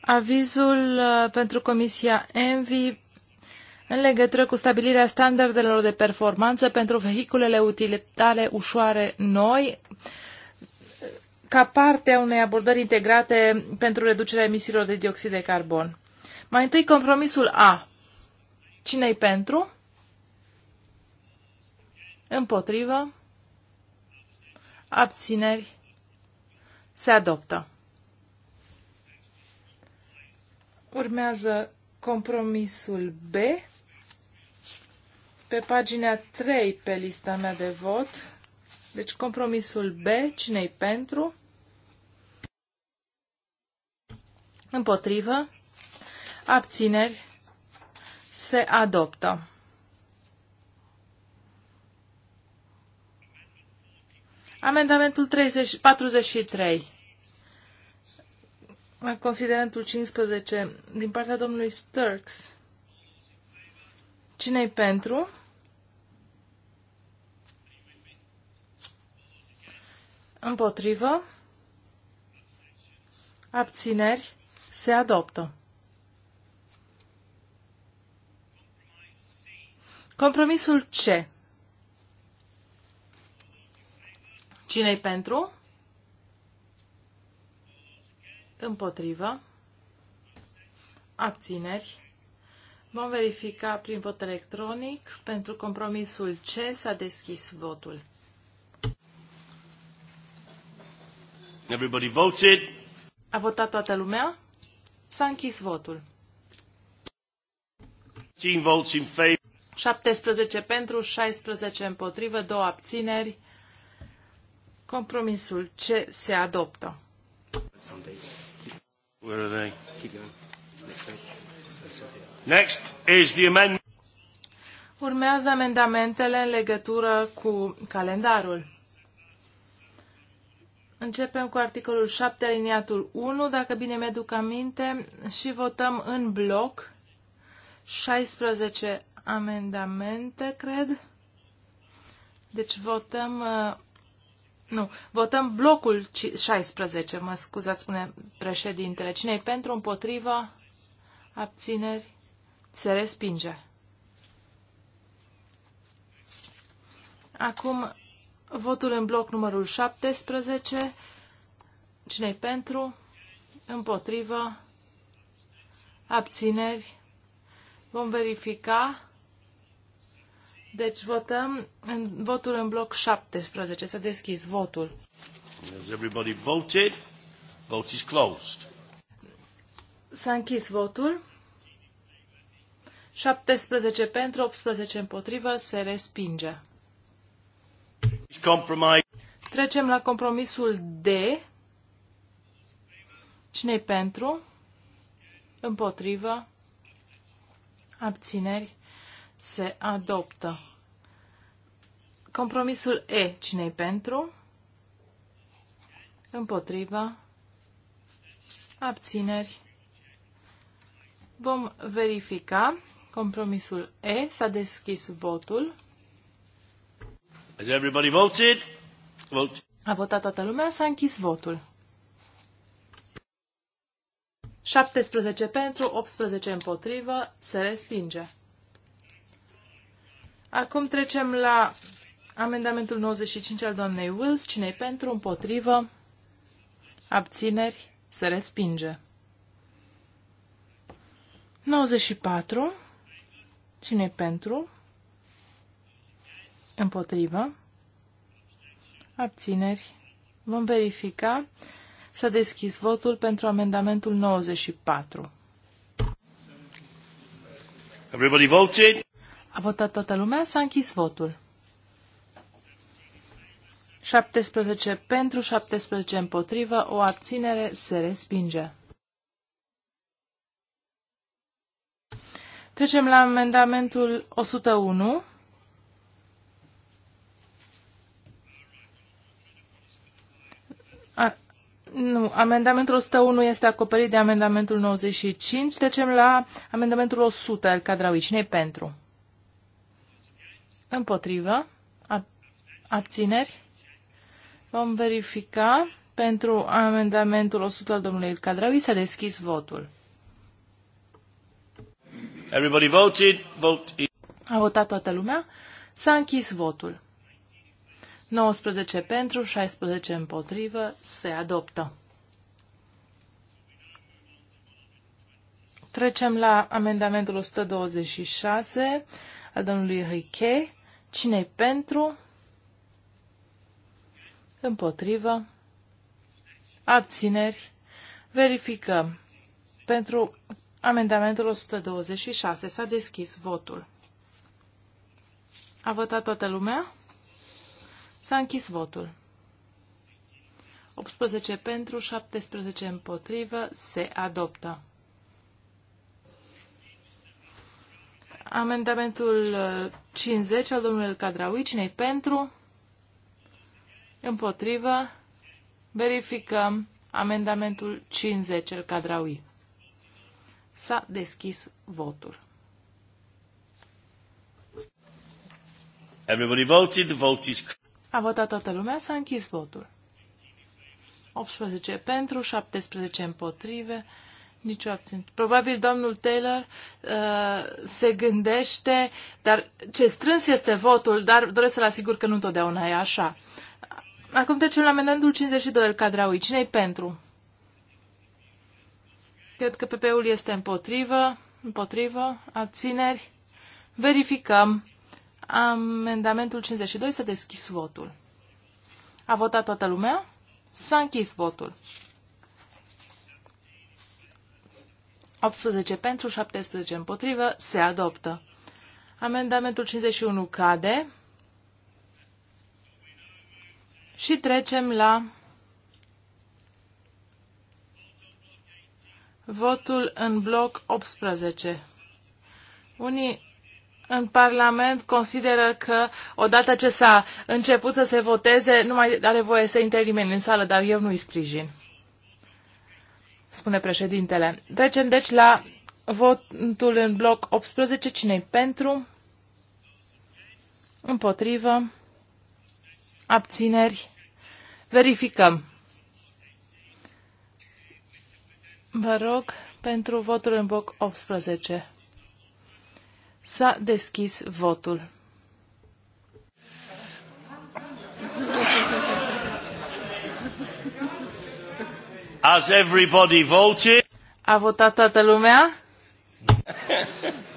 Avizul uh, pentru Comisia ENVI în legătură cu stabilirea standardelor de performanță pentru vehiculele utilitare ușoare noi, ca parte a unei abordări integrate pentru reducerea emisiilor de dioxid de carbon. Mai întâi, compromisul A. Cine-i pentru? Împotrivă? Abțineri? Se adoptă. Urmează compromisul B. Pe pagina 3 pe lista mea de vot. Deci compromisul B, cine-i pentru? Împotrivă. Abțineri. Se adoptă. Amendamentul 30, 43. Considerentul 15 din partea domnului Sturks. Cine-i pentru? Împotrivă? Abțineri? Se adoptă. Compromisul C. Cine-i pentru? Împotrivă. Abțineri. Vom verifica prin vot electronic. Pentru compromisul C s-a deschis votul. Everybody voted. A votat toată lumea? S-a închis votul. 17 pentru, 16 împotrivă, două abțineri. Compromisul ce se adoptă. Next is the amendment. Urmează amendamentele în legătură cu calendarul. Începem cu articolul 7, aliniatul 1, dacă bine mi-aduc aminte, și votăm în bloc 16 amendamente, cred. Deci votăm uh, nu, votăm blocul 16, mă scuzați, spune președintele. cine pentru, împotriva, abțineri, se respinge. Acum, votul în bloc numărul 17. cine pentru, împotriva, abțineri, vom verifica. Deci votăm în votul în bloc 17. Să deschis votul. Has everybody voted? Vote is closed. S-a închis votul. 17 pentru, 18 împotrivă, se respinge. Trecem la compromisul D. cine pentru? Împotrivă. Abțineri. Se adoptă. Compromisul E. cine e pentru? Împotriva. Abțineri. Vom verifica. Compromisul E. S-a deschis votul. Has everybody voted? Vote. A votat toată lumea, s-a închis votul. 17 pentru, 18 împotrivă, se respinge. Acum trecem la Amendamentul 95 al doamnei Wills, cine pentru, împotrivă, abțineri, se respinge. 94, cine pentru, împotrivă, abțineri, vom verifica. S-a deschis votul pentru amendamentul 94. Everybody voted. A votat toată lumea, s-a închis votul. 17 pentru, 17 împotrivă, o abținere se respinge. Trecem la amendamentul 101. A, nu, amendamentul 101 este acoperit de amendamentul 95. Trecem la amendamentul 100 al Cadrului cine pentru? Împotrivă. Ab abțineri? Vom verifica pentru amendamentul 100 al domnului Cadraui. S-a deschis votul. Everybody voted. Vote A votat toată lumea. S-a închis votul. 19 pentru, 16 împotrivă, se adoptă. Trecem la amendamentul 126 al domnului Riche. Cine-i pentru? împotrivă, abțineri, verificăm. Pentru amendamentul 126 s-a deschis votul. A votat toată lumea? S-a închis votul. 18 pentru, 17 împotrivă, se adoptă. Amendamentul 50 al domnului Cadraui, cine pentru? Împotrivă. Verificăm amendamentul 50, al cadraui. S-a deschis votul. Everybody voted, the vote is... A votat toată lumea, s-a închis votul. 18 pentru, 17 împotrive, nicio abținere. Probabil domnul Taylor uh, se gândește, dar ce strâns este votul, dar doresc să-l asigur că nu întotdeauna e așa. Acum trecem la amendamentul 52 al cadraui. Cine-i pentru? Cred că PP-ul este împotrivă. Împotrivă. Abțineri. Verificăm. Amendamentul 52 să deschis votul. A votat toată lumea? S-a închis votul. 18 pentru, 17 împotrivă, se adoptă. Amendamentul 51 cade. Și trecem la votul în bloc 18. Unii în Parlament consideră că odată ce s-a început să se voteze, nu mai are voie să intre nimeni în sală, dar eu nu îi sprijin, spune președintele. Trecem deci la votul în bloc 18. Cine-i pentru? Împotrivă? Abțineri? Verificăm. Vă rog pentru votul în boc 18. S-a deschis votul. Has everybody voted? A votat toată lumea?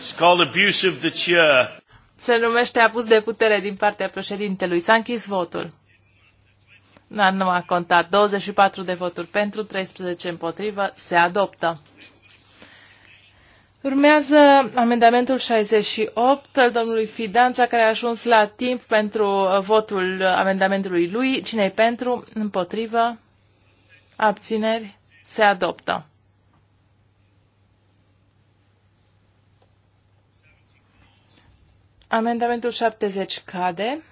It's called abuse of the chair. Se numește abuz de putere din partea președintelui. S-a închis votul. Da, nu a contat. 24 de voturi pentru, 13 împotrivă. Se adoptă. Urmează amendamentul 68 al domnului Fidanța, care a ajuns la timp pentru uh, votul amendamentului lui. cine pentru? Împotrivă? Abțineri? Se adoptă. Amendamentul 70 cade.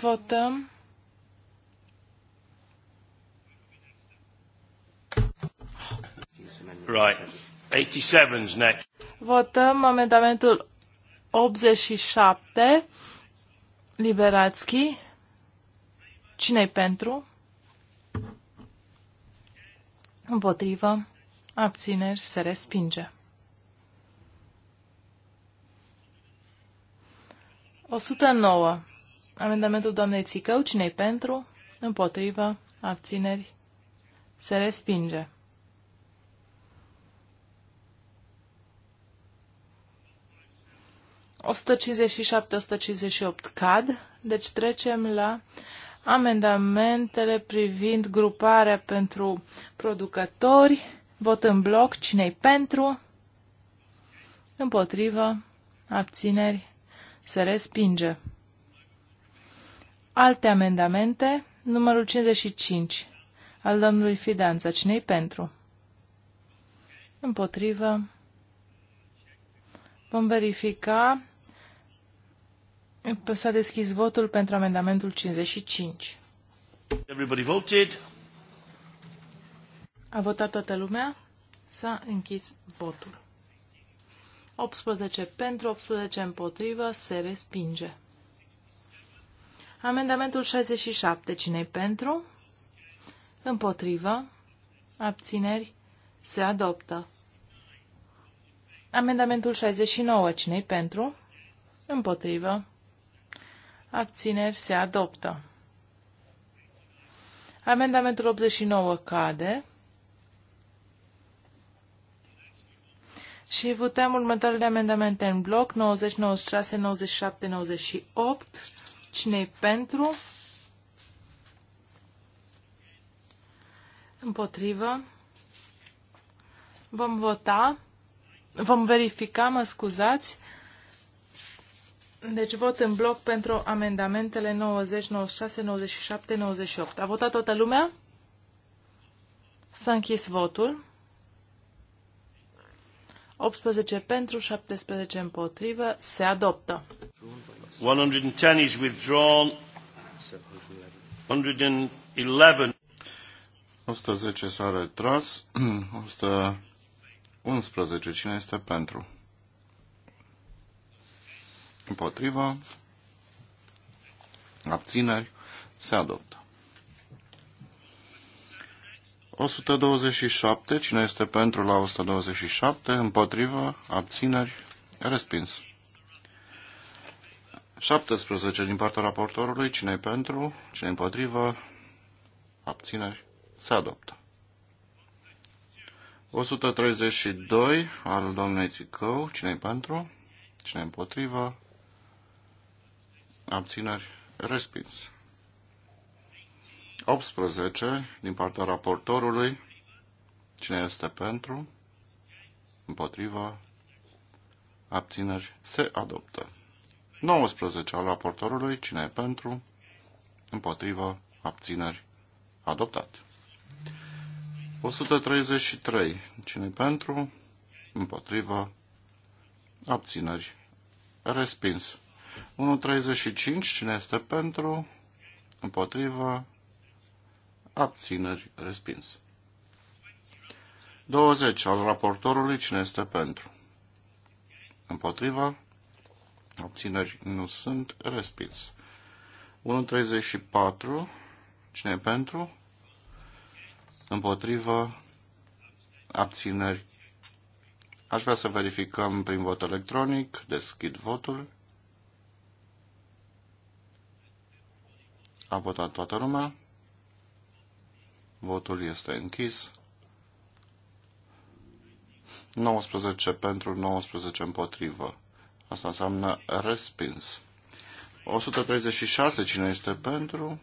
Votăm. Right. 87's next. Votăm amendamentul 87. Liberațchi. Cine-i pentru? Împotrivă. Abțineri. Se respinge. 109. Amendamentul doamnei Țicău, cine pentru? Împotrivă, abțineri, se respinge. ...157-158 cad, deci trecem la amendamentele privind gruparea pentru producători, vot în bloc, cine pentru, împotrivă, abțineri, se respinge. Alte amendamente, numărul 55, al domnului Fidanță. cine pentru? Împotrivă. Vom verifica. S-a deschis votul pentru amendamentul 55. Everybody voted. A votat toată lumea. S-a închis votul. 18 pentru, 18 împotrivă, se respinge. Amendamentul 67. Cine-i pentru? Împotrivă. Abțineri. Se adoptă. Amendamentul 69. Cine-i pentru? Împotrivă. Abțineri. Se adoptă. Amendamentul 89 cade. Și votăm următoarele amendamente în bloc, 90, 96, 97, 98. Cine-i pentru? Împotrivă. Vom vota. Vom verifica, mă scuzați. Deci vot în bloc pentru amendamentele 90, 96, 97, 98. A votat toată lumea? S-a închis votul. 18 pentru, 17 împotrivă, se adoptă. 110 is withdrawn. 111. 110 s-a retras. 111. Cine este pentru? Împotriva. Abțineri. Se adoptă. 127. Cine este pentru la 127? Împotrivă? Abțineri? Respins. 17 din partea raportorului. Cine pentru? Cine împotrivă? Abțineri? Se adoptă. 132 al domnului Țicău. Cine pentru? Cine împotrivă? Abțineri? Respins. 18 din partea raportorului. Cine este pentru? Împotriva? Abțineri? Se adoptă. 19 al raportorului. Cine e pentru? Împotriva? Abțineri? Adoptat. 133. Cine pentru? Împotriva? Abțineri? Respins. 135. Cine este pentru? Împotriva? abțineri, respins. 20 al raportorului, cine este pentru? Împotriva, abțineri nu sunt, respins. 1.34, cine e pentru? Împotriva, abțineri. Aș vrea să verificăm prin vot electronic, deschid votul. A votat toată lumea. Votul este închis. 19 pentru, 19 împotrivă. Asta înseamnă respins. 136, cine este pentru?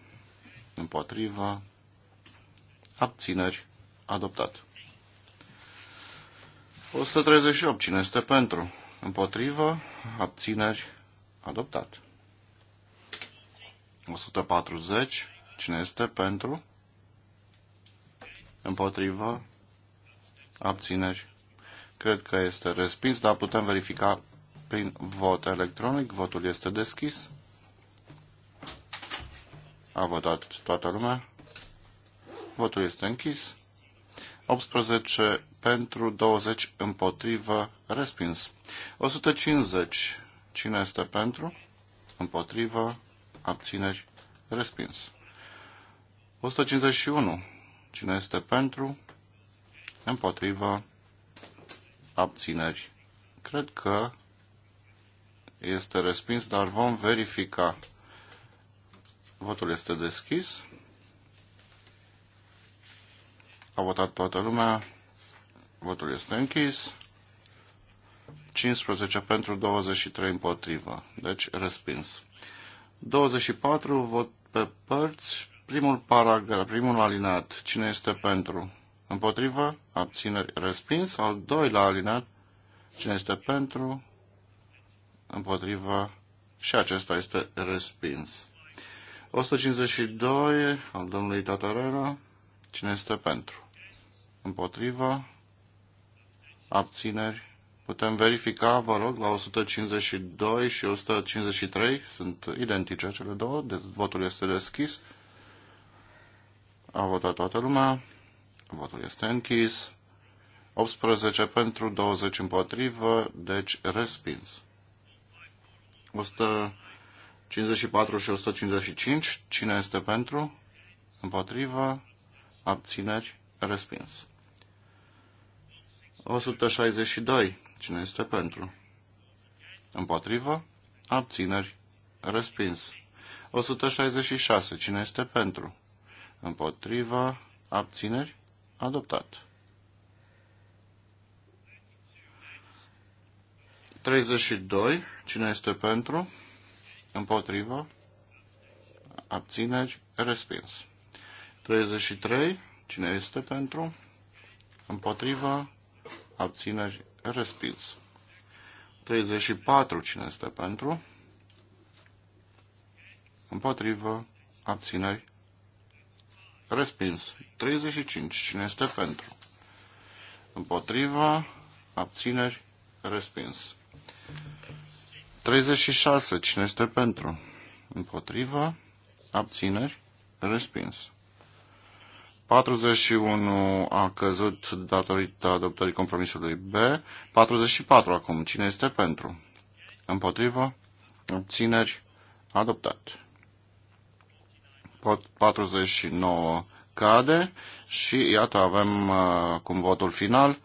Împotrivă. Abțineri. Adoptat. 138, cine este pentru? Împotrivă. Abțineri. Adoptat. 140, cine este pentru? Împotrivă? Abțineri? Cred că este respins, dar putem verifica prin vot electronic. Votul este deschis. A votat toată lumea. Votul este închis. 18 pentru, 20 împotrivă, respins. 150. Cine este pentru? Împotrivă, abțineri, respins. 151. Cine este pentru? Împotriva abțineri. Cred că este respins, dar vom verifica. Votul este deschis. A votat toată lumea. Votul este închis. 15 pentru, 23 împotrivă. Deci, respins. 24 vot pe părți. Primul paragraf, primul alinat, cine este pentru? Împotrivă, abțineri, respins. Al doilea alinat, cine este pentru? Împotrivă, și acesta este respins. 152 al domnului Tatarela, cine este pentru? Împotrivă, abțineri, Putem verifica, vă rog, la 152 și 153, sunt identice cele două, deci votul este deschis. A votat toată lumea. Votul este închis. 18 pentru, 20 împotrivă, deci respins. 154 și 155. Cine este pentru? Împotrivă. Abțineri. Respins. 162. Cine este pentru? Împotrivă. Abțineri. Respins. 166. Cine este pentru? împotriva, abțineri, adoptat. 32. Cine este pentru? Împotriva? Abțineri? Respins. 33. Cine este pentru? Împotriva? Abțineri? Respins. 34. Cine este pentru? Împotrivă? Abțineri? Respins. 35. Cine este pentru? Împotriva. Abțineri. Respins. 36. Cine este pentru? Împotriva. Abțineri. Respins. 41 a căzut datorită adoptării compromisului B. 44 acum. Cine este pentru? Împotrivă? Obțineri? Adoptat. 49 cade și iată avem uh, cum votul final.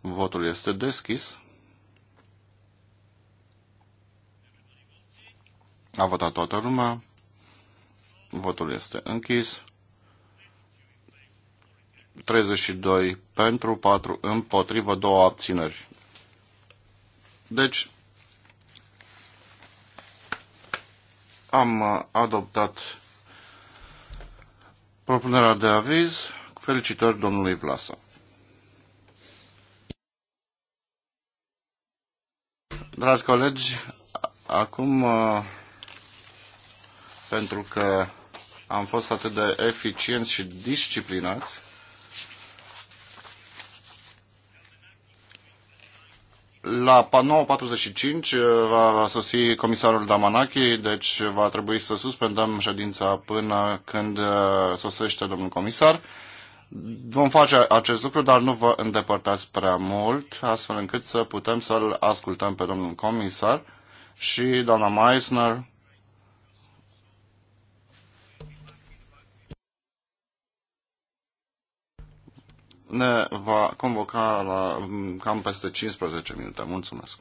Votul este deschis. A votat toată lumea. Votul este închis. 32 pentru, 4 împotrivă, două abțineri. Deci, am uh, adoptat propunerea de aviz. Felicitări domnului Vlasa. Dragi colegi, acum, uh, pentru că am fost atât de eficienți și disciplinați, La 9.45 uh, va sosi comisarul Damanachi, deci va trebui să suspendăm ședința până când uh, sosește domnul comisar. Vom face acest lucru, dar nu vă îndepărtați prea mult, astfel încât să putem să-l ascultăm pe domnul comisar și doamna Meissner ne va convoca la cam peste 15 minute. Mulțumesc!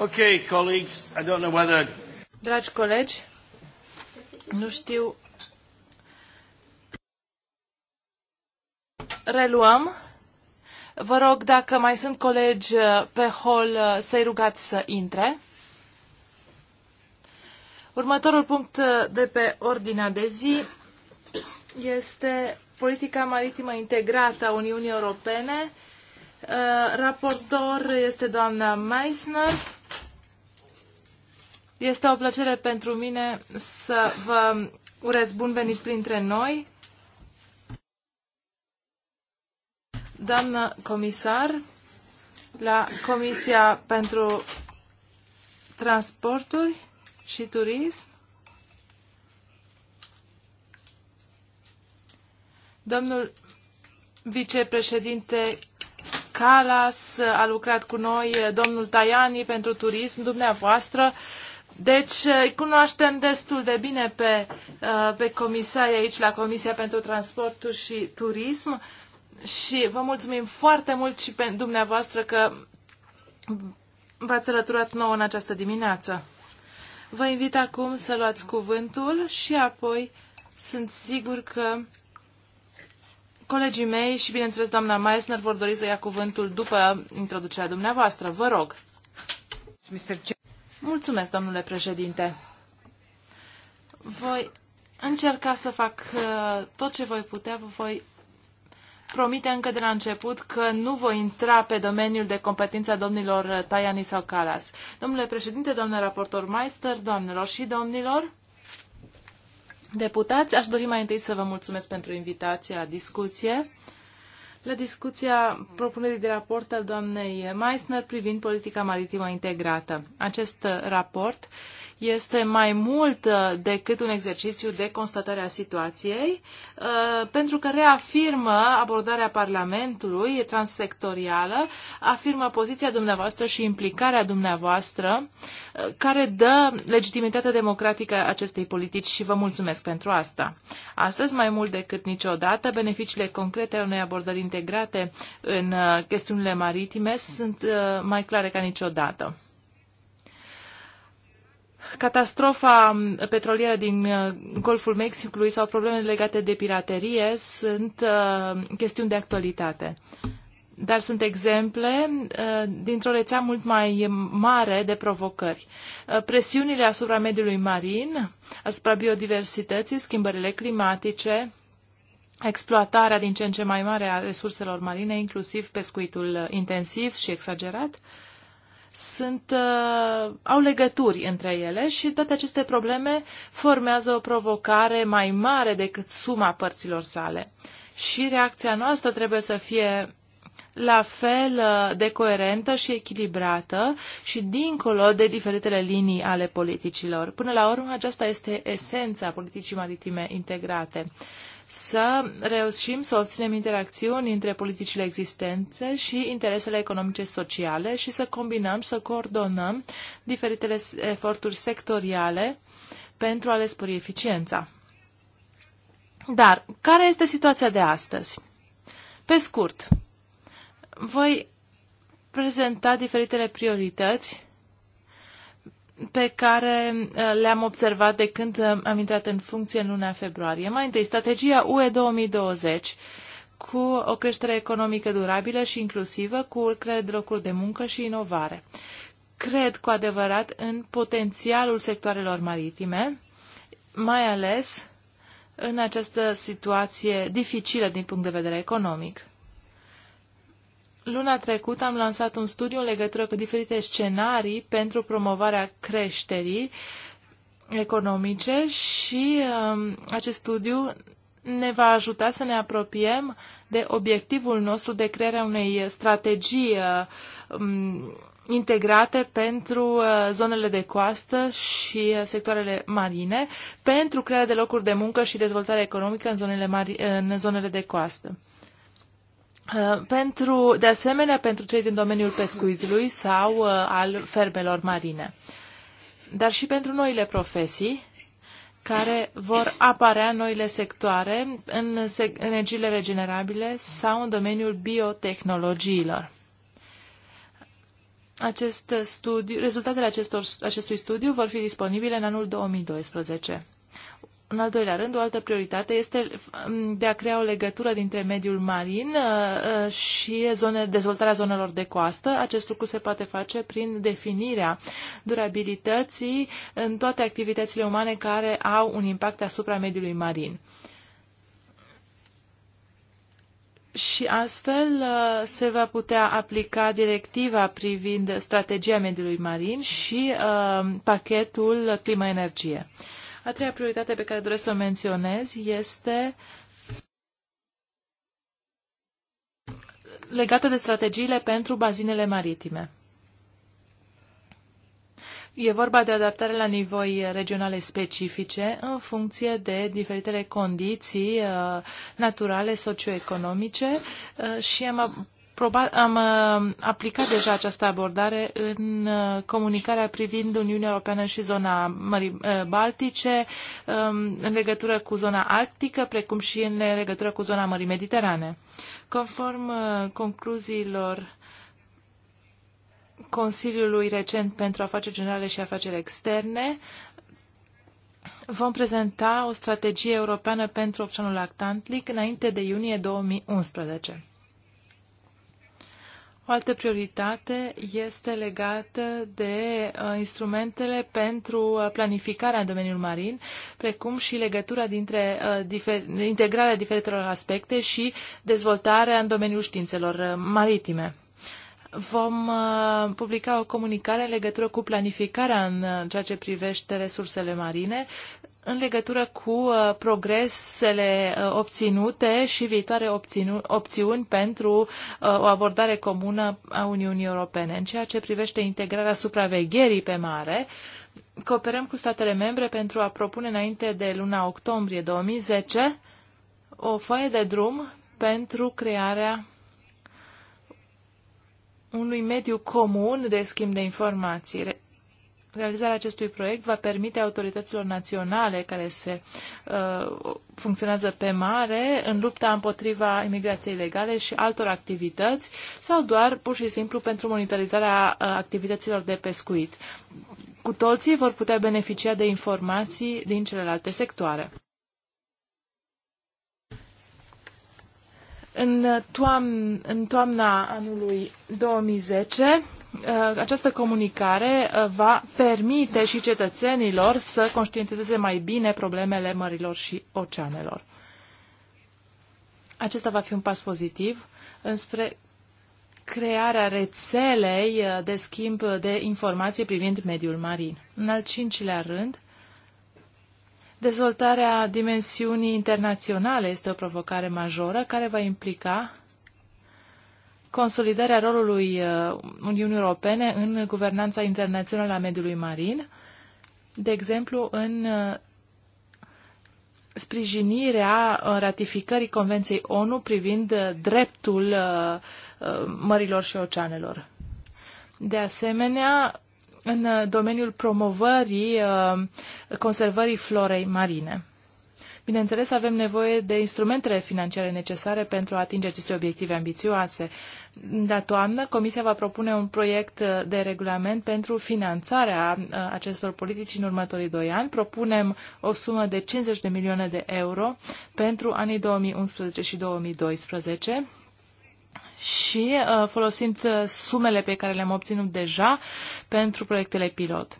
Okay, colleagues, I don't know whether... Dragi colegi, nu știu... Reluăm. Vă rog, dacă mai sunt colegi uh, pe hol, uh, să-i rugați să intre. Următorul punct uh, de pe ordinea de zi este politica maritimă integrată a Uniunii Europene. Raportor este doamna Meissner. Este o plăcere pentru mine să vă urez bun venit printre noi. Doamnă comisar, la Comisia pentru Transporturi și Turism, domnul vicepreședinte Calas a lucrat cu noi, domnul Tajani pentru turism, dumneavoastră, deci uh, îi cunoaștem destul de bine pe, uh, pe comisarii aici la Comisia pentru Transporturi și Turism și vă mulțumim foarte mult și pe dumneavoastră că v-ați alăturat nouă în această dimineață. Vă invit acum să luați cuvântul și apoi sunt sigur că colegii mei și, bineînțeles, doamna Meissner vor dori să ia cuvântul după introducerea dumneavoastră. Vă rog. Mr. Mulțumesc, domnule președinte. Voi încerca să fac uh, tot ce voi putea, vă voi promite încă de la început că nu voi intra pe domeniul de competență a domnilor uh, Tajani sau Calas. Domnule președinte, domnule raportor Meister, doamnelor și domnilor, deputați, aș dori mai întâi să vă mulțumesc pentru invitația la discuție la discuția propunerii de raport al doamnei Meissner privind politica maritimă integrată. Acest raport este mai mult uh, decât un exercițiu de constatare a situației, uh, pentru că reafirmă abordarea Parlamentului transsectorială, afirmă poziția dumneavoastră și implicarea dumneavoastră, uh, care dă legitimitatea democratică acestei politici și vă mulțumesc pentru asta. Astăzi, mai mult decât niciodată, beneficiile concrete ale unei abordări integrate în uh, chestiunile maritime sunt uh, mai clare ca niciodată. Catastrofa um, petrolieră din uh, Golful Mexicului sau problemele legate de piraterie sunt chestiuni de actualitate dar sunt exemple dintr-o rețea mult mai mare de provocări. Presiunile asupra mediului marin, asupra biodiversității, schimbările climatice, exploatarea din ce în ce mai mare a resurselor marine, inclusiv pescuitul intensiv și exagerat, sunt, uh, au legături între ele și toate aceste probleme formează o provocare mai mare decât suma părților sale. Și reacția noastră trebuie să fie la fel uh, de coerentă și echilibrată și dincolo de diferitele linii ale politicilor. Până la urmă, aceasta este esența politicii maritime integrate. Uh, să reușim să obținem interacțiuni între politicile existente și interesele economice sociale și să combinăm, să coordonăm diferitele eforturi sectoriale pentru a le spori eficiența. Dar, care este situația de astăzi? Pe scurt, voi prezenta diferitele priorități pe care uh, le-am observat de când uh, am intrat în funcție în luna februarie. Mai întâi, strategia UE 2020 cu o creștere economică durabilă și inclusivă, cu creare de locuri de muncă și inovare. Cred cu adevărat în potențialul sectoarelor maritime, mai ales în această situație dificilă din punct de vedere economic. Luna trecută am lansat un studiu în legătură cu diferite scenarii pentru promovarea creșterii economice și um, acest studiu ne va ajuta să ne apropiem de obiectivul nostru de crearea unei strategii um, integrate pentru uh, zonele de coastă și uh, sectoarele marine, pentru crearea de locuri de muncă și dezvoltare economică în zonele, mari, în zonele de coastă. Uh, pentru, de asemenea pentru cei din domeniul pescuitului sau uh, al fermelor marine, dar și pentru noile profesii care vor apărea noile sectoare în energiile regenerabile sau în domeniul biotehnologiilor. Acest studiu, rezultatele acestor, acestui studiu vor fi disponibile în anul 2012. În al doilea rând, o altă prioritate este um, de a crea o legătură dintre mediul marin uh, uh, și zone, dezvoltarea zonelor de coastă. Acest lucru se poate face prin definirea durabilității în toate activitățile umane care au un impact asupra mediului marin. Și astfel uh, se va putea aplica directiva privind strategia mediului marin și uh, pachetul climă-energie. A treia prioritate pe care doresc să o menționez este legată de strategiile pentru bazinele maritime. E vorba de adaptare la nivoi regionale specifice în funcție de diferitele condiții uh, naturale, socioeconomice uh, și am proba- am uh, aplicat deja această abordare în uh, comunicarea privind Uniunea Europeană și zona Mării uh, Baltice, um, în legătură cu zona Arctică, precum și în legătură cu zona Mării Mediterane. Conform concluziilor Consiliului recent pentru afaceri generale și afaceri externe, vom prezenta o strategie europeană pentru Oceanul Atlantic înainte de iunie 2011. O altă prioritate este legată de uh, instrumentele pentru uh, planificarea în domeniul marin, precum și legătura dintre uh, difer- integrarea diferitelor aspecte și dezvoltarea în domeniul științelor uh, maritime. Vom uh, publica o comunicare în legătură cu planificarea în uh, ceea ce privește resursele marine, în legătură cu uh, progresele uh, obținute și viitoare obținu- opțiuni pentru uh, o abordare comună a Uniunii Europene. În ceea ce privește integrarea supravegherii pe mare, cooperăm cu statele membre pentru a propune înainte de luna octombrie 2010 o foaie de drum pentru crearea unui mediu comun de schimb de informații Realizarea acestui proiect va permite autorităților naționale care se uh, funcționează pe mare în lupta împotriva imigrației ilegale și altor activități sau doar pur și simplu pentru monitorizarea uh, activităților de pescuit. Cu toții vor putea beneficia de informații din celelalte sectoare. În, uh, toam, în toamna anului 2010, Uh, această comunicare uh, va permite și cetățenilor să conștientizeze mai bine problemele mărilor și oceanelor. Acesta va fi un pas pozitiv înspre crearea rețelei uh, de schimb de informații privind mediul marin. În al cincilea rând, dezvoltarea dimensiunii internaționale este o provocare majoră care va implica consolidarea rolului uh, Uniunii Europene în guvernanța internațională a mediului marin, de exemplu în uh, sprijinirea uh, ratificării Convenției ONU privind dreptul mărilor și oceanelor. De asemenea, în domeniul promovării conservării florei marine. Bineînțeles, avem nevoie de instrumentele financiare necesare pentru a atinge aceste obiective ambițioase. La toamnă, Comisia va propune un proiect de regulament pentru finanțarea uh, acestor politici în următorii doi ani. Propunem o sumă de 50 de milioane de euro pentru anii 2011 și 2012 și uh, folosind uh, sumele pe care le-am obținut deja pentru proiectele pilot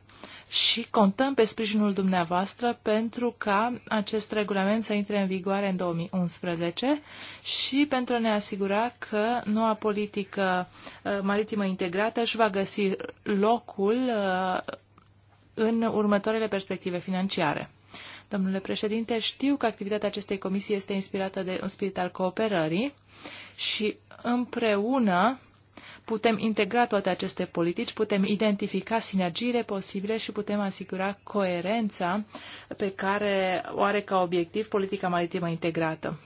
și contăm pe sprijinul dumneavoastră pentru ca acest regulament să intre în vigoare în 2011 și pentru a ne asigura că noua politică uh, maritimă integrată își va găsi locul uh, în următoarele perspective financiare. Domnule președinte, știu că activitatea acestei comisii este inspirată de un spirit al cooperării și împreună putem integra toate aceste politici, putem identifica sinergiile posibile și putem asigura coerența pe care o are ca obiectiv politica maritimă integrată.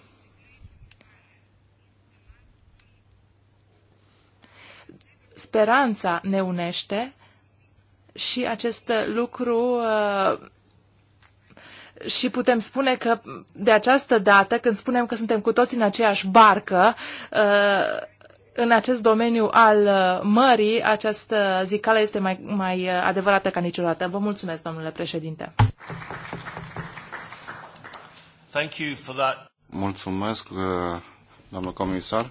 Speranța ne unește și acest lucru uh, și putem spune că de această dată, când spunem că suntem cu toți în aceeași barcă, uh, în acest domeniu al uh, mării, această zicală este mai, mai uh, adevărată ca niciodată. Vă mulțumesc, domnule președinte. Thank you for that. Mulțumesc, uh, domnul comisar.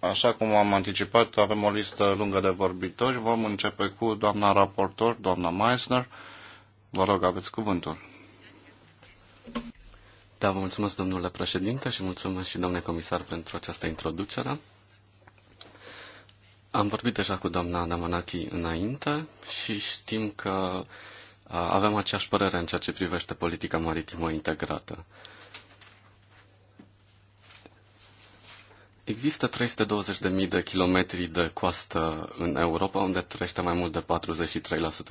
Așa cum am anticipat, avem o listă lungă de vorbitori. Vom începe cu doamna raportor, doamna Meissner. Vă rog, aveți cuvântul. Da, vă mulțumesc, domnule președinte, și mulțumesc și domnule comisar pentru această introducere. Am vorbit deja cu doamna Damanaki înainte și știm că avem aceeași părere în ceea ce privește politica maritimă integrată. Există 320.000 de kilometri de coastă în Europa, unde trăiește mai mult de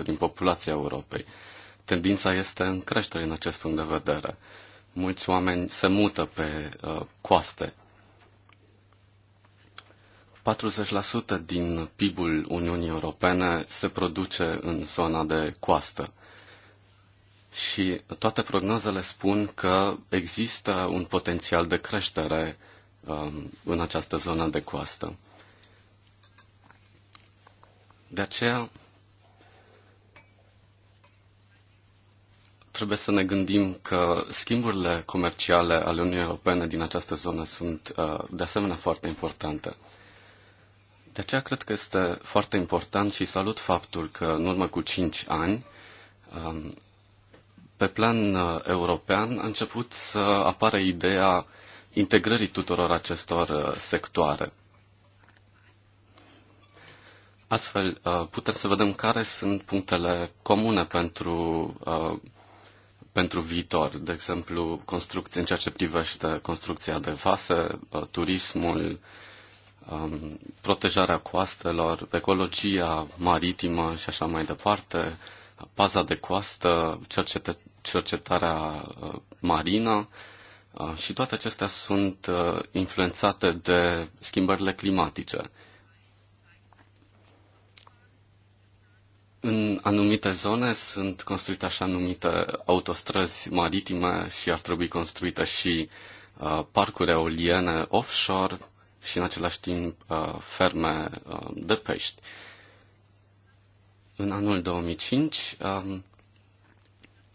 43% din populația Europei. Tendința este în creștere în acest punct de vedere mulți oameni se mută pe uh, coaste. 40% din PIB-ul Uniunii Europene se produce în zona de coastă. Și toate prognozele spun că există un potențial de creștere um, în această zonă de coastă. De aceea trebuie să ne gândim că schimburile comerciale ale Uniunii Europene din această zonă sunt uh, de asemenea foarte importante. De aceea cred că este foarte important și salut faptul că în urmă cu 5 ani, um, pe plan uh, european, a început să apară ideea integrării tuturor acestor uh, sectoare. Astfel, putem să vedem care sunt punctele comune pentru pentru viitor, de exemplu, construcții, în ceea ce privește construcția de vase, uh, turismul, um, protejarea coastelor, ecologia maritimă și așa mai departe, paza de coastă, cercetarea uh, marină uh, și toate acestea sunt influențate de schimbările climatice. În anumite zone sunt construite așa numite autostrăzi maritime și ar trebui construite și uh, parcuri eoliene offshore și în același timp uh, ferme uh, de pești. În anul 2005 um,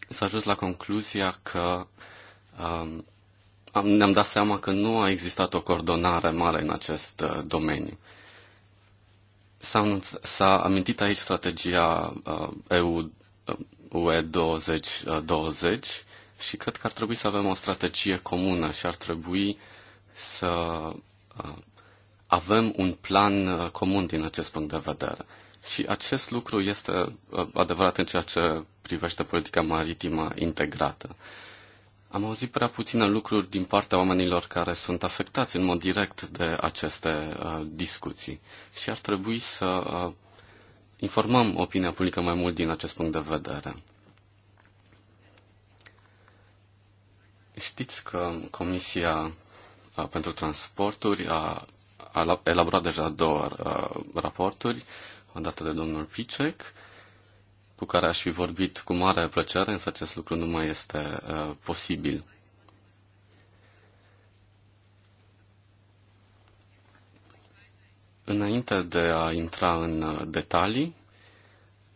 s-a ajuns la concluzia că um, ne-am dat seama că nu a existat o coordonare mare în acest uh, domeniu. S-a, s-a amintit aici strategia uh, EU, UE 2020 și cred că ar trebui să avem o strategie comună și ar trebui să uh, avem un plan uh, comun din acest punct de vedere. Și acest lucru este uh, adevărat în ceea ce privește politica maritimă integrată. Uh, am auzit prea puține lucruri din partea oamenilor care sunt afectați în mod direct de aceste uh, discuții și ar trebui să uh, informăm opinia publică mai mult din acest punct de vedere. Știți că Comisia uh, pentru Transporturi a, a elaborat deja două uh, raporturi, o dată de domnul Picek cu care aș fi vorbit cu mare plăcere, însă acest lucru nu mai este uh, posibil. Înainte de a intra în uh, detalii,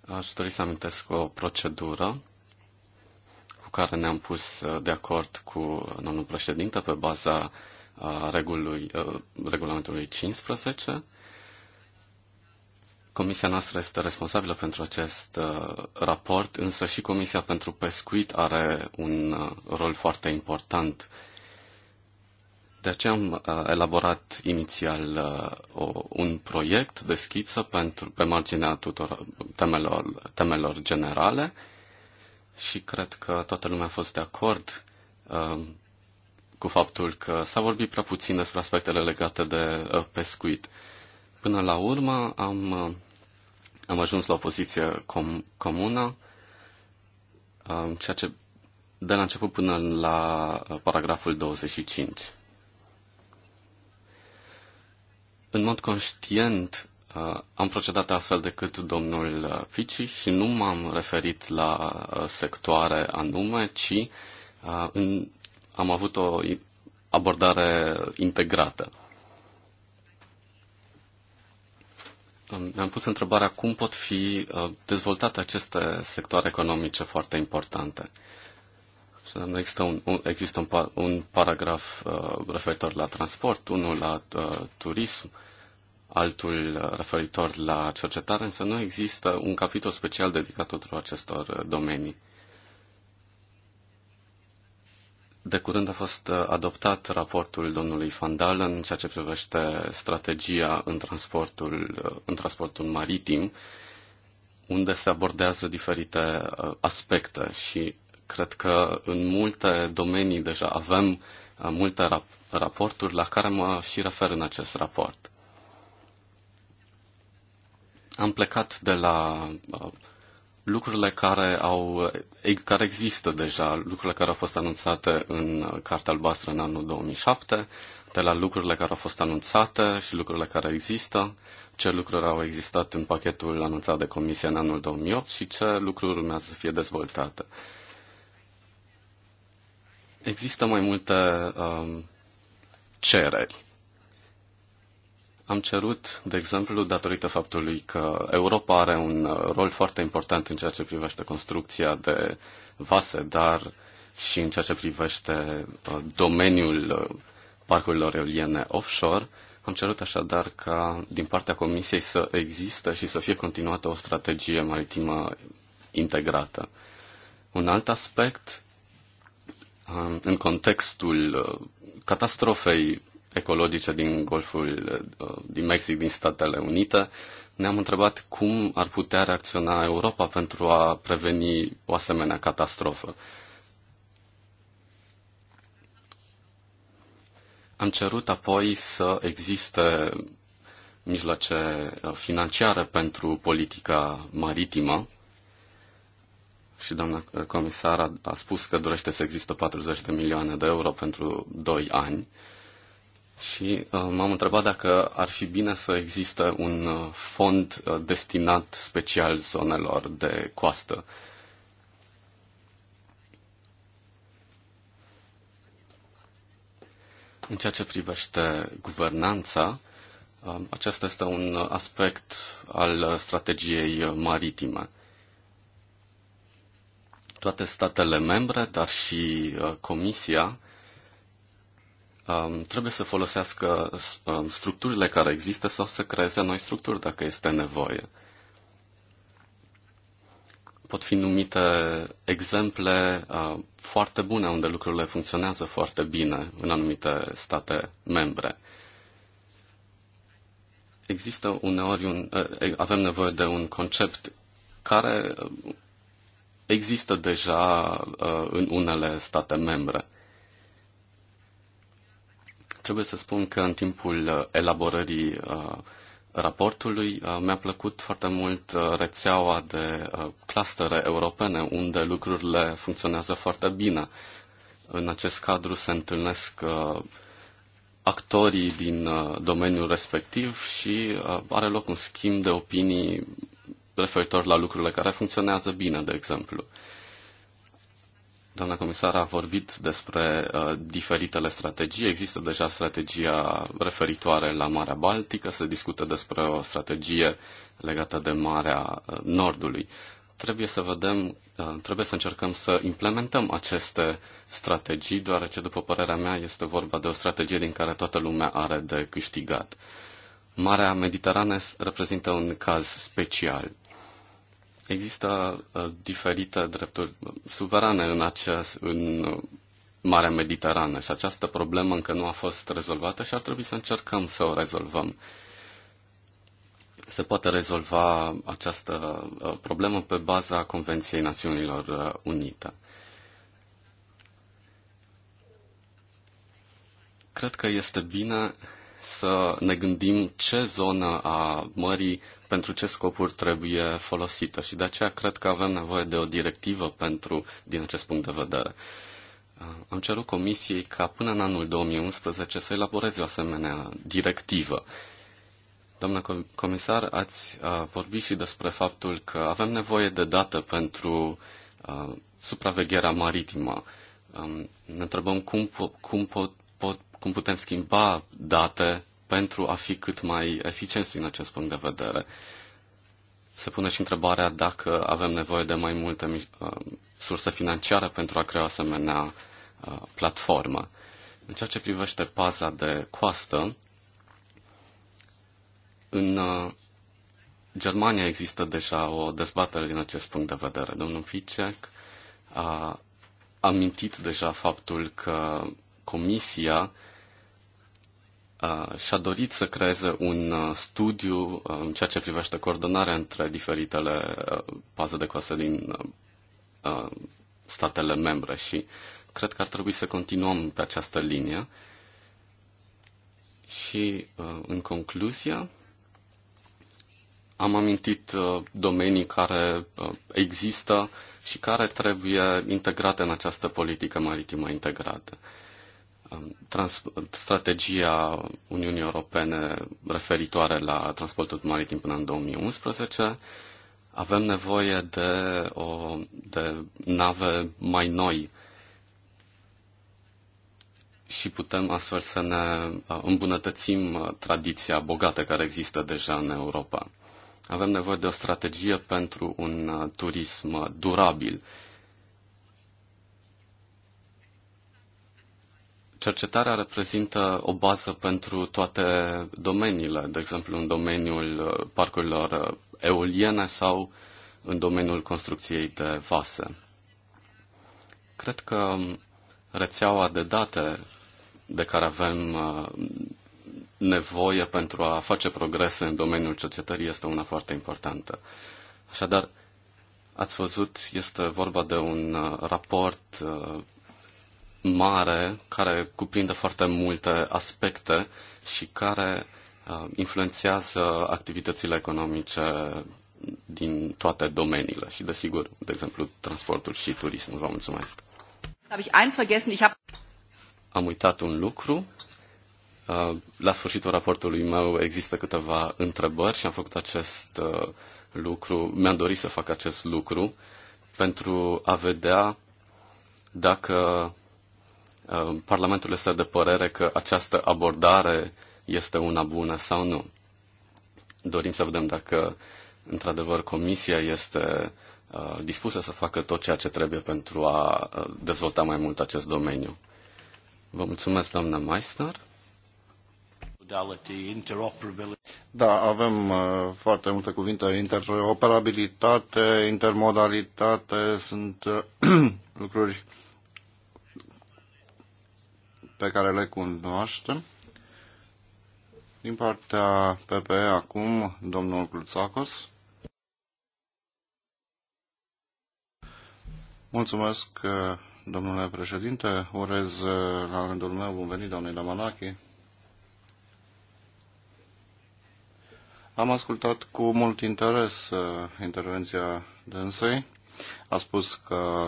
aș dori să amintesc o procedură cu care ne-am pus uh, de acord cu domnul președinte pe baza uh, regulului, regulamentului 15. Comisia noastră este responsabilă pentru acest uh, raport, însă și Comisia pentru Pescuit are un uh, rol foarte important. De aceea am uh, elaborat inițial un proiect de schiță pentru, pe marginea tuturor temelor, temelor generale și cred că toată lumea a fost de acord cu faptul că s-a vorbit prea puțin despre aspectele legate de pescuit. Uh, Până la urmă am, am ajuns la o poziție com- comună, uh, ceea ce de la început până la uh, paragraful 25. În mod conștient, uh, am procedat astfel decât domnul Fici și nu m-am referit la sectoare anume, ci am avut o abordare integrată. mi-am pus întrebarea cum pot fi uh, dezvoltate aceste sectoare economice foarte importante. există un, un, există un, un paragraf uh, referitor la transport, unul la uh, turism, altul uh, referitor la cercetare, însă nu există un capitol special dedicat tuturor acestor uh, domenii. De curând a fost uh, adoptat raportul domnului Van Dalen în ceea ce privește strategia în transportul, uh, în transportul maritim, unde se abordează diferite uh, aspecte și cred că în multe domenii deja avem multe rap- raporturi la care mă și refer în acest raport. Am plecat de la lucrurile care, au, care există deja, lucrurile care au fost anunțate în Cartea Albastră în anul 2007, de la lucrurile care au fost anunțate și lucrurile care există, ce lucruri au existat în pachetul anunțat de Comisie în anul 2008 și ce lucruri urmează să fie dezvoltate. Există mai multe um, cereri am cerut, de exemplu, datorită faptului că Europa are un uh, rol foarte important în ceea ce privește construcția de vase, dar și în ceea ce privește uh, domeniul uh, parcurilor eoliene offshore, am cerut așadar ca din partea Comisiei să există și să fie continuată o strategie maritimă integrată. Un alt aspect, um, în contextul catastrofei ecologice din Golful, uh, din Mexic, din Statele Unite, ne-am întrebat cum ar putea reacționa Europa pentru a preveni o asemenea catastrofă. Am cerut apoi să existe mijloace uh, financiare pentru politica maritimă și doamna uh, comisar a, spus că dorește să există 40 de milioane de euro pentru 2 ani. Uh, și uh, m-am întrebat dacă ar fi bine să existe un uh, fond uh, destinat special zonelor de coastă. În ceea ce privește guvernanța, acesta este un aspect al strategiei maritime. Toate statele membre, dar și Comisia, um, trebuie să folosească um, structurile care există sau să creeze noi structuri dacă este nevoie. Pot fi numite exemple uh, foarte bune unde lucrurile funcționează foarte bine în anumite state membre. Există uneori un. Uh, avem nevoie de un concept care uh, există deja uh, în unele state membre. Trebuie să spun că în timpul uh, elaborării uh, raportului uh, mi-a plăcut foarte mult rețeaua de clustere europene, unde lucrurile funcționează foarte bine. În acest cadru se întâlnesc actorii din domeniul respectiv și are loc un schimb de opinii referitor la lucrurile care funcționează bine, de exemplu. Doamna comisar a vorbit despre uh, diferitele strategii. Există deja strategia referitoare la Marea Baltică, se discută despre o strategie legată de Marea uh, Nordului. Trebuie să vedem, uh, trebuie să încercăm să implementăm aceste strategii, deoarece, după părerea mea, este vorba de o strategie din care toată lumea are de câștigat. Marea Mediterană reprezintă un caz special. Există uh, diferite drepturi suverane în, acest, în Marea Mediterană și această problemă încă nu a fost rezolvată și ar trebui să încercăm să o rezolvăm. Se poate rezolva această uh, problemă pe baza Convenției Națiunilor uh, Unite. Cred că este bine să ne gândim ce zonă a mării pentru ce scopuri trebuie folosită și de aceea cred că avem nevoie de o directivă pentru, din acest punct de vedere. Am cerut comisiei ca până în anul 2011 să elaboreze o asemenea directivă. Doamna comisar, ați vorbit și despre faptul că avem nevoie de dată pentru supravegherea maritimă. Ne întrebăm cum, po- cum pot cum putem schimba date pentru a fi cât mai eficienți din acest punct de vedere. Se pune și întrebarea dacă avem nevoie de mai multe uh, surse financiare pentru a crea asemenea uh, platformă. În ceea ce privește paza de coastă, în uh, Germania există deja o dezbatere din acest punct de vedere. Domnul Ficek a amintit deja faptul că Comisia Uh, și-a dorit să creeze un uh, studiu uh, în ceea ce privește coordonarea între diferitele paze de coastă din statele membre și cred că ar trebui să continuăm pe această linie. Și în concluzie, am amintit domenii care există și care trebuie integrate în această politică maritimă integrată trans- strategia Uniunii Europene referitoare la transportul maritim până în 2011, avem nevoie de, o, de nave mai noi și putem astfel să ne uh, îmbunătățim uh, tradiția bogată care există deja în Europa. Avem nevoie de o strategie pentru un uh, turism durabil Cercetarea reprezintă o bază pentru toate domeniile, de exemplu în domeniul uh, parcurilor uh, eoliene sau în domeniul construcției de vase. Cred că um, rețeaua de date de care avem uh, nevoie pentru a face progrese în domeniul cercetării este una foarte importantă. Așadar, ați văzut, este vorba de un raport mare care cuprinde foarte multe aspecte și care uh, influențează activitățile economice din toate domeniile și, desigur, de exemplu, transportul și turismul. Vă mulțumesc. Am uitat un lucru. Uh, la sfârșitul raportului meu există câteva întrebări și am făcut acest uh, lucru, mi-am dorit să fac acest lucru pentru a vedea dacă Uh, Parlamentul este de părere că această abordare este una bună sau nu. Dorim să vedem dacă, într-adevăr, Comisia este uh, dispusă să facă tot ceea ce trebuie pentru a uh, dezvolta mai mult acest domeniu. Vă mulțumesc, doamna Meissner. Da, avem uh, foarte multe cuvinte. Interoperabilitate, intermodalitate sunt uh, lucruri uh, pe care le cunoaștem. Din partea PPE acum, domnul Gluțacos. Mulțumesc, domnule președinte. Urez la rândul meu bun venit, doamnei Damanachi. Am ascultat cu mult interes intervenția dânsei. A spus că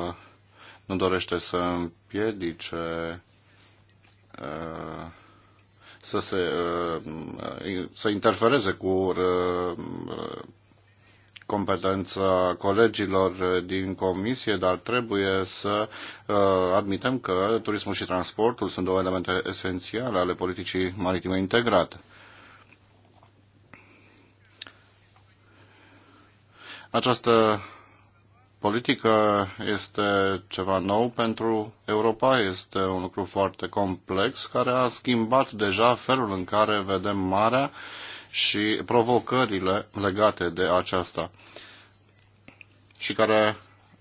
nu dorește să împiedice Uh, să, se, uh, uh, să interfereze cu competența colegilor din comisie, dar trebuie să admitem că turismul și transportul sunt două elemente esențiale ale politicii maritime integrate. Această politică este ceva nou pentru Europa, este un lucru foarte complex care a schimbat deja felul în care vedem marea și provocările legate de aceasta și care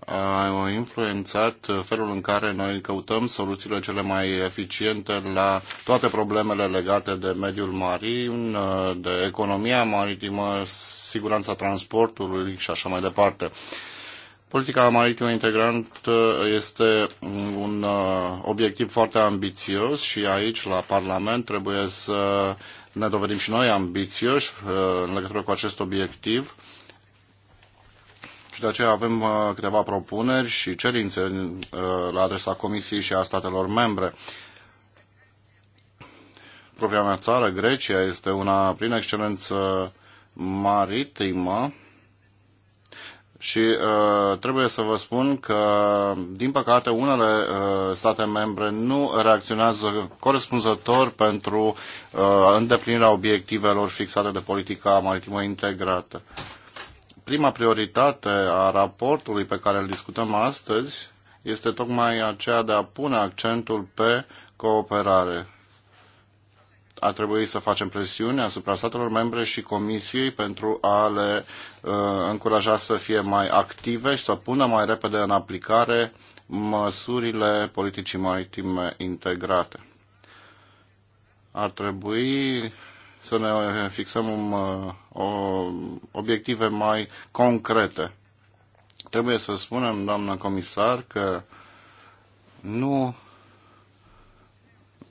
a influențat felul în care noi căutăm soluțiile cele mai eficiente la toate problemele legate de mediul marin, de economia maritimă, siguranța transportului și așa mai departe. Politica maritimă integrantă este un uh, obiectiv foarte ambițios și aici, la Parlament, trebuie să ne dovedim și noi ambițioși uh, în legătură cu acest obiectiv și de aceea avem uh, câteva propuneri și cerințe la adresa Comisiei și a statelor membre. Propria mea țară, Grecia, este una prin excelență maritimă și uh, trebuie să vă spun că, din păcate, unele uh, state membre nu reacționează corespunzător pentru uh, îndeplinirea obiectivelor fixate de politica maritimă integrată. Prima prioritate a raportului pe care îl discutăm astăzi este tocmai aceea de a pune accentul pe cooperare ar trebui să facem presiune asupra statelor membre și Comisiei pentru a le uh, încuraja să fie mai active și să pună mai repede în aplicare măsurile politicii maritime integrate. Ar trebui să ne fixăm uh, o, obiective mai concrete. Trebuie să spunem, doamnă comisar, că nu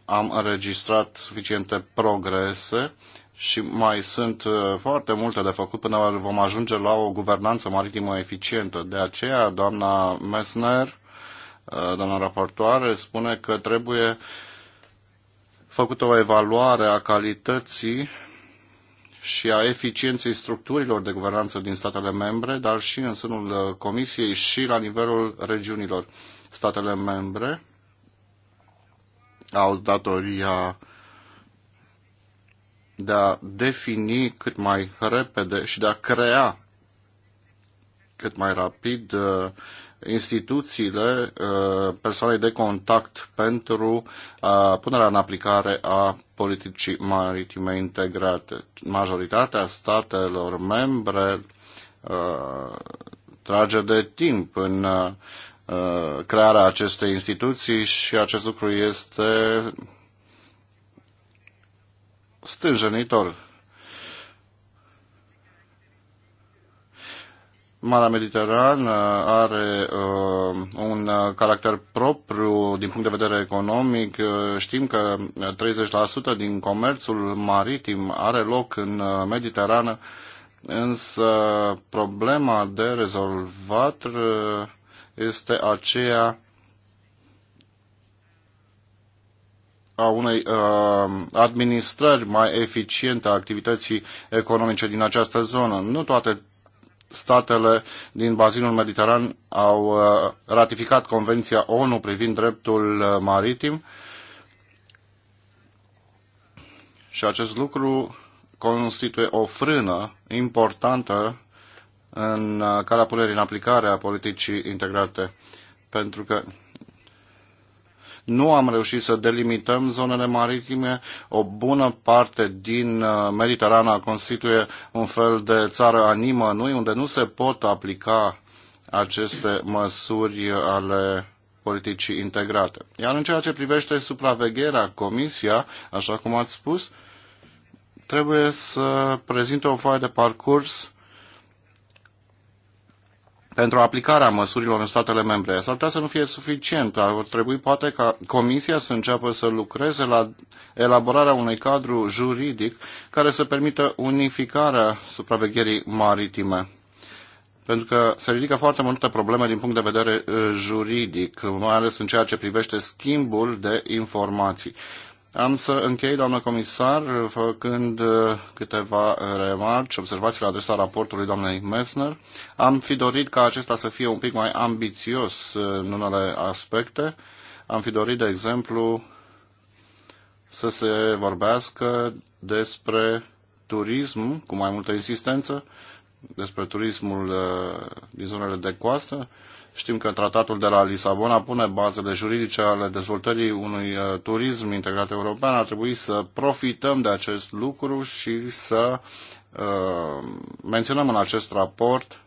am înregistrat suficiente progrese și mai sunt uh, foarte multe de făcut până vom ajunge la o guvernanță maritimă eficientă. De aceea, doamna Messner, uh, doamna raportoare, spune că trebuie făcută o evaluare a calității și a eficienței structurilor de guvernanță din statele membre, dar și în sânul uh, Comisiei și la nivelul regiunilor statele membre au datoria de a defini cât mai repede și de a crea cât mai rapid uh, instituțiile, uh, persoane de contact pentru uh, punerea în aplicare a politicii maritime integrate. Majoritatea statelor membre trage de timp în Uh, crearea acestei instituții și acest lucru este stânjenitor. Marea Mediterană are uh, un caracter propriu din punct de vedere economic. Uh, știm că 30% din comerțul maritim are loc în uh, Mediterană, însă problema de rezolvat uh, este aceea a unei uh, administrări mai eficiente a activității economice din această zonă. Nu toate statele din bazinul mediteran au uh, ratificat Convenția ONU privind dreptul maritim și acest lucru constituie o frână importantă în uh, calea punerii în aplicare a politicii integrate, pentru că nu am reușit să delimităm zonele maritime. O bună parte din uh, Mediterana constituie un fel de țară a nimănui, unde nu se pot aplica aceste măsuri ale politicii integrate. Iar în ceea ce privește supravegherea, Comisia, așa cum ați spus, trebuie să prezinte o foaie de parcurs pentru aplicarea măsurilor în statele membre. S-ar putea să nu fie suficient. Ar trebui poate ca Comisia să înceapă să lucreze la elaborarea unui cadru juridic care să permită unificarea supravegherii maritime. Pentru că se ridică foarte multe probleme din punct de vedere eh, juridic, mai ales în ceea ce privește schimbul de informații. Am să închei, doamnă comisar, făcând uh, câteva uh, remarci, observații la adresa raportului doamnei Messner. Am fi dorit ca acesta să fie un pic mai ambițios uh, în unele aspecte. Am fi dorit, de exemplu, să se vorbească despre turism cu mai multă insistență, despre turismul din zonele de coastă, Știm că tratatul de la Lisabona pune bazele juridice ale dezvoltării unui uh, turism integrat european. Ar trebui să profităm de acest lucru și să uh, menționăm în acest raport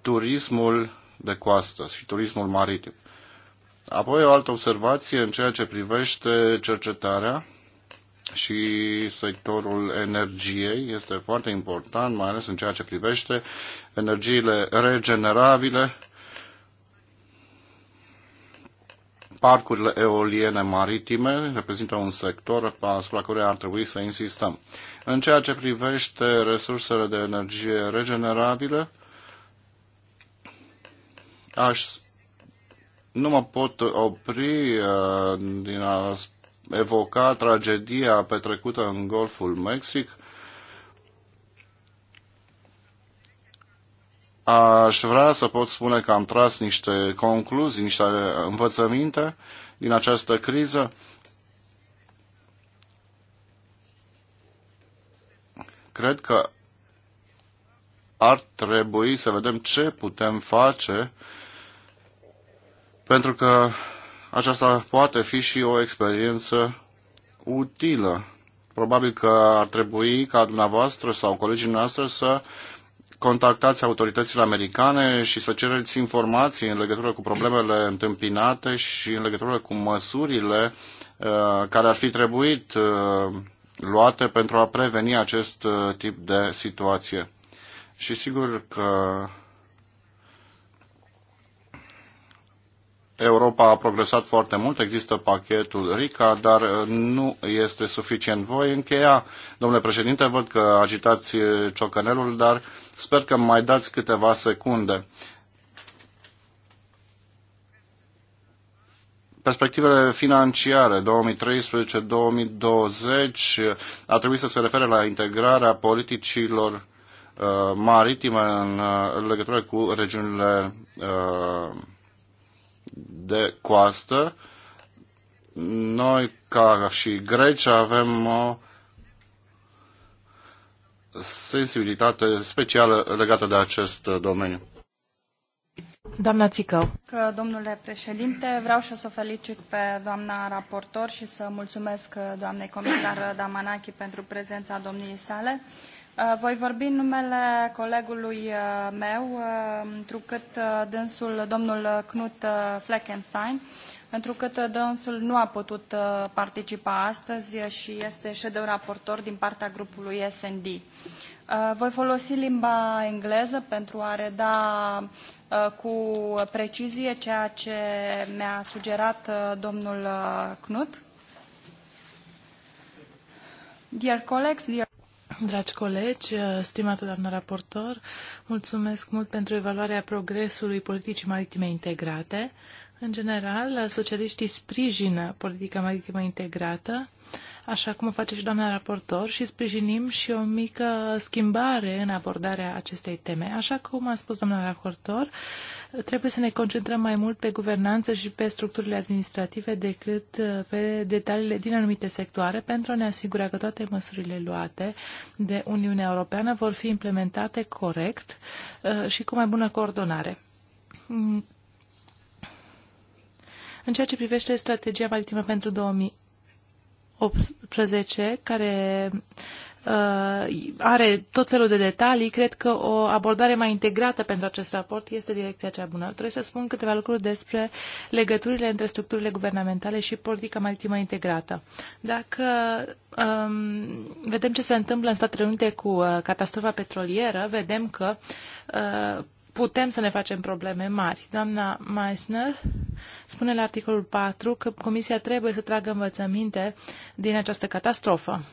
turismul de coastă și turismul maritim. Apoi o altă observație în ceea ce privește cercetarea și sectorul energiei este foarte important, mai ales în ceea ce privește energiile regenerabile, parcurile eoliene maritime reprezintă un sector asupra căruia ar trebui să insistăm. În ceea ce privește resursele de energie regenerabile, aș, nu mă pot opri uh, din a evoca tragedia petrecută în Golful Mexic, Aș vrea să pot spune că am tras niște concluzii, niște învățăminte din această criză. Cred că ar trebui să vedem ce putem face, pentru că aceasta poate fi și o experiență utilă. Probabil că ar trebui ca dumneavoastră sau colegii noastre să contactați autoritățile americane și să cereți informații în legătură cu problemele întâmpinate și în legătură cu măsurile uh, care ar fi trebuit uh, luate pentru a preveni acest uh, tip de situație. Și sigur că Europa a progresat foarte mult, există pachetul RICA, dar nu este suficient. Voi încheia, domnule președinte, văd că agitați ciocănelul, dar Sper că mai dați câteva secunde. perspectivele financiare 2013-2020 a trebuit să se refere la integrarea politicilor uh, maritime în uh, legătură cu regiunile uh, de coastă. Noi, ca și Grecia, avem o sensibilitate specială legată de acest domeniu. Doamna Țicău. Că, domnule președinte, vreau și o să o felicit pe doamna raportor și să mulțumesc uh, doamnei comisar Damanachi pentru prezența domniei sale. Uh, voi vorbi în numele colegului uh, meu, întrucât dânsul, domnul Knut Fleckenstein, întrucât dânsul nu a putut ă, participa astăzi și este shadow raportor din partea grupului SND. Ă, voi folosi limba engleză pentru a reda ă, cu precizie ceea ce mi-a sugerat domnul Knut. Dear colleagues, dear... Dragi colegi, stimată doamnă raportor, mulțumesc mult pentru evaluarea progresului politicii maritime integrate. În general, socialiștii sprijină politica maritimă integrată, așa cum o face și doamna raportor, și sprijinim și o mică schimbare în abordarea acestei teme. Așa cum a spus doamna raportor, trebuie să ne concentrăm mai mult pe guvernanță și pe structurile administrative decât uh, pe detaliile din anumite sectoare pentru a ne asigura că toate măsurile luate de Uniunea Europeană vor fi implementate corect uh, și cu mai bună coordonare mm, în ceea ce privește strategia maritimă pentru 2018, care uh, are tot felul de detalii, cred că o abordare mai integrată pentru acest raport este direcția cea bună. Trebuie să spun câteva lucruri despre legăturile între structurile guvernamentale și politica maritimă integrată. Dacă um, vedem ce se întâmplă în Statele Unite cu uh, catastrofa petrolieră, vedem că uh, putem să ne facem probleme mari. Doamna Meissner spune la articolul 4 că Comisia trebuie să tragă învățăminte din această catastrofă.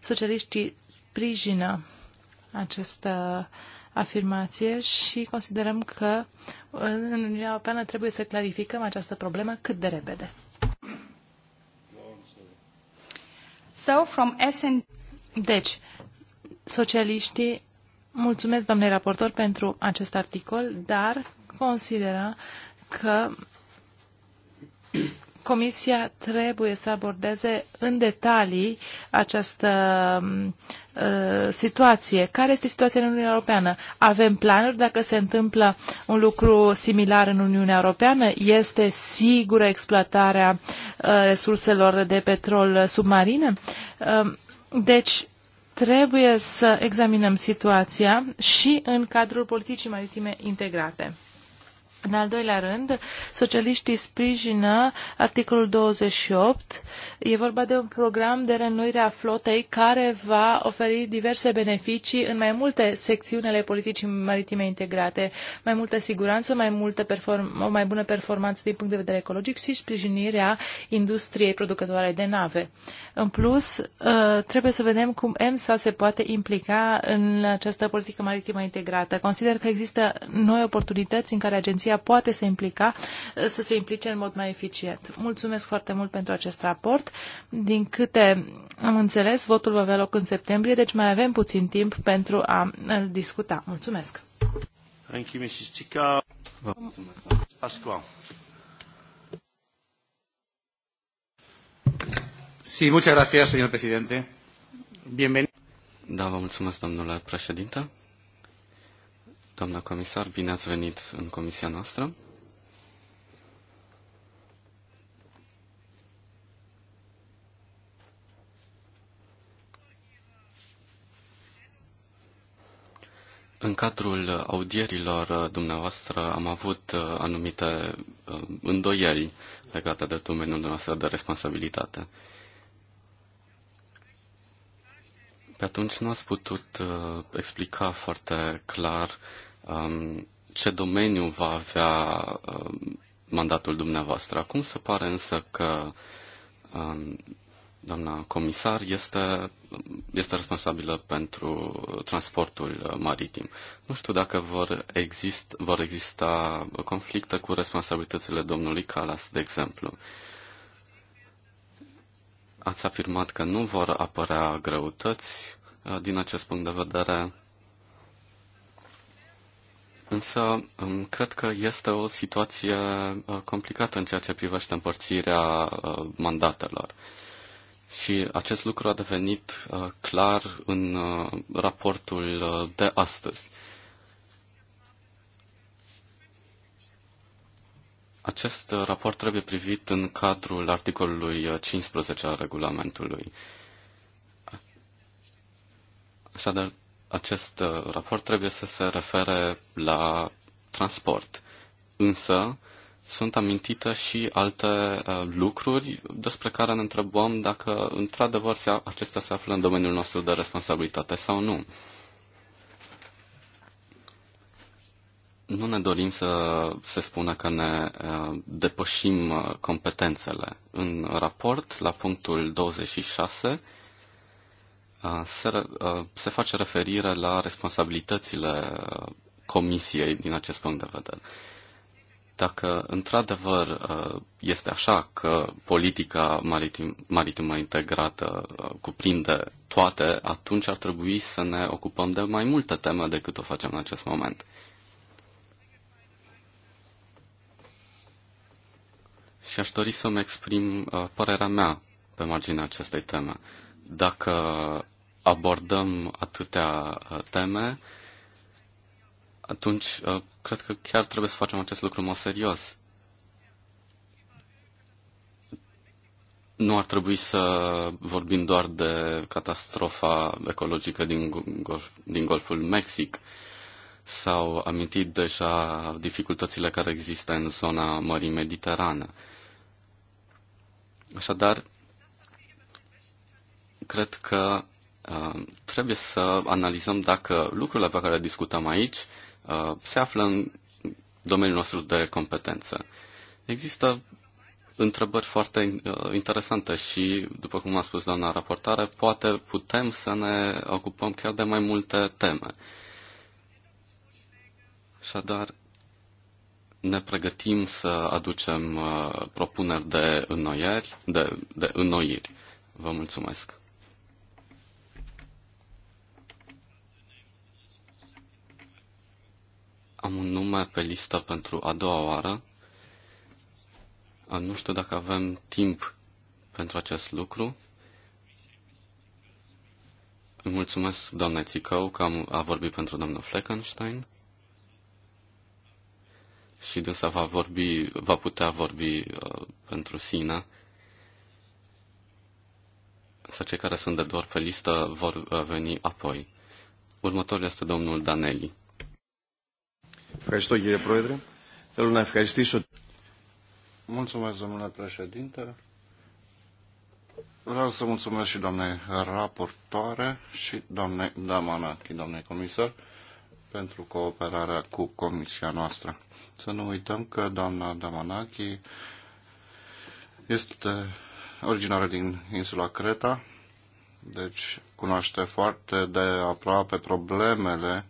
Socialiștii sprijină această afirmație și considerăm că în Uniunea Europeană trebuie să clarificăm această problemă cât de repede. So, from SN... Deci, socialiștii Mulțumesc, domnule raportor, pentru acest articol, dar consideră că Comisia trebuie să abordeze în detalii această uh, situație. Care este situația în Uniunea Europeană? Avem planuri dacă se întâmplă un lucru similar în Uniunea Europeană? Este sigură exploatarea uh, resurselor de petrol submarine? Uh, deci, Trebuie să examinăm situația și în cadrul politicii maritime integrate. În al doilea rând, socialiștii sprijină articolul 28. E vorba de un program de renuire a flotei care va oferi diverse beneficii în mai multe secțiuni ale politicii maritime integrate. Mai multă siguranță, mai multă perform- o mai bună performanță din punct de vedere ecologic și sprijinirea industriei producătoare de nave. În plus, uh, trebuie să vedem cum EMSA se poate implica în această politică maritimă integrată. Consider că există noi oportunități în care agenția poate să implica, uh, să se implice în mod mai eficient. Mulțumesc foarte mult pentru acest raport. Din câte am înțeles, votul va avea loc în septembrie, deci mai avem puțin timp pentru a discuta. Mulțumesc! Thank you, Mrs. Tica. Pascual. Sí, muchas gracias, señor presidente. Bienvenido. Da, vă mulțumesc, domnule președinte. Doamna comisar, bine ați venit în comisia noastră. În cadrul audierilor dumneavoastră am avut uh, anumite uh, îndoieli legate de domeniul dumneavoastră de responsabilitate. Pe atunci nu ați putut uh, explica foarte clar um, ce domeniu va avea uh, mandatul dumneavoastră. Acum se pare însă că um, doamna comisar este, este responsabilă pentru transportul maritim. Nu știu dacă vor, exist, vor exista conflicte cu responsabilitățile domnului Calas, de exemplu. Uh, Ați afirmat că nu vor apărea greutăți uh, din acest punct de vedere, însă um, cred că este o situație uh, complicată în ceea ce privește împărțirea uh, mandatelor. Și acest lucru a devenit clar în raportul de astăzi. Acest uh, raport trebuie privit în cadrul articolului 15 uh, al regulamentului. Așadar, acest uh, raport trebuie să se refere la transport. Însă, sunt amintite și alte lucruri despre care ne întrebăm dacă, într-adevăr, acestea se află în domeniul nostru de responsabilitate sau nu. Nu ne dorim să se spună că ne depășim competențele. În raport, la punctul 26, se, se face referire la responsabilitățile comisiei din acest punct de vedere. Dacă într-adevăr este așa că politica maritim, maritimă integrată cuprinde toate, atunci ar trebui să ne ocupăm de mai multe teme decât o facem în acest moment. și aș dori să-mi exprim uh, părerea mea pe marginea acestei teme. Dacă abordăm atâtea uh, teme, atunci uh, cred că chiar trebuie să facem acest lucru mai serios. Nu ar trebui să vorbim doar de catastrofa ecologică din, golf, din Golful Mexic. S-au amintit deja dificultățile care există în zona Mării Mediterane. Așadar, cred că uh, trebuie să analizăm dacă lucrurile pe care le discutăm aici uh, se află în domeniul nostru de competență. Există întrebări foarte uh, interesante și, după cum a spus doamna raportare, poate putem să ne ocupăm chiar de mai multe teme. Așadar, ne pregătim să aducem uh, propuneri de înnoieri, de, de înnoiri. Vă mulțumesc. Am un nume pe listă pentru a doua oară. Uh, nu știu dacă avem timp pentru acest lucru. Îi mulțumesc, doamne Țicău, că am, a vorbit pentru doamna Fleckenstein și dânsa va, vorbi, va putea vorbi uh, pentru sine. să cei care sunt de doar pe listă vor uh, veni apoi. Următorul este domnul Daneli. Mulțumesc, domnule președinte. Vreau să mulțumesc și doamnei raportoare și doamnei și doamnei comisar pentru cooperarea cu comisia noastră. Să nu uităm că doamna Damanaki este originară din insula Creta, deci cunoaște foarte de aproape problemele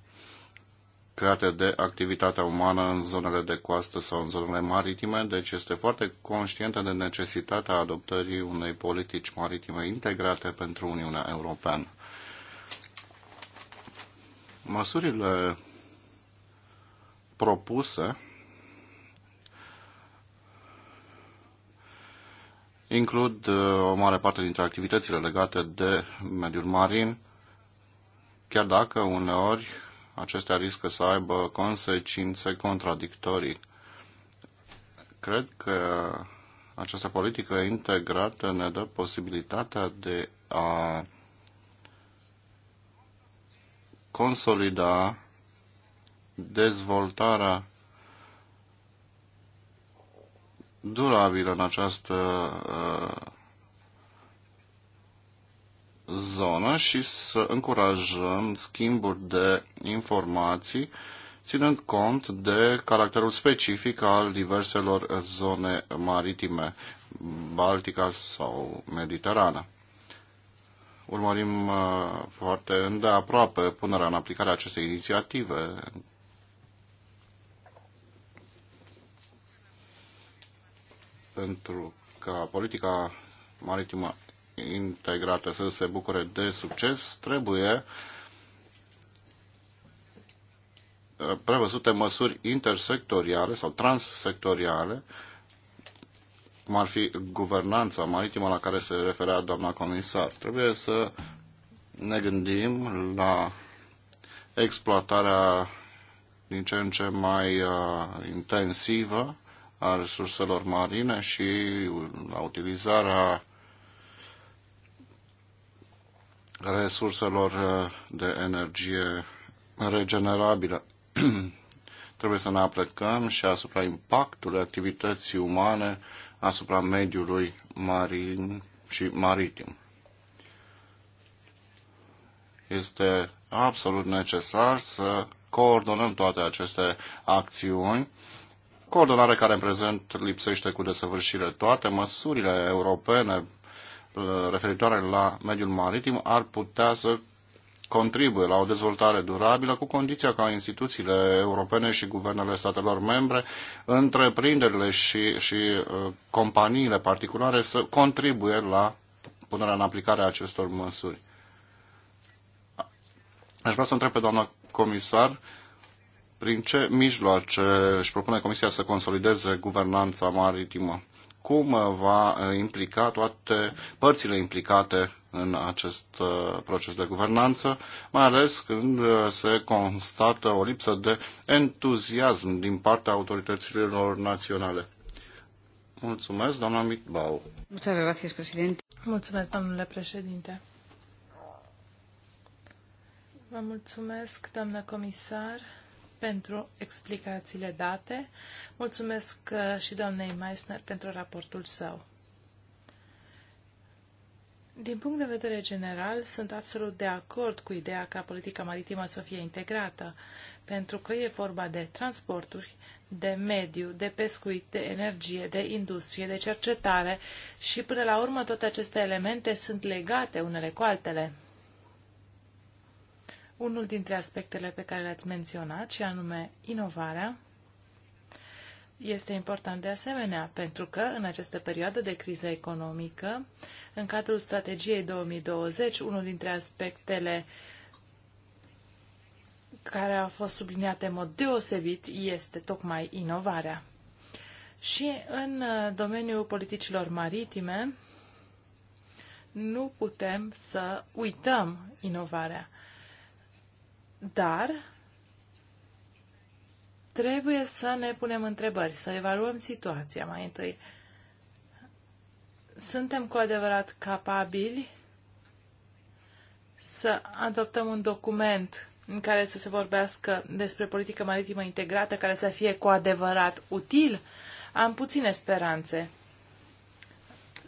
create de activitatea umană în zonele de coastă sau în zonele maritime, deci este foarte conștientă de necesitatea adoptării unei politici maritime integrate pentru Uniunea Europeană. Măsurile propuse includ uh, o mare parte dintre activitățile legate de mediul marin, chiar dacă uneori acestea riscă să aibă consecințe contradictorii. Cred că această politică integrată ne dă posibilitatea de a consolida dezvoltarea durabilă în această uh, zonă și să încurajăm schimburi de informații, ținând cont de caracterul specific al diverselor zone maritime, Baltica sau Mediterana urmărim uh, foarte îndeaproape punerea în aplicare a acestei inițiative. Pentru ca politica maritimă integrată să se bucure de succes, trebuie uh, prevăzute măsuri intersectoriale sau transsectoriale uh, cum ar fi guvernanța maritimă la care se referea doamna comisar. Trebuie să ne gândim la exploatarea din ce în ce mai uh, intensivă a resurselor marine și la utilizarea resurselor uh, de energie regenerabilă. Trebuie să ne aplecăm și asupra impactului activității umane asupra mediului marin și maritim. Este absolut necesar să coordonăm toate aceste acțiuni, coordonare care în prezent lipsește cu desăvârșire. Toate măsurile europene uh, referitoare la mediul maritim ar putea să contribuie la o dezvoltare durabilă, cu condiția ca instituțiile europene și guvernele statelor membre, întreprinderile și, și uh, companiile particulare să contribuie la punerea în aplicare a acestor măsuri. Aș vrea să întreb pe doamna comisar prin ce mijloace își propune Comisia să consolideze guvernanța maritimă cum va eh, implica toate părțile implicate în acest eh, proces de guvernanță, mai ales când eh, se constată o lipsă de entuziasm din partea autorităților naționale. Mulțumesc, doamna Mitbau. Mulțumesc, domnule președinte. Vă mulțumesc, doamnă comisar pentru explicațiile date. Mulțumesc uh, și doamnei Meissner pentru raportul său. Din punct de vedere general, sunt absolut de acord cu ideea ca politica maritimă să fie integrată, pentru că e vorba de transporturi, de mediu, de pescuit, de energie, de industrie, de cercetare și, până la urmă, toate aceste elemente sunt legate unele cu altele unul dintre aspectele pe care le-ați menționat, și anume inovarea, este important de asemenea, pentru că în această perioadă de criză economică, în cadrul strategiei 2020, unul dintre aspectele care a fost subliniate în mod deosebit este tocmai inovarea. Și în uh, domeniul politicilor maritime, nu putem să uităm inovarea. Dar trebuie să ne punem întrebări, să evaluăm situația mai întâi. Suntem cu adevărat capabili să adoptăm un document în care să se vorbească despre politică maritimă integrată, care să fie cu adevărat util? Am puține speranțe.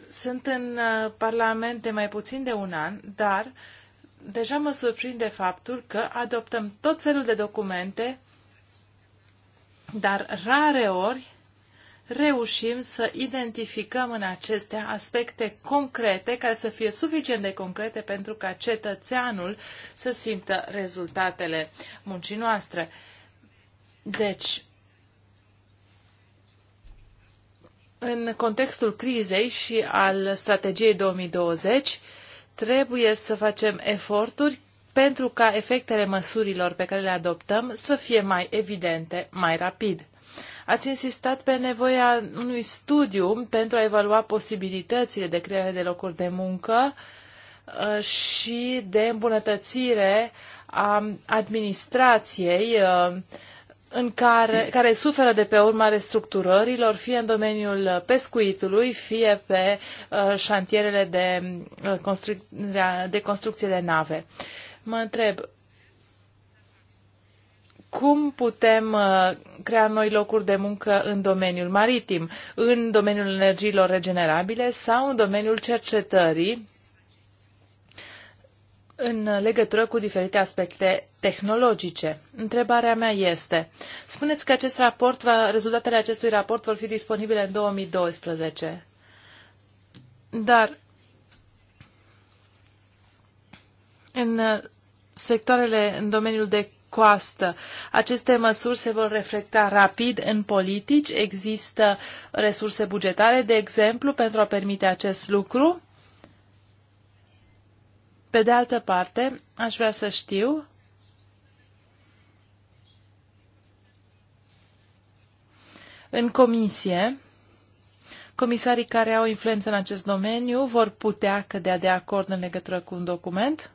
Sunt în uh, Parlament de mai puțin de un an, dar uh, deja mă surprinde faptul că adoptăm tot felul de documente, dar rare ori reușim să identificăm în acestea aspecte concrete care să fie suficient de concrete pentru ca cetățeanul să simtă rezultatele muncii noastre. Deci, în contextul crizei și al strategiei 2020, Trebuie să facem eforturi pentru ca efectele măsurilor pe care le adoptăm să fie mai evidente, mai rapid. Ați insistat pe nevoia unui studiu pentru a evalua posibilitățile de creare de locuri de muncă uh, și de îmbunătățire a administrației uh, în care, care suferă de pe urma restructurărilor, fie în domeniul uh, pescuitului, fie pe uh, șantierele de, uh, de construcție de nave. Mă întreb, cum putem uh, crea noi locuri de muncă în domeniul maritim, în domeniul energiilor regenerabile sau în domeniul cercetării în legătură cu diferite aspecte tehnologice. Întrebarea mea este, spuneți că acest raport va, rezultatele acestui raport vor fi disponibile în 2012, dar în sectoarele în domeniul de coastă. Aceste măsuri se vor reflecta rapid în politici. Există resurse bugetare, de exemplu, pentru a permite acest lucru. Pe de altă parte, aș vrea să știu în comisie, comisarii care au influență în acest domeniu vor putea cădea de acord în legătură cu un document?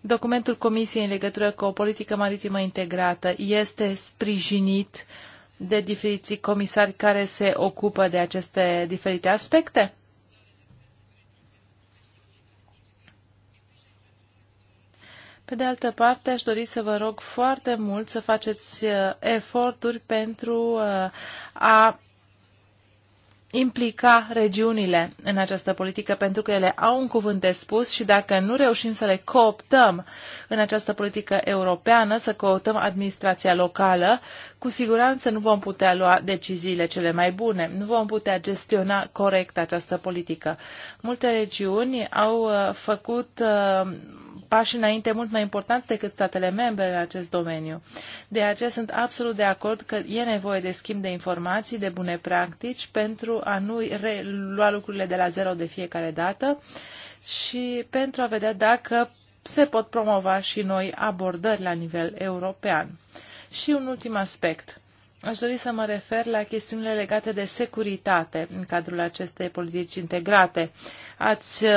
Documentul Comisiei în legătură cu o politică maritimă integrată este sprijinit de diferiții comisari care se ocupă de aceste diferite aspecte? Pe de altă parte, aș dori să vă rog foarte mult să faceți uh, eforturi pentru uh, a implica regiunile în această politică, pentru că ele au un cuvânt de spus și dacă nu reușim să le cooptăm în această politică europeană, să cooptăm administrația locală, cu siguranță nu vom putea lua deciziile cele mai bune, nu vom putea gestiona corect această politică. Multe regiuni au uh, făcut pași înainte mult mai importanți decât statele membre în acest domeniu. De aceea sunt absolut de acord că e nevoie de schimb de informații, de bune practici pentru a nu lua lucrurile de la zero de fiecare dată și pentru a vedea dacă se pot promova și noi abordări la nivel european. Și un ultim aspect. Aș dori să mă refer la chestiunile legate de securitate în cadrul acestei politici integrate. Ați, uh,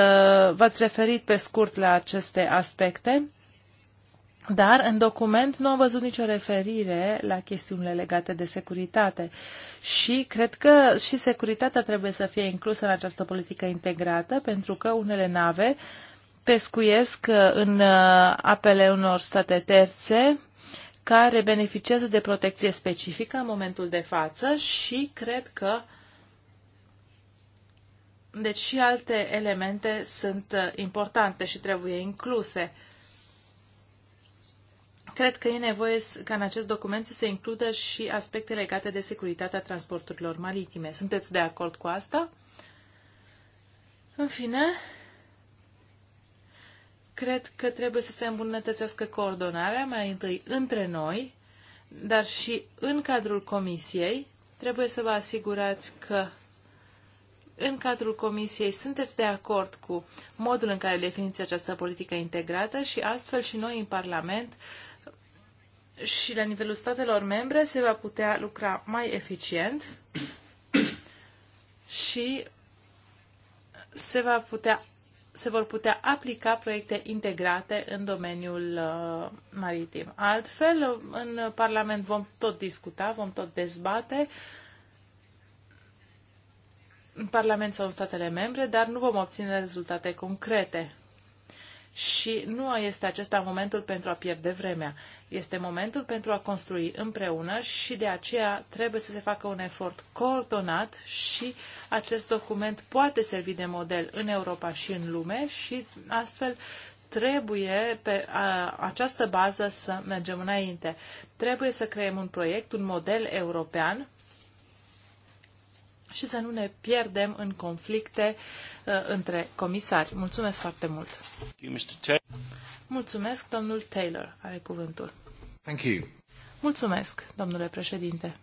v-ați referit pe scurt la aceste aspecte, dar în document nu am văzut nicio referire la chestiunile legate de securitate. Și cred că și securitatea trebuie să fie inclusă în această politică integrată, pentru că unele nave pescuiesc uh, în uh, apele unor state terțe, care beneficiază de protecție specifică în momentul de față și cred că deci și alte elemente sunt uh, importante și trebuie incluse. Cred că e nevoie ca în acest document să se includă și aspecte legate de securitatea transporturilor maritime. Sunteți de acord cu asta? În fine, cred că trebuie să se îmbunătățească coordonarea mai întâi între noi, dar și în cadrul comisiei. Trebuie să vă asigurați că în cadrul comisiei sunteți de acord cu modul în care definiți această politică integrată și astfel și noi în Parlament și la nivelul statelor membre se va putea lucra mai eficient și se va putea se vor putea aplica proiecte integrate în domeniul uh, maritim. Altfel, în Parlament vom tot discuta, vom tot dezbate în Parlament sau în statele membre, dar nu vom obține rezultate concrete. Și nu este acesta momentul pentru a pierde vremea. Este momentul pentru a construi împreună și de aceea trebuie să se facă un efort coordonat și acest document poate servi de model în Europa și în lume și astfel trebuie pe această bază să mergem înainte. Trebuie să creăm un proiect, un model european și să nu ne pierdem în conflicte uh, între comisari. Mulțumesc foarte mult! Mulțumesc, domnul Taylor are cuvântul. Thank you. Mulțumesc, domnule președinte.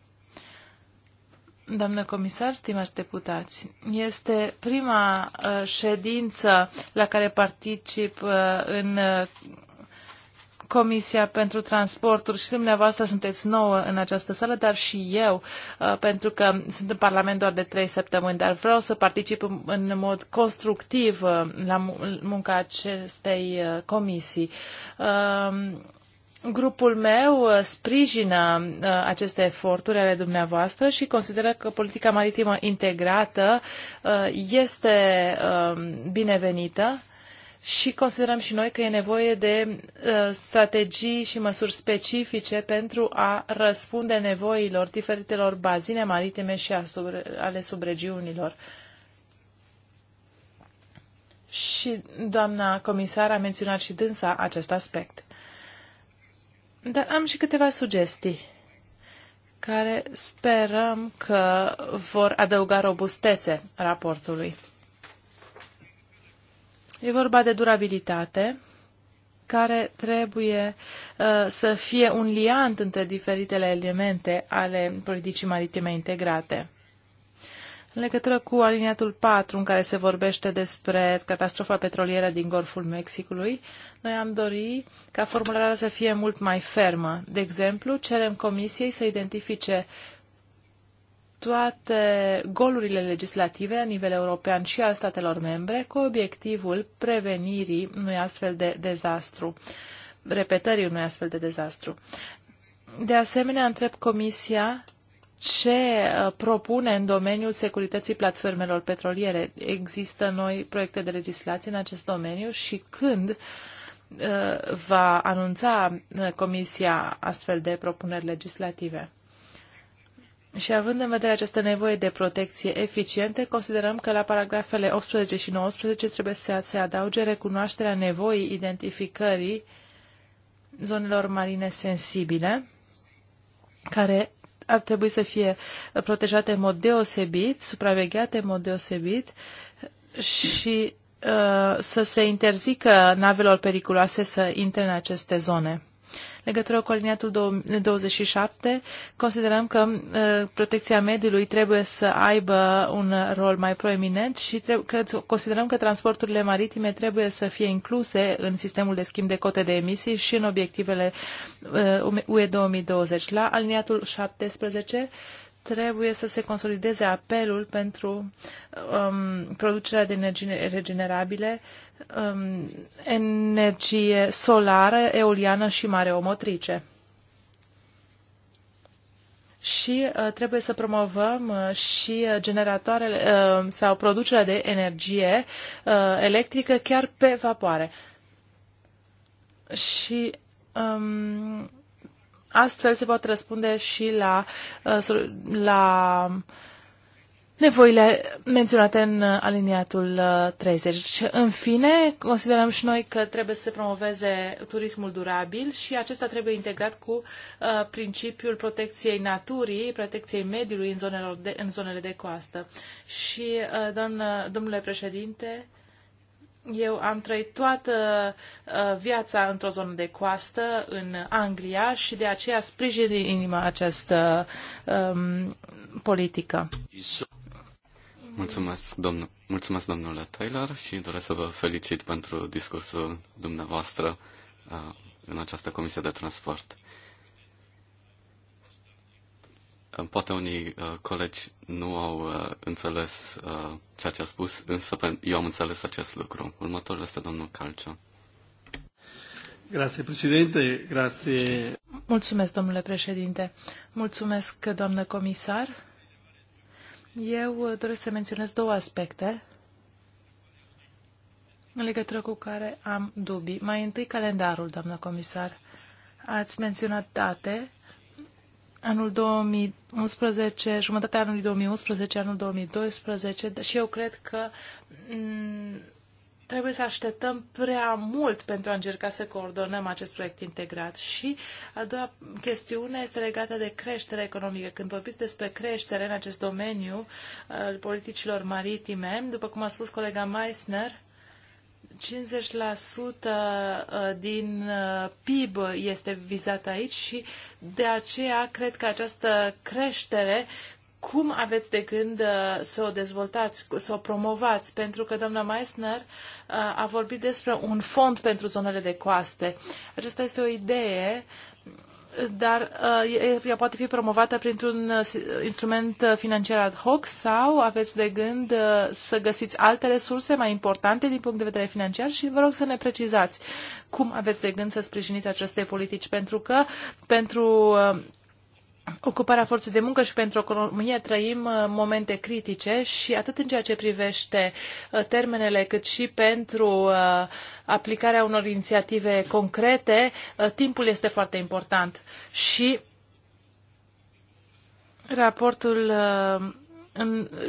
Doamnă comisar, stimați deputați, este prima uh, ședință la care particip uh, în uh, Comisia pentru Transporturi și dumneavoastră sunteți nouă în această sală, dar și eu, pentru că sunt în Parlament doar de trei săptămâni, dar vreau să particip în mod constructiv la munca acestei comisii. Grupul meu uh, sprijină uh, aceste eforturi ale dumneavoastră și consideră că politica maritimă integrată uh, este um, binevenită și considerăm și noi că e nevoie de strategii și măsuri specifice pentru a răspunde nevoilor diferitelor bazine maritime și ale subregiunilor. Și doamna comisar a menționat și dânsa acest aspect. Dar am și câteva sugestii care sperăm că vor adăuga robustețe raportului. E vorba de durabilitate, care trebuie uh, să fie un liant între diferitele elemente ale politicii maritime integrate. În legătură cu aliniatul 4, în care se vorbește despre catastrofa petrolieră din Golful Mexicului, noi am dori ca formularea să fie mult mai fermă. De exemplu, cerem Comisiei să identifice toate golurile legislative la nivel european și al statelor membre cu obiectivul prevenirii unui astfel de dezastru, repetării unui astfel de dezastru. De asemenea, întreb Comisia ce uh, propune în domeniul securității platformelor petroliere. Există noi proiecte de legislație în acest domeniu și când uh, va anunța uh, Comisia astfel de propuneri legislative? Și având în vedere această nevoie de protecție eficiente, considerăm că la paragrafele 18 și 19 trebuie să se adauge recunoașterea nevoii identificării zonelor marine sensibile, care ar trebui să fie protejate în mod deosebit, supravegheate în mod deosebit și uh, să se interzică navelor periculoase să intre în aceste zone legătură cu aliniatul 27, considerăm că uh, protecția mediului trebuie să aibă un rol mai proeminent și cred, considerăm că transporturile maritime trebuie să fie incluse în sistemul de schimb de cote de emisii și în obiectivele UE uh, 2020. La aliniatul 17, trebuie să se consolideze apelul pentru um, producerea de energie regenerabile, um, energie solară, eoliană și mareomotrice. Și uh, trebuie să promovăm uh, și generatoarele uh, sau producerea de energie uh, electrică chiar pe vapoare. Și um, Astfel se poate răspunde și la, uh, la nevoile menționate în aliniatul 30. Uh, deci, în fine, considerăm și noi că trebuie să se promoveze turismul durabil și acesta trebuie integrat cu uh, principiul protecției naturii, protecției mediului în, de, în zonele de coastă. Și, doamnă, domnule președinte, eu am trăit toată uh, viața într-o zonă de coastă, în Anglia, și de aceea sprijin din inima această um, politică. Mulțumesc, domn- Mulțumesc, domnule Taylor, și doresc să vă felicit pentru discursul dumneavoastră uh, în această comisie de transport. Poate unii uh, colegi nu au uh, înțeles uh, ceea ce a spus, însă eu am înțeles acest lucru. Următorul este domnul Calcio. Grazie, președinte. Grazie. Mulțumesc, domnule președinte. Mulțumesc, doamnă comisar. Eu doresc să menționez două aspecte în legătură cu care am dubii. Mai întâi calendarul, doamnă comisar. Ați menționat date anul 2011, jumătatea anului 2011, anul 2012 și eu cred că mm, trebuie să așteptăm prea mult pentru a încerca să coordonăm acest proiect integrat. Și a doua chestiune este legată de creșterea economică. Când vorbiți despre creștere în acest domeniu uh, al politicilor maritime, după cum a spus colega Meissner, 50% uh, din uh, PIB este vizat aici și de aceea cred că această creștere cum aveți de gând uh, să o dezvoltați, să o promovați? Pentru că doamna Meissner a vorbit despre un fond pentru zonele de coaste. Aceasta este o idee dar uh, ea poate fi promovată printr-un uh, instrument uh, financiar ad hoc sau aveți de gând să găsiți alte resurse mai importante din punct de vedere financiar și vă rog să ne precizați cum aveți de gând să sprijiniți aceste politici, pentru că pentru ocuparea forței de muncă și pentru economie trăim uh, momente critice și atât în ceea ce privește uh, termenele cât și pentru uh, aplicarea unor inițiative concrete, timpul este foarte important și raportul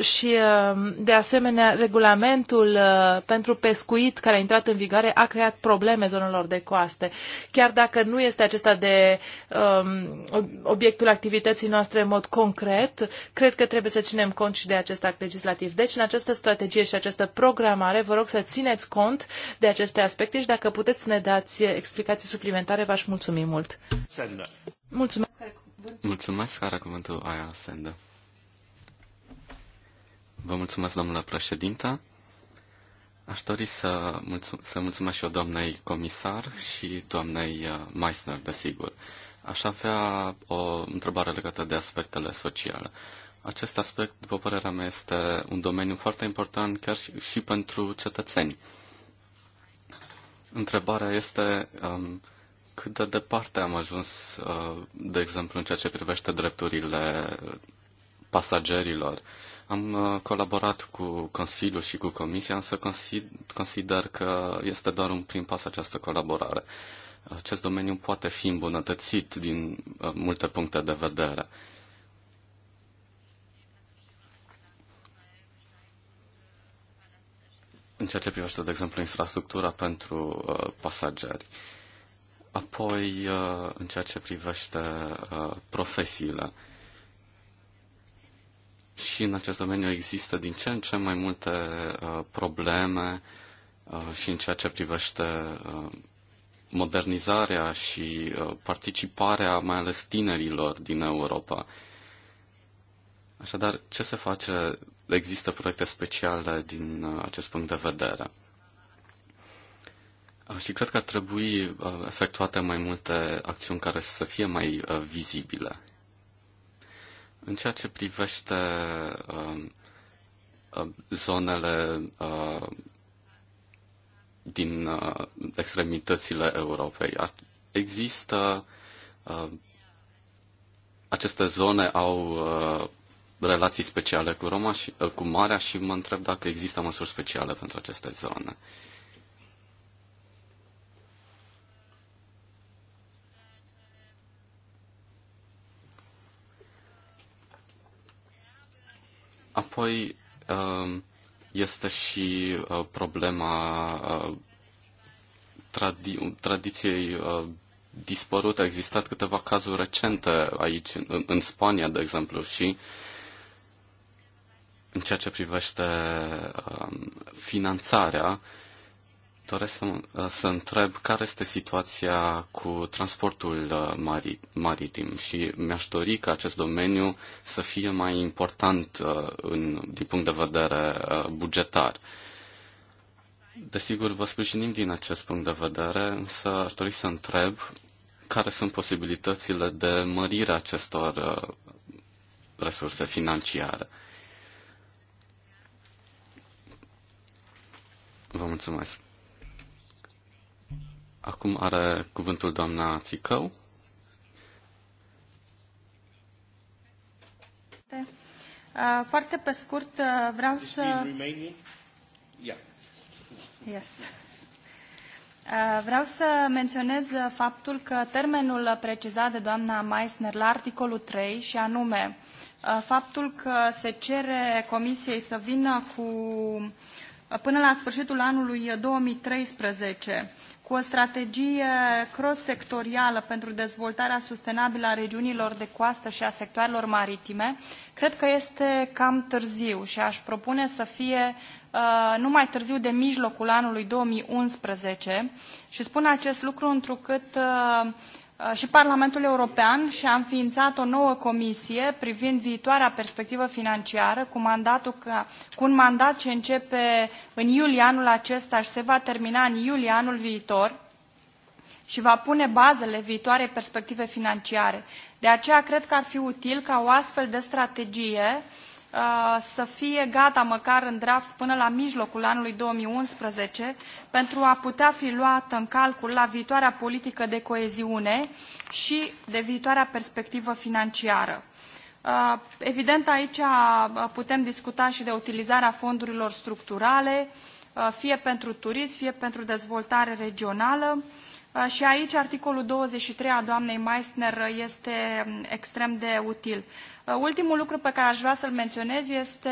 și, uh, de asemenea, regulamentul uh, pentru pescuit care a intrat în vigoare a creat probleme zonelor de coaste. Chiar dacă nu este acesta de um, obiectul activității noastre în mod concret, cred că trebuie să ținem cont și de acest act legislativ. Deci, în această strategie și această programare, vă rog să țineți cont de aceste aspecte și dacă puteți să ne dați explicații suplimentare, v-aș mulțumi mult. Sender. Mulțumesc. Mulțumesc, are cuvântul aia, Sender. Vă mulțumesc, domnule președinte. Aș dori să, mulțum- să mulțumesc și eu doamnei comisar și doamnei uh, Meissner, desigur. Aș avea o întrebare legată de aspectele sociale. Acest aspect, după părerea mea, este un domeniu foarte important chiar și, și pentru cetățeni. Întrebarea este um, cât de departe am ajuns, uh, de exemplu, în ceea ce privește drepturile pasagerilor. Uh, am uh, colaborat cu Consiliul și cu Comisia, însă consider că este doar un prim pas această colaborare. Acest domeniu poate fi îmbunătățit din uh, multe puncte de vedere. În ceea ce privește, de exemplu, infrastructura pentru uh, pasageri. Apoi, în ceea ce privește profesiile. Și în acest domeniu există din ce în ce mai multe uh, probleme uh, și în ceea ce privește uh, modernizarea și uh, participarea, mai ales tinerilor din Europa. Așadar, ce se face? Există proiecte speciale din uh, acest punct de vedere. Uh, și cred că ar trebui uh, efectuate mai multe acțiuni care să fie mai uh, vizibile. În ceea ce privește um, um, zonele uh, din uh, extremitățile Europei, există uh, aceste zone au relații speciale cu Roma și cu Marea și mă întreb dacă există măsuri speciale pentru aceste zone. Apoi um, este și uh, problema uh, tradi- tradiției uh, dispărute. A existat câteva cazuri recente aici, în, în Spania, de exemplu, și în ceea ce privește um, finanțarea, Doresc să, uh, să întreb care este situația cu transportul uh, mari, maritim și mi-aș dori ca acest domeniu să fie mai important uh, în, din punct de vedere bugetar. Desigur, vă sprijinim din acest punct de vedere, însă aș dori să întreb care sunt posibilitățile de mărire acestor resurse financiare. Vă mulțumesc. Acum are cuvântul doamna Țicău. Uh, foarte pe scurt uh, vreau să... Yes. Uh, vreau să menționez faptul că termenul precizat de doamna Meissner la articolul 3 și anume faptul că se cere Comisiei să vină cu până la sfârșitul anului 2013 cu o strategie cross-sectorială pentru dezvoltarea sustenabilă a regiunilor de coastă și a sectoarelor maritime, cred că este cam târziu și aș propune să fie uh, nu mai târziu de mijlocul anului 2011 și spun acest lucru întrucât uh, Uh, și Parlamentul European și-a înființat o nouă comisie privind viitoarea perspectivă financiară cu, mandatul ca, cu un mandat ce începe în iulie anul acesta și se va termina în iulie anul viitor și va pune bazele viitoarei perspective financiare. De aceea cred că ar fi util ca o astfel de strategie uh, Uh, să fie gata măcar în draft până la mijlocul anului 2011 pentru a putea fi luată în calcul la viitoarea politică de coeziune și de viitoarea perspectivă financiară. Uh, evident, aici uh, putem discuta și de utilizarea fondurilor structurale, fie pentru turism, fie pentru dezvoltare regională. Uh, și aici articolul 23 a doamnei Meissner uh, este um, extrem de util. Uh, ultimul lucru pe care aș vrea să-l menționez este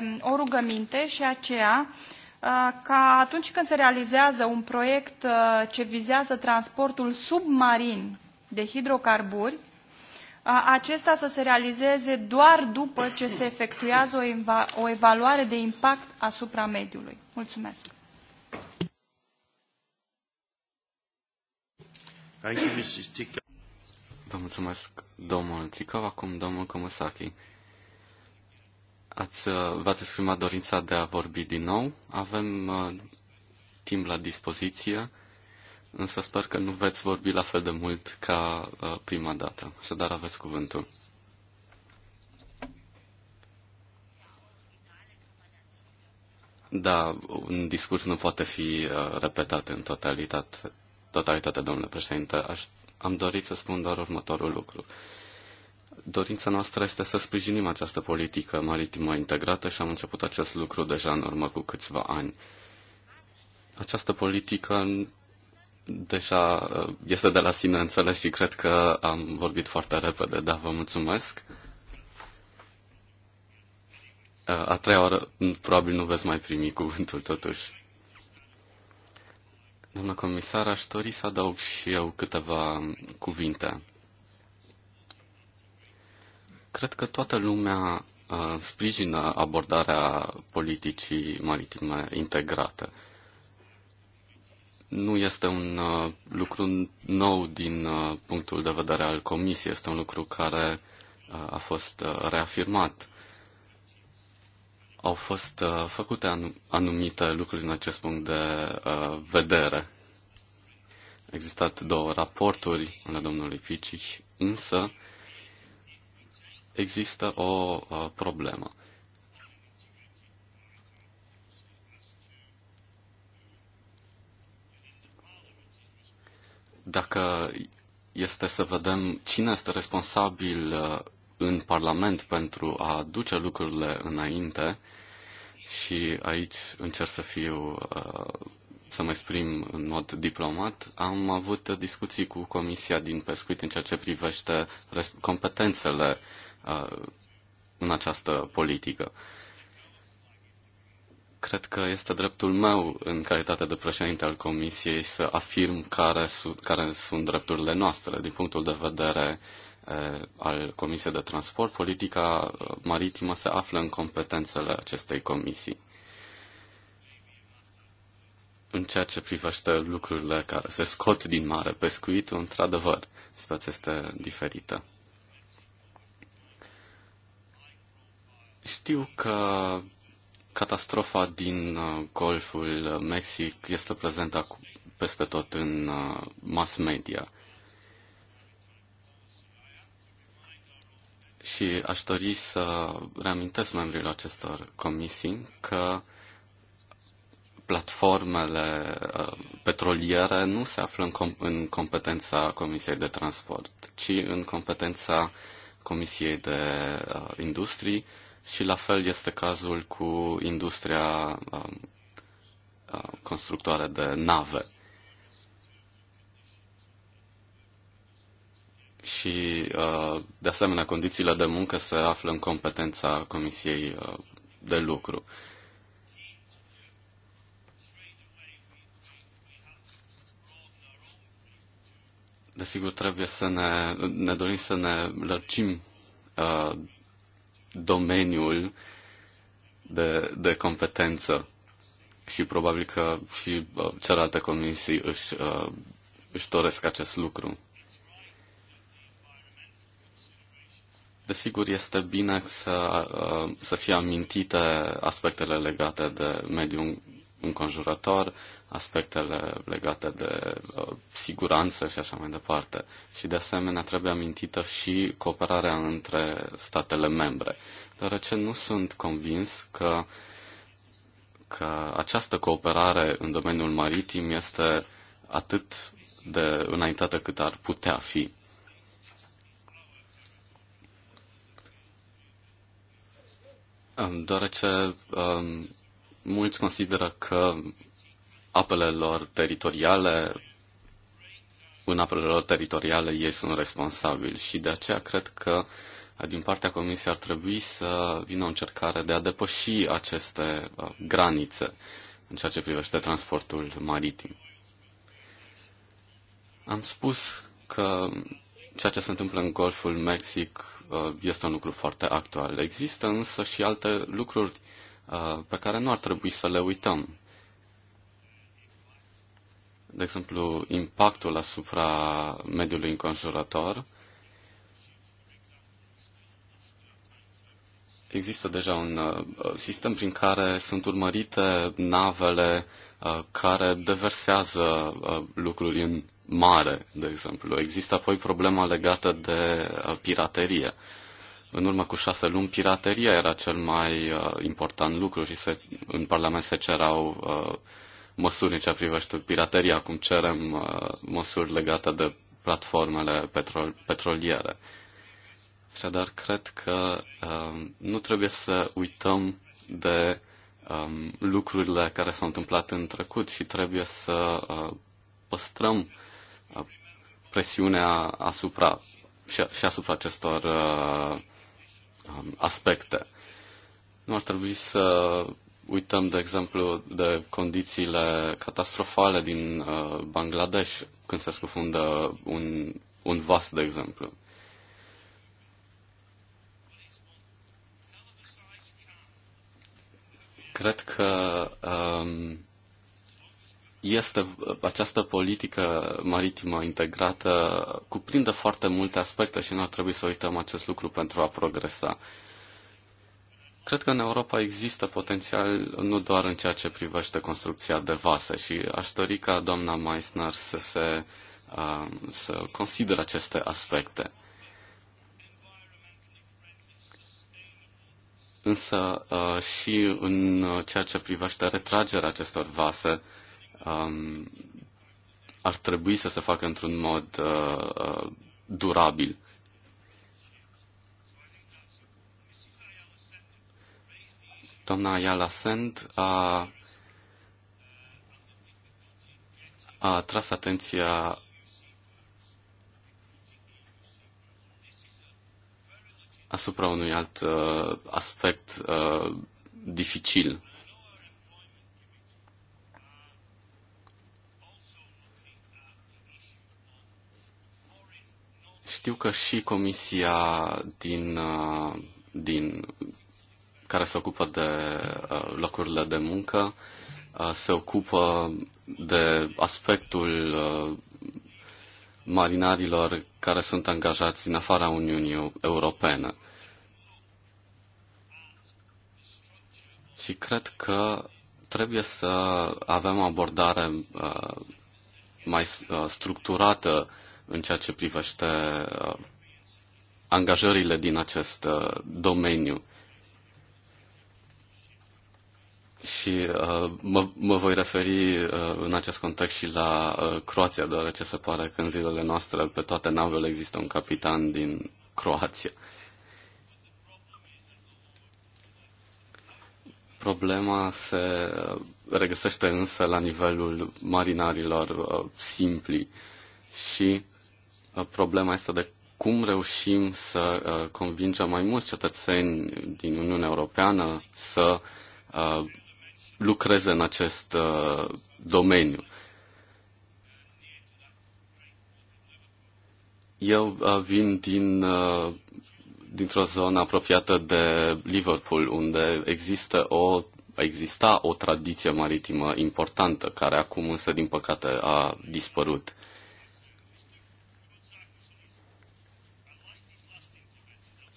um, o rugăminte și aceea ca atunci când se realizează un proiect ce vizează transportul submarin de hidrocarburi, acesta să se realizeze doar după ce se efectuează o, evaluare de impact asupra mediului. Mulțumesc! Thank you, Mrs. Tica. Vă mulțumesc, domnul Țicău. Acum, domnul Comusaki. Ați, uh, v-ați exprimat dorința de a vorbi din nou. Avem uh, timp la dispoziție, însă sper că nu veți vorbi la fel de mult ca uh, prima dată. Să dar aveți cuvântul. Da, un discurs nu poate fi uh, repetat în totalitate totalitate, domnule președinte, aș, am dorit să spun doar următorul lucru. Dorința noastră este să sprijinim această politică maritimă integrată și am început acest lucru deja în urmă cu câțiva ani. Această politică deja uh, este de la sine înțeles și cred că am vorbit foarte repede, dar vă mulțumesc. Uh, a treia oară mm, probabil nu veți mai primi cuvântul totuși. Doamna comisar, aș dori să adaug și eu câteva cuvinte. Cred că toată lumea uh, sprijină abordarea politicii maritime integrate. Nu este un uh, lucru nou din uh, punctul de vedere al Comisiei, este un lucru care a fost reafirmat au fost uh, făcute anumite lucruri în acest punct de uh, vedere. Existat două raporturi ale domnului Picic, însă există o uh, problemă. Dacă este să vedem cine este responsabil uh, în Parlament pentru a duce lucrurile înainte și aici încerc să fiu, uh, să mă exprim în mod diplomat, am avut discuții cu Comisia din Pescuit în ceea ce privește competențele uh, în această politică. Cred că este dreptul meu, în calitate de președinte al Comisiei, să afirm care, su- care sunt drepturile noastre din punctul de vedere uh, Eh, al Comisiei de Transport, politica eh, maritimă se află în competențele acestei comisii. În ceea ce privește lucrurile care se scot din mare, pescuitul, într-adevăr, situația este diferită. Știu că catastrofa din eh, Golful Mexic este prezentă peste tot în mass media Și aș dori să reamintesc membrilor acestor comisii că platformele uh, petroliere nu se află în, com- în competența Comisiei de Transport, ci în competența Comisiei de uh, Industrii și la fel este cazul cu industria um, uh, constructoare de nave. și, uh, de asemenea, condițiile de muncă se află în competența Comisiei uh, de lucru. Desigur, trebuie să ne, ne dorim să ne lărcim uh, domeniul de, de competență și probabil că și uh, celelalte comisii își, uh, își doresc acest lucru. Desigur, este bine să, uh, să fie amintite aspectele legate de mediul înconjurător, aspectele legate de uh, siguranță și așa mai departe. Și de asemenea trebuie amintită și cooperarea între statele membre, deoarece nu sunt convins că, că această cooperare în domeniul maritim este atât de înaintată cât ar putea fi. deoarece um, mulți consideră că apele lor teritoriale, în apele lor teritoriale ei sunt responsabili și de aceea cred că uh, din partea Comisiei ar trebui să vină o încercare de a depăși aceste uh, granițe în ceea ce privește transportul maritim. Am spus că ceea ce se întâmplă în Golful Mexic Uh, este un lucru foarte actual. Există însă și alte lucruri uh, pe care nu ar trebui să le uităm. De exemplu, impactul asupra mediului înconjurător. Există deja un uh, sistem prin care sunt urmărite navele care deversează lucruri în mare, de exemplu. Există apoi problema legată de uh, piraterie. În urmă cu șase luni, pirateria era cel mai uh, important lucru și se, în Parlament se cerau uh, măsuri în ce privește pirateria. Acum cerem uh, măsuri legate de platformele petrol, petroliere. Așadar, cred că uh, nu trebuie să uităm de um, lucrurile care s-au întâmplat în trecut și trebuie să uh, păstrăm presiunea asupra și, și asupra acestor uh, aspecte. Nu ar trebui să uităm, de exemplu, de condițiile catastrofale din uh, Bangladesh când se scufundă un, un vas, de exemplu. Cred că Uh, este această politică maritimă integrată cuprinde foarte multe aspecte și nu ar trebui să uităm acest lucru pentru a progresa. Cred că în Europa există potențial nu doar în ceea ce privește construcția de vase și aș dori ca doamna Meissner să se uh, să consideră aceste aspecte. Însă uh, și în ceea ce privește retragerea acestor vase, um, ar trebui să se facă într-un mod uh, uh durabil. Doamna Ayala Send a, a tras atenția asupra unui alt uh, aspect uh, dificil Știu că și comisia din, uh, din care se ocupă de uh, locurile de muncă uh, se ocupă de aspectul marinarilor care sunt angajați în afara Uniunii Europene. Și cred că trebuie să avem o abordare mai structurată în ceea ce privește uh, angajările din acest uh, domeniu. Și uh, mă, mă voi referi uh, în acest context și la uh, Croația, deoarece se pare că în zilele noastre pe toate navele există un capitan din Croația. Problema se uh, regăsește însă la nivelul marinarilor uh, simpli și Problema este de cum reușim să uh, convingem mai mulți cetățeni din Uniunea Europeană să uh, lucreze în acest uh, domeniu. Eu vin din, dintr-o zonă apropiată de Liverpool, unde există o, exista o tradiție maritimă importantă, care acum însă, din păcate, a dispărut.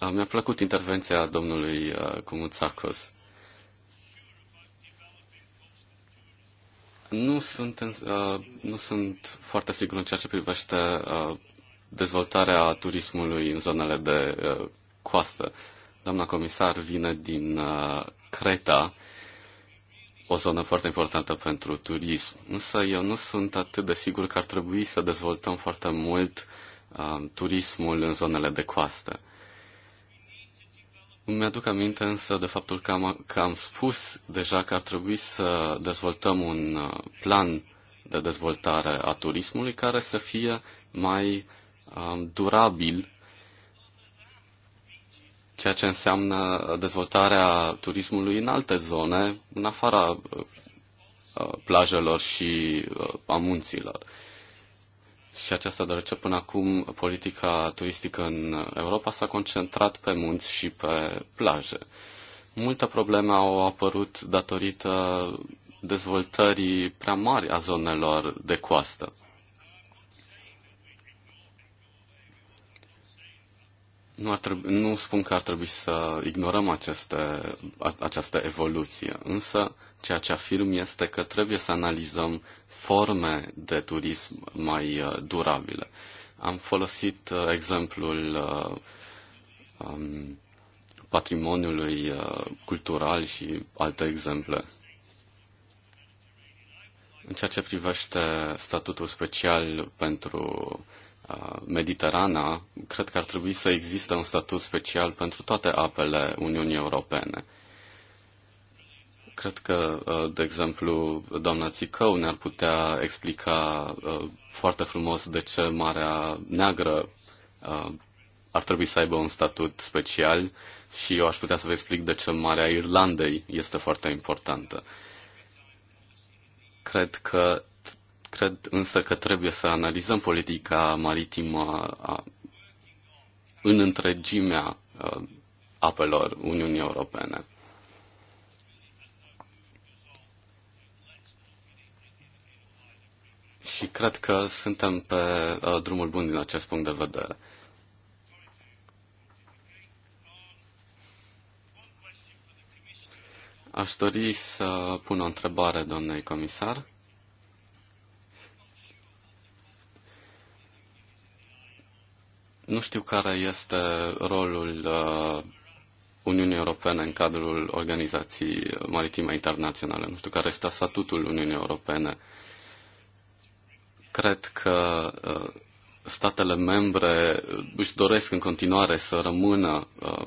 Da, mi-a plăcut intervenția domnului uh, Cumuțacos. Nu sunt, uh, nu sunt foarte sigur în ceea ce privește uh, dezvoltarea turismului în zonele de coastă. Doamna comisar vine din Creta, o zonă foarte importantă pentru turism. Însă eu nu sunt atât de sigur că ar trebui să dezvoltăm foarte mult uh, turismul în zonele de coastă. Mi-aduc aminte însă de faptul că am, că am spus deja că ar trebui să dezvoltăm un uh, plan de dezvoltare a turismului care să fie mai um, durabil, ceea ce înseamnă dezvoltarea turismului în alte zone, în afara uh, uh plajelor și uh, a munților. Și aceasta deoarece până acum politica turistică în Europa s-a concentrat pe munți și pe plaje. Multe probleme au apărut datorită dezvoltării prea mari a zonelor de coastă. Nu, ar trebui, nu spun că ar trebui să ignorăm aceste, această evoluție, însă Ceea ce afirm este că trebuie să analizăm forme de turism mai uh, durabile. Am folosit uh, exemplul uh, um, patrimoniului cultural și alte exemple. În ceea ce privește statutul special pentru Mediterana, cred că ar trebui să existe un statut special pentru toate apele Uniunii Europene. Cred că, uh, de exemplu, doamna Țicău ne-ar putea explica uh, foarte frumos de ce Marea Neagră uh, ar trebui să aibă un statut special și eu aș putea să vă explic de ce Marea Irlandei este foarte importantă. Cred că cred însă că trebuie să analizăm politica maritimă a, în întregimea apelor Uniunii Europene. și cred că suntem pe uh, drumul bun din acest punct de vedere. Aș dori să pun o întrebare, doamnei comisar. Nu știu care este rolul uh, Uniunii Europene în cadrul Organizației Maritime Internaționale. Nu știu care este statutul Uniunii Europene uh, Cred că uh, statele membre își doresc în continuare să rămână uh,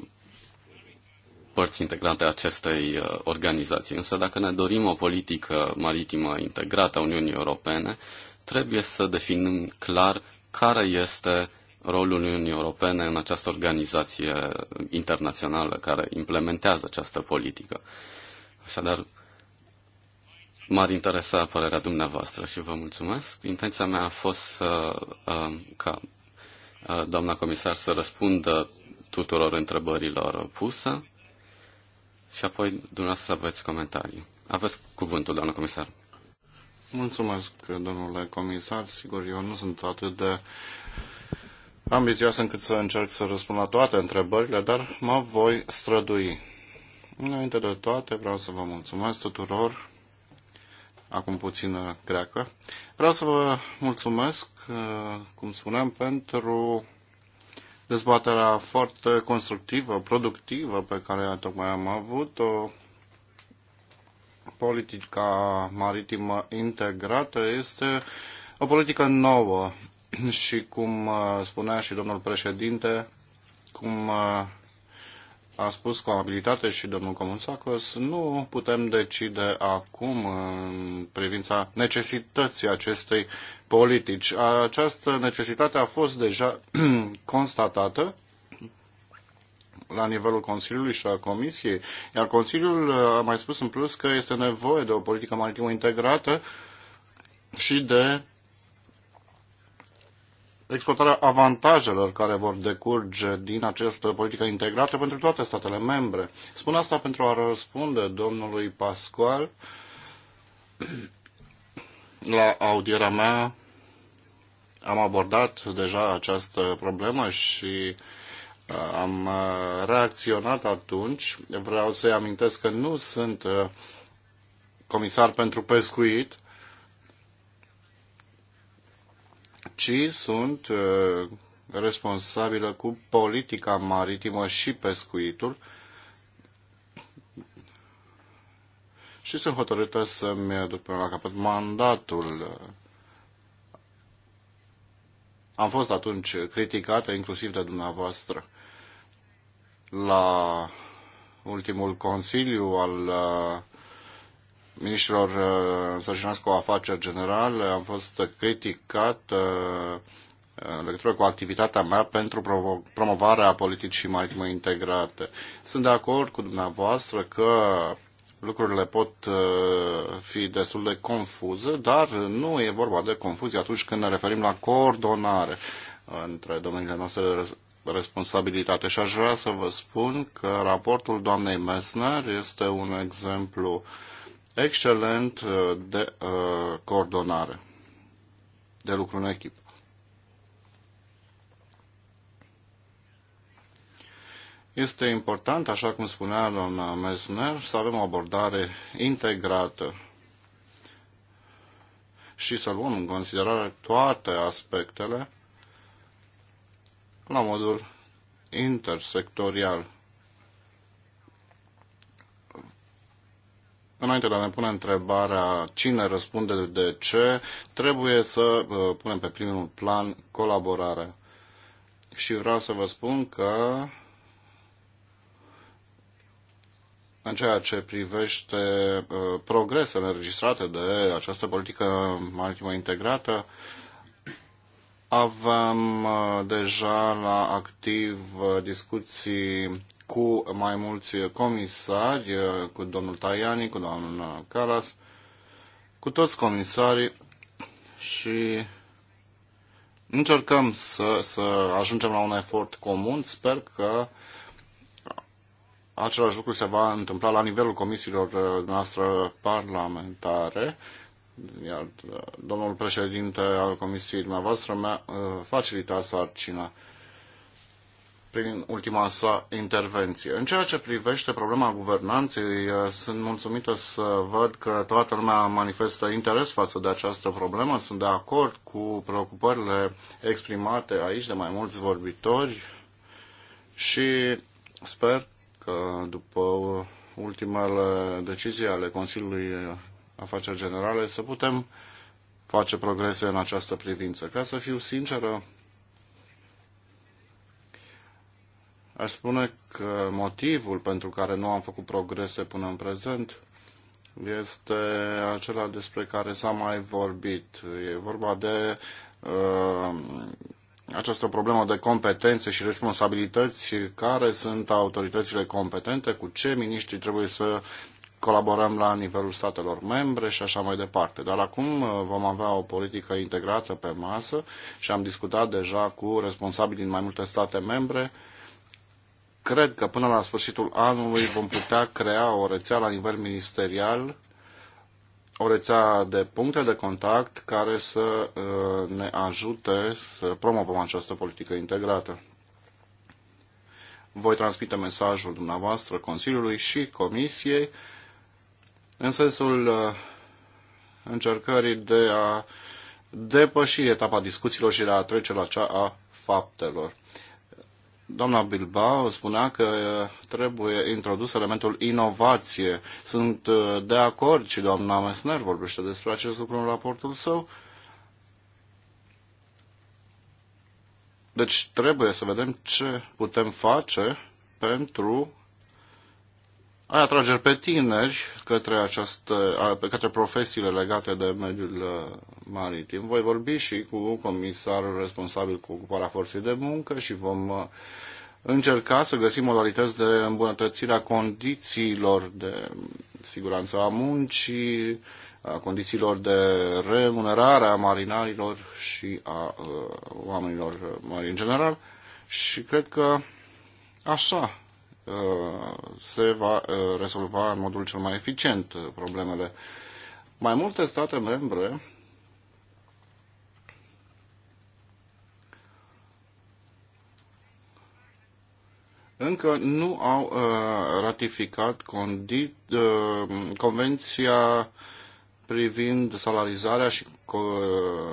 părți integrate a acestei uh, organizații. Însă dacă ne dorim o politică maritimă integrată a Uniunii Europene, trebuie să definim clar care este rolul Uniunii Europene în această organizație internațională care implementează această politică. Așadar, M-ar interesa părerea dumneavoastră și vă mulțumesc. Intenția mea a fost să, um, ca uh, doamna comisar să răspundă tuturor întrebărilor puse și apoi dumneavoastră să aveți comentarii. Aveți cuvântul, doamna comisar. Mulțumesc, domnule comisar. Sigur, eu nu sunt atât de ambițios încât să încerc să răspund la toate întrebările, dar mă voi strădui. Înainte de toate, vreau să vă mulțumesc tuturor acum puțin greacă. Vreau să vă mulțumesc, uh, cum spuneam, pentru dezbaterea foarte constructivă, productivă pe care tocmai am avut-o. Politica maritimă integrată este o politică nouă și, cum uh, spunea și domnul președinte, cum uh, a spus cu amabilitate și domnul Comunțacos, nu putem decide acum în privința necesității acestei politici. Această necesitate a fost deja constatată la nivelul Consiliului și a Comisiei, iar Consiliul a mai spus în plus că este nevoie de o politică maritimă integrată și de exploatarea avantajelor care vor decurge din această politică integrată pentru toate statele membre. Spun asta pentru a răspunde domnului Pascual la audierea mea am abordat deja această problemă și uh, am uh, reacționat atunci. Vreau să-i amintesc că nu sunt uh, comisar pentru pescuit, ci sunt uh, responsabilă cu politica maritimă și pescuitul și sunt hotărâtă să-mi duc până la capăt mandatul. Am fost atunci criticată, inclusiv de dumneavoastră, la ultimul consiliu al uh, ministrilor uh, însărcinați cu afaceri generale, am fost criticat uh, în legătură cu activitatea mea pentru promovarea politicii maritime integrate. Sunt de acord cu dumneavoastră că lucrurile pot uh, fi destul de confuze, dar nu e vorba de confuzie atunci când ne referim la coordonare între domeniile noastre de responsabilitate. Și aș vrea să vă spun că raportul doamnei Messner este un exemplu uh, excelent uh, de uh, coordonare, de lucru în echipă. Este important, așa cum spunea doamna Mesner, să avem o abordare integrată și să luăm în considerare toate aspectele la modul intersectorial. Înainte de a ne pune întrebarea cine răspunde de ce, trebuie să uh, punem pe primul plan colaborarea. Și vreau să vă spun că în ceea ce privește uh, progresele înregistrate de această politică maritimă integrată, avem uh, deja la activ discuții cu mai mulți comisari, cu domnul Tajani, cu domnul Calas, cu toți comisarii și încercăm să, să ajungem la un efort comun. Sper că același lucru se va întâmpla la nivelul comisiilor uh, noastre parlamentare, iar uh, domnul președinte al comisiei dumneavoastră mi-a uh, facilitat sarcina prin ultima sa intervenție. În ceea ce privește problema guvernanței, eh, sunt mulțumită să văd că toată lumea manifestă interes față de această problemă. Sunt de acord cu preocupările exprimate aici de mai mulți vorbitori și sper că după ultimele decizii ale Consiliului Afaceri Generale să putem face progrese în această privință. Ca să fiu sinceră, Aș spune că motivul pentru care nu am făcut progrese până în prezent este acela despre care s-a mai vorbit. E vorba de uh, această problemă de competențe și responsabilități, care sunt autoritățile competente, cu ce miniștri trebuie să colaborăm la nivelul statelor membre și așa mai departe. Dar acum uh, vom avea o politică integrată pe masă și am discutat deja cu responsabili din mai multe state membre cred că până la sfârșitul anului vom putea crea o rețea la nivel ministerial, o rețea de puncte de contact care să uh, ne ajute să promovăm această politică integrată. Voi transmite mesajul dumneavoastră Consiliului și Comisiei în sensul uh, încercării de a depăși etapa discuțiilor și de a trece la cea a faptelor. Doamna Bilbao spunea că trebuie introdus elementul inovație. Sunt uh, de acord și doamna Mesner vorbește despre acest lucru în raportul său. Deci trebuie să vedem ce putem face pentru ai atrageri pe tineri către, aceste, către profesiile legate de mediul uh, maritim. Voi vorbi și cu comisarul responsabil cu ocuparea forței de muncă și vom uh, încerca să găsim modalități de îmbunătățire a condițiilor de siguranță a muncii, a condițiilor de remunerare a marinarilor și a, a uh, oamenilor mari în general. Și cred că așa se va uh, rezolva în modul cel mai eficient uh, problemele. Mai multe state membre încă nu au uh, ratificat condi, convenția privind salarizarea și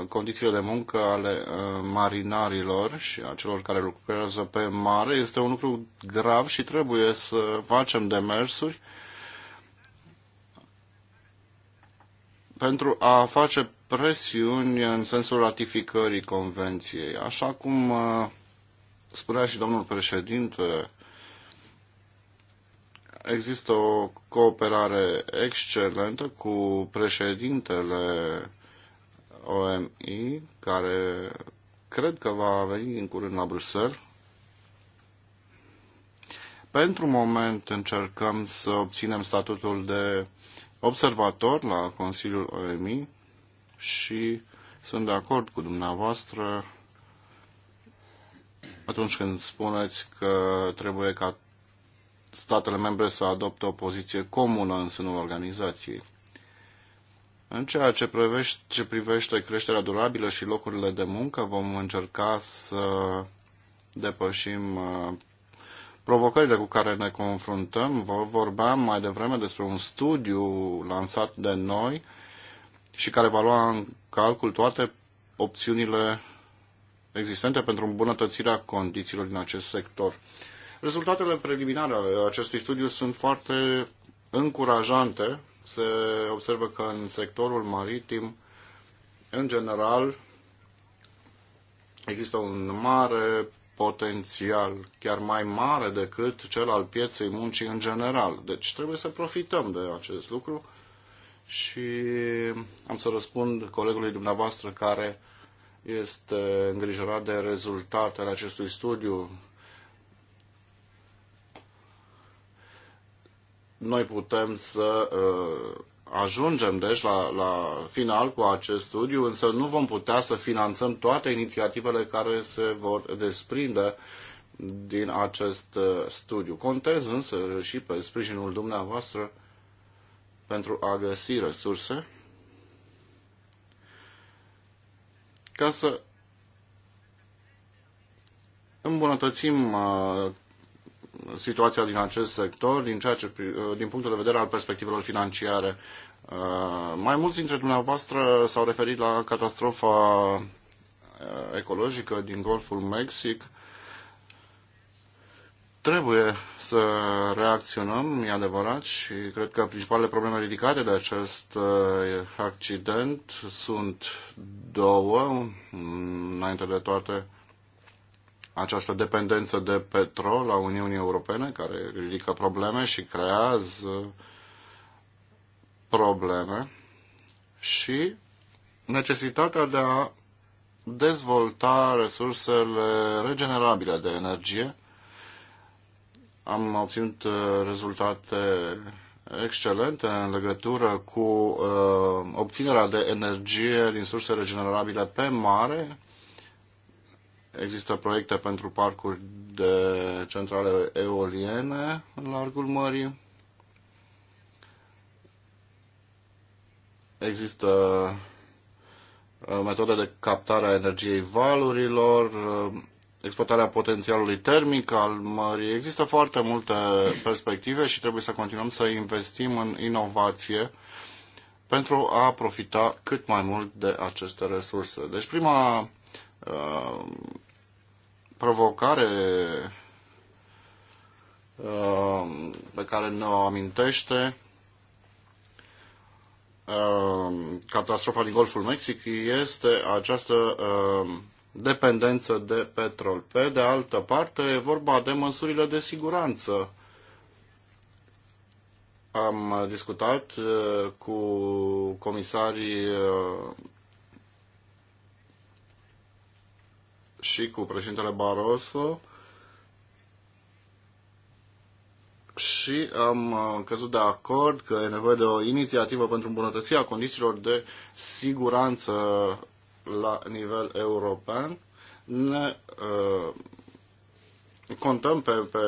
condițiile de muncă ale uh, marinarilor și a celor care lucrează pe mare este un lucru grav și trebuie să facem demersuri pentru a face presiuni în sensul ratificării convenției. Așa cum uh, spunea și domnul președinte, Există o cooperare excelentă cu președintele OMI, care cred că va veni în curând la Bruxelles. Pentru moment încercăm să obținem statutul de observator la Consiliul OMI și sunt de acord cu dumneavoastră atunci când spuneți că trebuie ca statele membre să adopte o poziție comună în sânul organizației. În ceea ce privește, ce privește creșterea durabilă și locurile de muncă, vom încerca să depășim uh, provocările cu care ne confruntăm. Vorbeam mai devreme despre un studiu lansat de noi și care va lua în calcul toate opțiunile existente pentru îmbunătățirea condițiilor din acest sector. Rezultatele preliminare ale acestui studiu sunt foarte încurajante. Se observă că în sectorul maritim, în general, există un mare potențial, chiar mai mare decât cel al pieței muncii în general. Deci trebuie să profităm de acest lucru și am să răspund colegului dumneavoastră care este îngrijorat de rezultatele acestui studiu Noi putem să uh, ajungem, deci, la, la final cu acest studiu, însă nu vom putea să finanțăm toate inițiativele care se vor desprinde din acest uh, studiu. Contez însă și pe sprijinul dumneavoastră pentru a găsi resurse ca să îmbunătățim uh, situația din acest sector din, ceea ce, uh, din punctul de vedere al perspectivelor financiare. Uh, mai mulți dintre dumneavoastră s-au referit la catastrofa uh, ecologică din Golful Mexic. Trebuie să reacționăm, e adevărat, și cred că principalele probleme ridicate de acest accident sunt două, înainte de toate această dependență de petrol a Uniunii Europene, care ridică probleme și creează probleme, și necesitatea de a dezvolta resursele regenerabile de energie. Am obținut uh, rezultate excelente în legătură cu uh, obținerea de energie din surse regenerabile pe mare, Există proiecte pentru parcuri de centrale eoliene în largul mării. Există uh, metode de captare a energiei valurilor, uh, exploatarea potențialului termic al mării. Există foarte multe perspective și trebuie să continuăm să investim în inovație pentru a profita cât mai mult de aceste resurse. Deci prima uh, provocare uh, pe care ne-o amintește uh, catastrofa din Golful Mexic este această uh, dependență de petrol. Pe de altă parte, e vorba de măsurile de siguranță. Am discutat cu comisarii și cu președintele Barroso și am uh, căzut de acord că e nevoie de o inițiativă pentru îmbunătățirea condițiilor de siguranță la nivel european. Ne uh, contăm pe, pe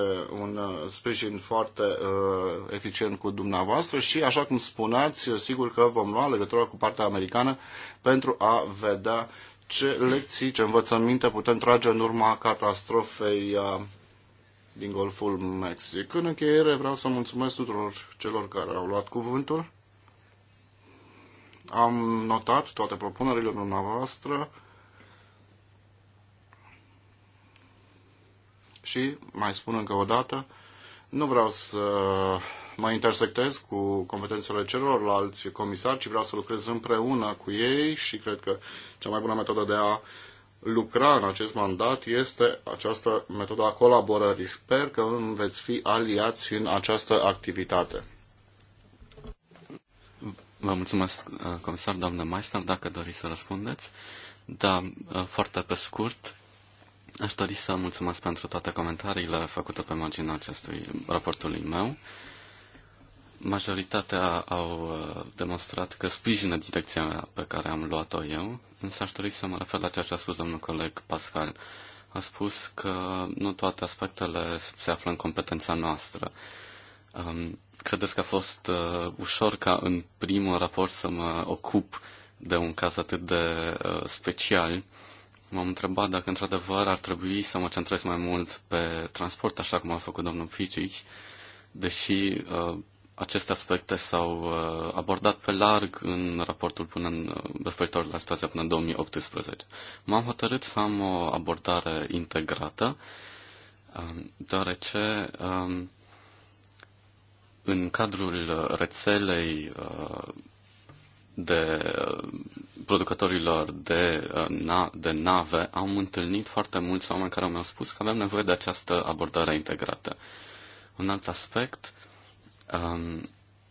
un uh, sprijin foarte uh, eficient cu dumneavoastră și, așa cum spuneați, sigur că vom lua legătura cu partea americană pentru a vedea ce lecții, ce învățăminte putem trage în urma catastrofei uh, din Golful Mexic. În încheiere vreau să mulțumesc tuturor celor care au luat cuvântul. Am notat toate propunerile dumneavoastră și mai spun încă o dată, nu vreau să mă intersectez cu competențele celorlalți comisari, ci vreau să lucrez împreună cu ei și cred că cea mai bună metodă de a lucra în acest mandat este această metodă a colaborării. Sper că veți fi aliați în această activitate. Vă mulțumesc, uh, comisar, doamnă Meister, dacă doriți să răspundeți. Da, uh, foarte pe scurt, aș dori să mulțumesc pentru toate comentariile făcute pe marginea acestui raportului meu. Majoritatea au uh, demonstrat că sprijină direcția pe care am luat-o eu, însă aș dori să mă refer la ceea ce a spus domnul coleg Pascal. A spus că nu toate aspectele se află în competența noastră. Um, credeți că a fost uh, ușor ca în primul raport să mă ocup de un caz atât de uh, special? M-am întrebat dacă într-adevăr ar trebui să mă centrez mai mult pe transport, așa cum a făcut domnul Picic, deși uh, aceste aspecte s-au uh, abordat pe larg în raportul până în, uh, referitor la situația până în 2018. M-am hotărât să am o abordare integrată, um, deoarece um, în cadrul rețelei uh, de producătorilor de, de nave, am întâlnit foarte mulți oameni care mi-au spus că avem nevoie de această abordare integrată. Un alt aspect Um,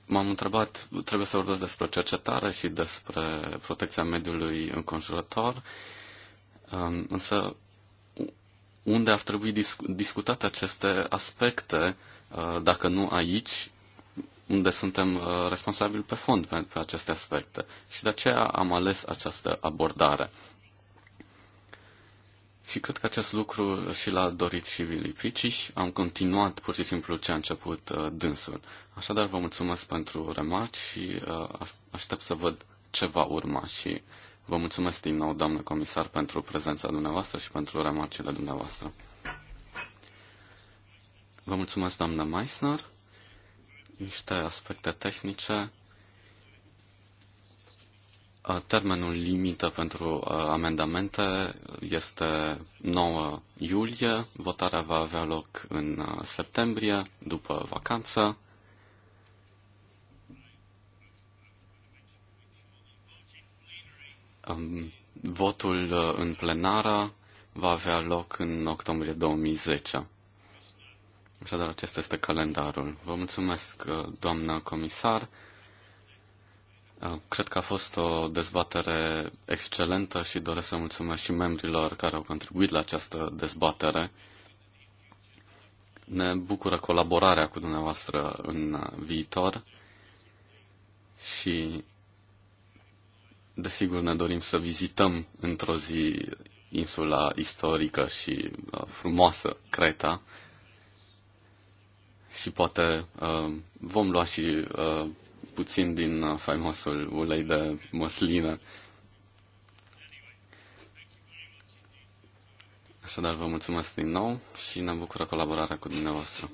m-am întrebat, trebuie să vorbesc despre cercetare și despre protecția mediului înconjurător, um, însă unde ar trebui discu- discutate aceste aspecte, uh, dacă nu aici, unde suntem uh, responsabili pe fond pe, pe aceste aspecte. Și de aceea am ales această abordare. Și cred că acest lucru și l-a dorit și Vili Priciș. Am continuat pur și simplu ce a început uh, dânsul. Așadar, vă mulțumesc pentru remarci și uh, aștept să văd ce va urma și vă mulțumesc din nou, doamnă comisar, pentru prezența dumneavoastră și pentru remarcile dumneavoastră. Vă mulțumesc, doamnă Meissner. Niște aspecte tehnice Uh, termenul limită pentru uh, amendamente este 9 iulie, votarea va avea loc în uh, septembrie, după vacanță. Um, votul în plenară va avea loc în octombrie 2010. Așadar, acesta este calendarul. Vă mulțumesc, doamnă comisar. Uh, cred că a fost o dezbatere excelentă și doresc să mulțumesc și membrilor care au contribuit la această dezbatere. Ne bucură colaborarea cu dumneavoastră în viitor și desigur ne dorim să vizităm într-o zi insula istorică și uh, frumoasă Creta și poate uh, vom lua și puțin din uh, faimosul ulei de măslină. Așadar, vă mulțumesc din nou și ne bucură colaborarea cu dumneavoastră.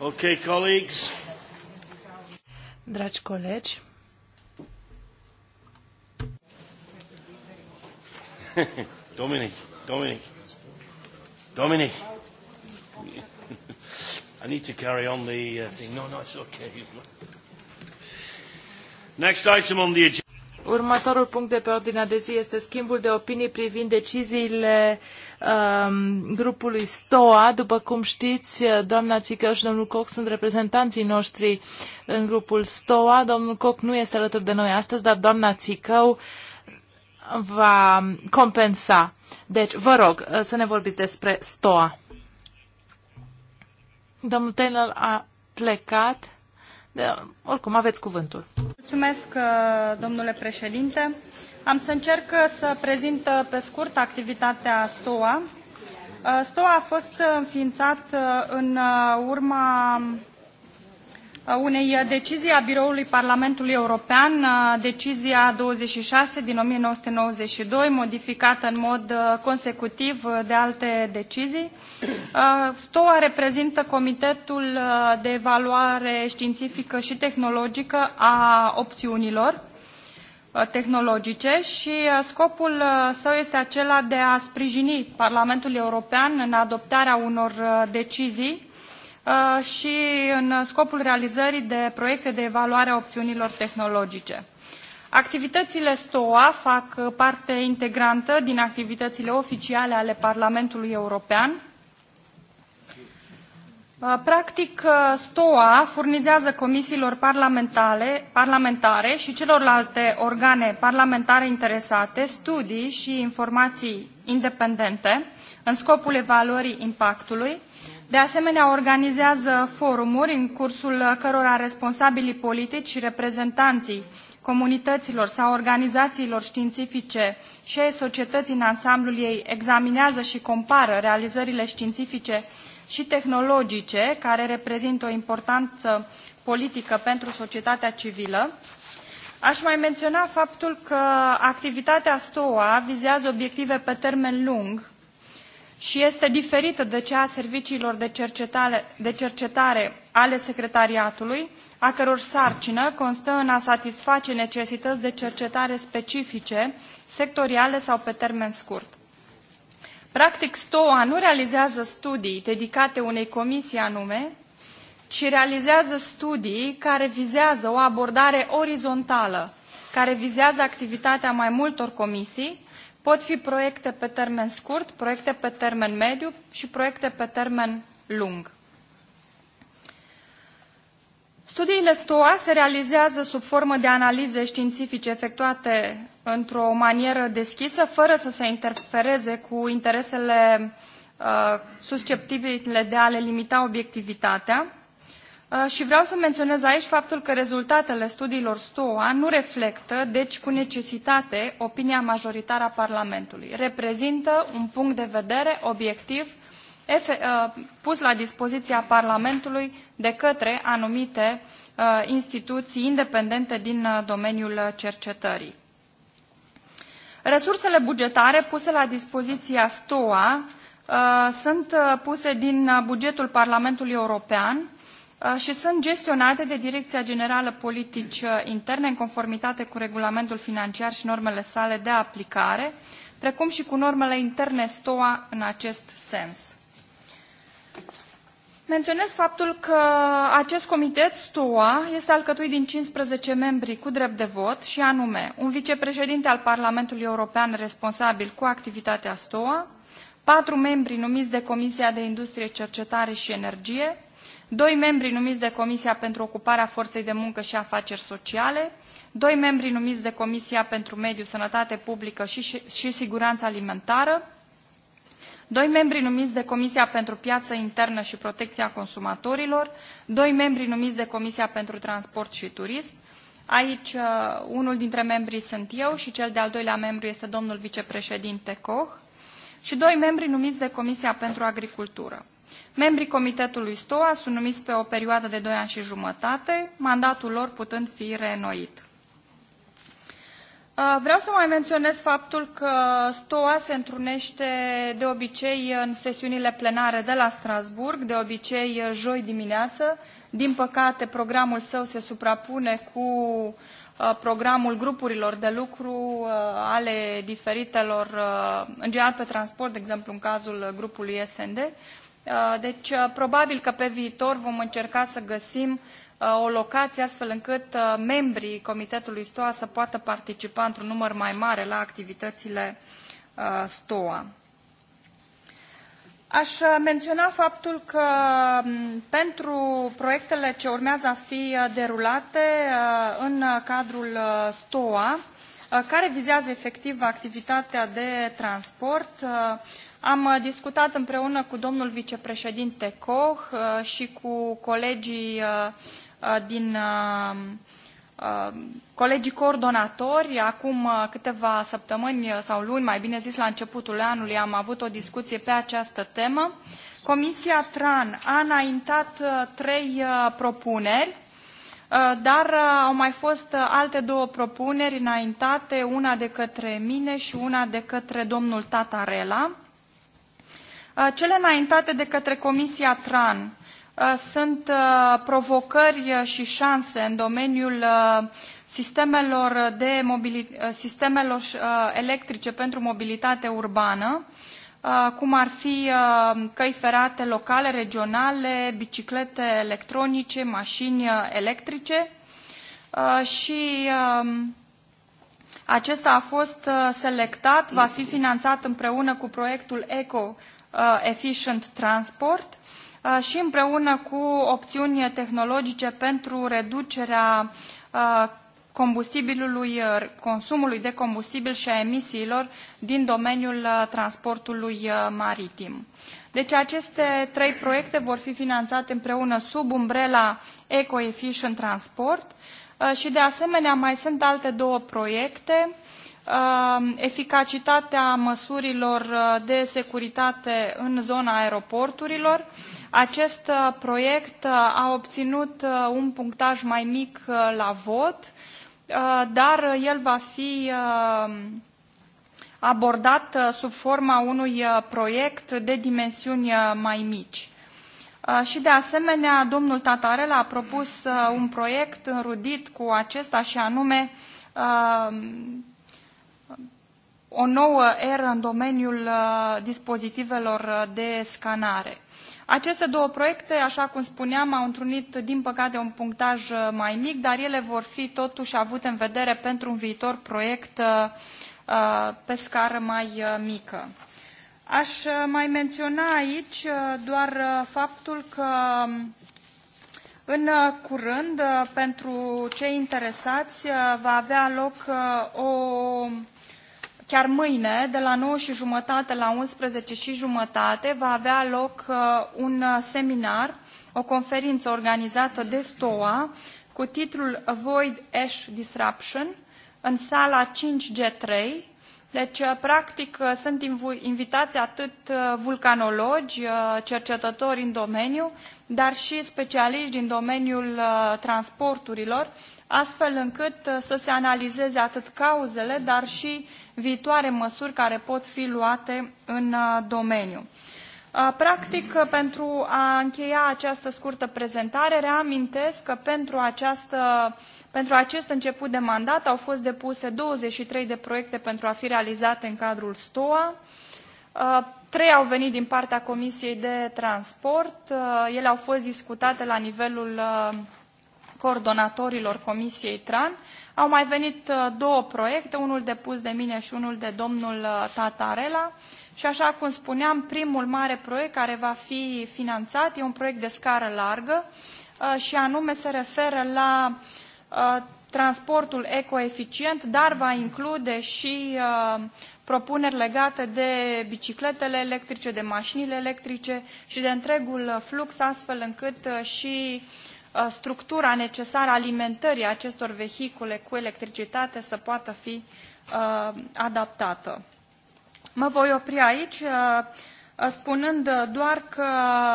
Okay, colleagues. Dragi colegi. Dominic, Dominic, Dominic. I need to carry on the uh, thing. No, no, it's okay. Next item on the agenda. Următorul punct de pe ordinea de zi este schimbul de opinii privind deciziile um, grupului STOA. După cum știți, doamna Țică și domnul Coc sunt reprezentanții noștri în grupul STOA. Domnul Coc nu este alături de noi astăzi, dar doamna Țicău va compensa. Deci, vă rog uh, să ne vorbiți despre STOA. Domnul Taylor a plecat oricum, aveți cuvântul. Mulțumesc, uh, domnule președinte. Am să încerc uh, să prezint uh, pe scurt activitatea STOA. STOA a fost înființat în urma unei decizii a Biroului Parlamentului European, decizia 26 din 1992, modificată în mod consecutiv de alte decizii. STOA reprezintă Comitetul de Evaluare Științifică și Tehnologică a opțiunilor tehnologice și scopul său este acela de a sprijini Parlamentul European în adoptarea unor decizii Uh, și în scopul realizării de proiecte de evaluare a opțiunilor tehnologice. Activitățile STOA fac uh, parte integrantă din activitățile oficiale ale Parlamentului European. Uh, practic, STOA furnizează comisiilor parlamentare, parlamentare și celorlalte organe parlamentare interesate studii și informații independente în scopul evaluării impactului, de asemenea, organizează forumuri în cursul cărora responsabilii politici și reprezentanții comunităților sau organizațiilor științifice și ai societății în ansamblul ei examinează și compară realizările științifice și tehnologice care reprezintă o importanță politică pentru societatea civilă. Aș mai menționa faptul că activitatea STOA vizează obiective pe termen lung, și este diferită de cea a serviciilor de cercetare, de cercetare ale secretariatului, a căror sarcină constă în a satisface necesități de cercetare specifice, sectoriale sau pe termen scurt. Practic, STOA nu realizează studii dedicate unei comisii anume, ci realizează studii care vizează o abordare orizontală, care vizează activitatea mai multor comisii, pot fi proiecte pe termen scurt, proiecte pe termen mediu și proiecte pe termen lung. Studiile STOA se realizează sub formă de analize științifice efectuate într-o manieră deschisă, fără să se interfereze cu interesele uh, susceptibile de a le limita obiectivitatea. Uh, și vreau să menționez aici faptul că rezultatele studiilor STOA nu reflectă, deci cu necesitate, opinia majoritară a Parlamentului. Reprezintă un punct de vedere obiectiv uh, pus la dispoziția Parlamentului de către anumite uh, instituții independente din domeniul cercetării. Resursele bugetare puse la dispoziția STOA sunt puse din bugetul Parlamentului European, Uh, și sunt gestionate de Direcția Generală Politici uh, Interne în conformitate cu regulamentul financiar și normele sale de aplicare, precum și cu normele interne STOA în acest sens. Menționez faptul că acest comitet STOA este alcătuit din 15 membri cu drept de vot și anume un vicepreședinte al Parlamentului European responsabil cu activitatea STOA, patru membri numiți de Comisia de Industrie, Cercetare și Energie, doi membri numiți de Comisia pentru Ocuparea Forței de Muncă și Afaceri Sociale, doi membri numiți de Comisia pentru Mediu, Sănătate Publică și, și Siguranță Alimentară, doi membri numiți de Comisia pentru Piață Internă și Protecția Consumatorilor, doi membri numiți de Comisia pentru Transport și Turism. Aici uh, unul dintre membrii sunt eu și cel de-al doilea membru este domnul vicepreședinte Koch și doi membri numiți de Comisia pentru Agricultură. Membrii comitetului STOA sunt numiți pe o perioadă de 2 ani și jumătate, mandatul lor putând fi reînnoit. Uh, vreau să mai menționez faptul că STOA se întrunește de obicei în sesiunile plenare de la Strasburg, de obicei uh, joi dimineață. Din păcate, programul său se suprapune cu uh, programul grupurilor de lucru ale diferitelor, în general pe transport, de exemplu în cazul grupului SND, Uh, deci, uh, probabil că pe viitor vom încerca să găsim uh, o locație astfel încât membrii Comitetului STOA să poată participa într-un număr mai mare la activitățile STOA. Aș menționa faptul că um, pentru proiectele ce urmează a fi derulate în cadrul STOA, care vizează efectiv activitatea de transport, am uh, discutat împreună cu domnul vicepreședinte Koch uh, și cu colegii uh, din colegii coordonatori. Acum câteva săptămâni sau luni, mai bine zis la începutul anului, am avut o discuție pe această temă. Comisia TRAN a înaintat trei propuneri, dar au mai fost alte două propuneri înaintate, una de către mine și una de către domnul Tatarela Uh, cele înaintate de către Comisia TRAN uh, sunt uh, provocări și șanse în domeniul sistemelor, de sistemelor electrice pentru mobilitate urbană, cum ar fi căi ferate locale, regionale, biciclete electronice, mașini electrice și um, acesta a fost selectat, va fi finanțat împreună cu proiectul ECO Uh, efficient transport uh, și împreună cu opțiuni tehnologice pentru reducerea uh, combustibilului, consumului de combustibil și a emisiilor din domeniul transportului maritim. Deci aceste trei proiecte vor fi finanțate împreună sub umbrela Eco Efficient Transport și de asemenea mai sunt alte două proiecte Um, eficacitatea măsurilor uh, de securitate în zona aeroporturilor. Acest uh, proiect uh, a obținut un punctaj mai mic la vot, dar el va fi abordat sub forma unui proiect de dimensiuni mai mici. Și de asemenea, domnul Tatarel a propus un proiect înrudit cu acesta și anume o nouă eră în domeniul uh, dispozitivelor uh, de scanare. Aceste două proiecte, așa cum spuneam, au întrunit, din păcate, un punctaj uh, mai mic, dar ele vor fi totuși avute în vedere pentru un viitor proiect pe scară mai mică. Aș mai menționa aici doar faptul că um, în curând, pentru cei interesați, va avea loc o Chiar mâine, de la 9 și jumătate la 11 și jumătate, va avea loc uh, un uh, seminar, o conferință organizată de STOA cu titlul Avoid Ash Disruption în sala 5G3. Deci, uh, practic, sunt invitați atât vulcanologi, cercetători în domeniu, dar și specialiști din domeniul transporturilor, astfel încât uh, să se analizeze atât cauzele, dar și viitoare măsuri care pot fi luate în uh, domeniu. Uh, practic, pentru a încheia această scurtă prezentare, reamintesc că pentru, această, pentru acest început de mandat au fost depuse 23 de proiecte pentru a fi realizate în cadrul STOA. Trei au venit din partea Comisiei de Transport. Ele au fost discutate la nivelul coordonatorilor Comisiei TRAN au mai venit uh, două proiecte, unul depus de mine și unul de domnul uh, Tatarela. Și așa cum spuneam, primul mare proiect care va fi finanțat e un proiect de scară largă uh, și anume se referă la transportul ecoeficient, dar va include și propuneri legate de bicicletele electrice, de mașinile electrice și de întregul flux, astfel încât și Uh, structura necesară alimentării acestor vehicule cu electricitate să poată fi uh, adaptată. Mă voi opri aici uh, spunând doar că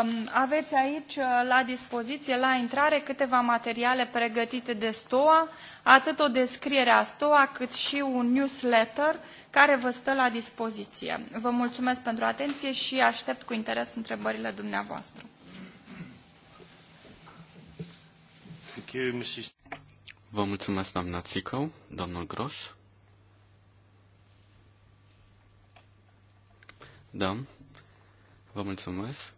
um, aveți aici la dispoziție, la intrare, câteva materiale pregătite de STOA, atât o descriere a STOA, cât și un newsletter care vă stă la dispoziție. Vă mulțumesc pentru atenție și aștept cu interes întrebările dumneavoastră. you, Mrs. Vă mulțumesc, doamna Țicău, domnul Gros. Da, vă mulțumesc.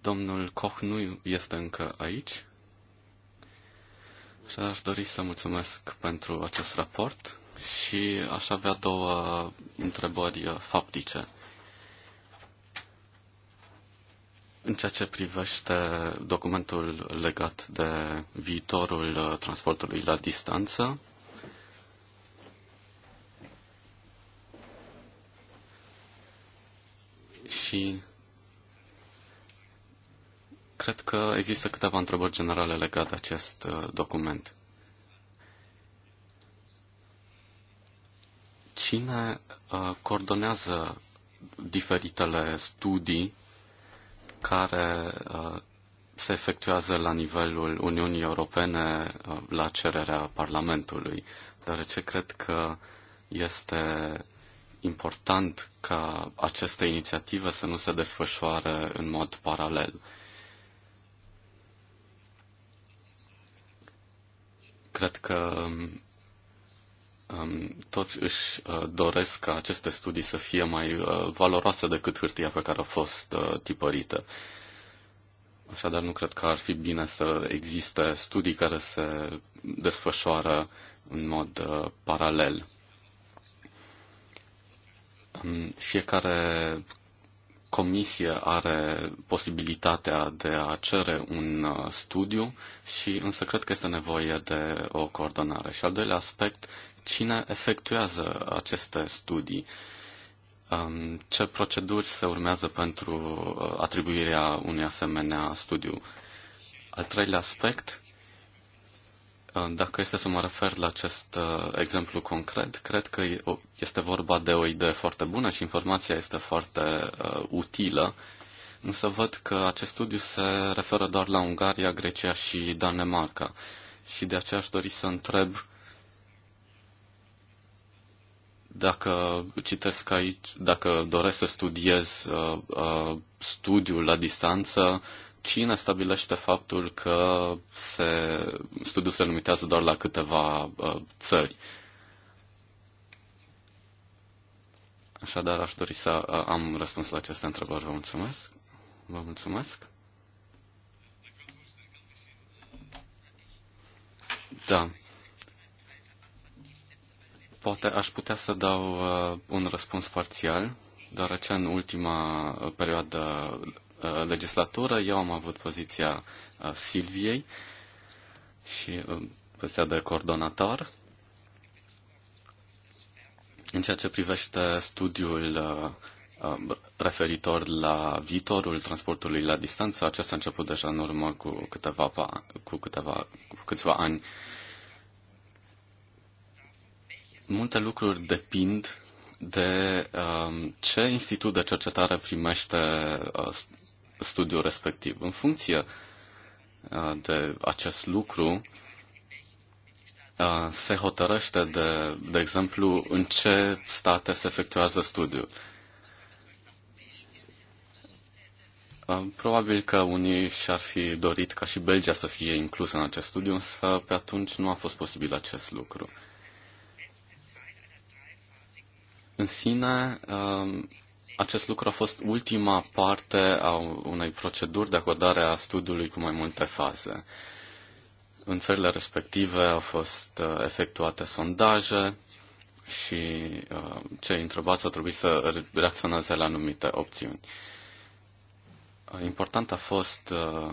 Domnul Koch nu este încă aici. Și aș dori să mulțumesc pentru acest raport și aș avea două întrebări uh, faptice. În ceea ce privește documentul legat de viitorul uh, transportului la distanță, și cred că există câteva întrebări generale legate de acest uh, document. Cine uh, coordonează diferitele studii care uh, se efectuează la nivelul Uniunii Europene uh, la cererea Parlamentului, deoarece cred că este important ca aceste inițiative să nu se desfășoare în mod paralel. Cred că um, um, toți își uh, doresc ca aceste studii să fie mai uh, valoroase decât hârtia pe care a fost uh, tipărită. Așadar, nu cred că ar fi bine să existe studii care se desfășoară în mod uh, paralel. Um, fiecare comisie are posibilitatea de a cere un uh, studiu și însă cred că este nevoie de o coordonare. Și al doilea aspect cine efectuează aceste studii, um, ce proceduri se urmează pentru uh, atribuirea unui asemenea studiu. Al treilea aspect, uh, dacă este să mă refer la acest uh, exemplu concret, cred că este vorba de o idee foarte bună și informația este foarte utilă, însă văd că acest studiu se referă doar la Ungaria, Grecia și Danemarca. Și de aceea aș dori să întreb uh, dacă citesc aici, dacă doresc să studiez uh, uh, studiul la distanță, cine stabilește faptul că se, studiul se limitează doar la câteva uh, țări? Așadar, aș dori să uh, am răspuns la aceste întrebări. Vă mulțumesc. Vă mulțumesc. Da. Poate aș putea să dau uh, un răspuns parțial, deoarece în ultima uh, perioadă uh, legislatură eu am avut poziția uh, Silviei și uh, poziția de coordonator. În ceea ce privește studiul uh, uh referitor la viitorul transportului la distanță, acesta a început deja în urmă cu câteva, cu câteva cu câțiva ani uh, Multe lucruri depind de um, ce institut de cercetare primește uh, studiul respectiv. În funcție uh, de acest lucru, uh, se hotărăște, de, de exemplu, în ce state se efectuează studiul. Uh, probabil că unii și-ar fi dorit ca și Belgia să fie inclusă în acest studiu, însă pe atunci nu a fost posibil acest lucru. În sine, um, acest lucru a fost ultima parte a unei proceduri de acordare a studiului cu mai multe faze. În țările respective au fost uh, efectuate sondaje și uh, cei întrebați au trebuit să reacționeze la anumite opțiuni. Important a fost uh,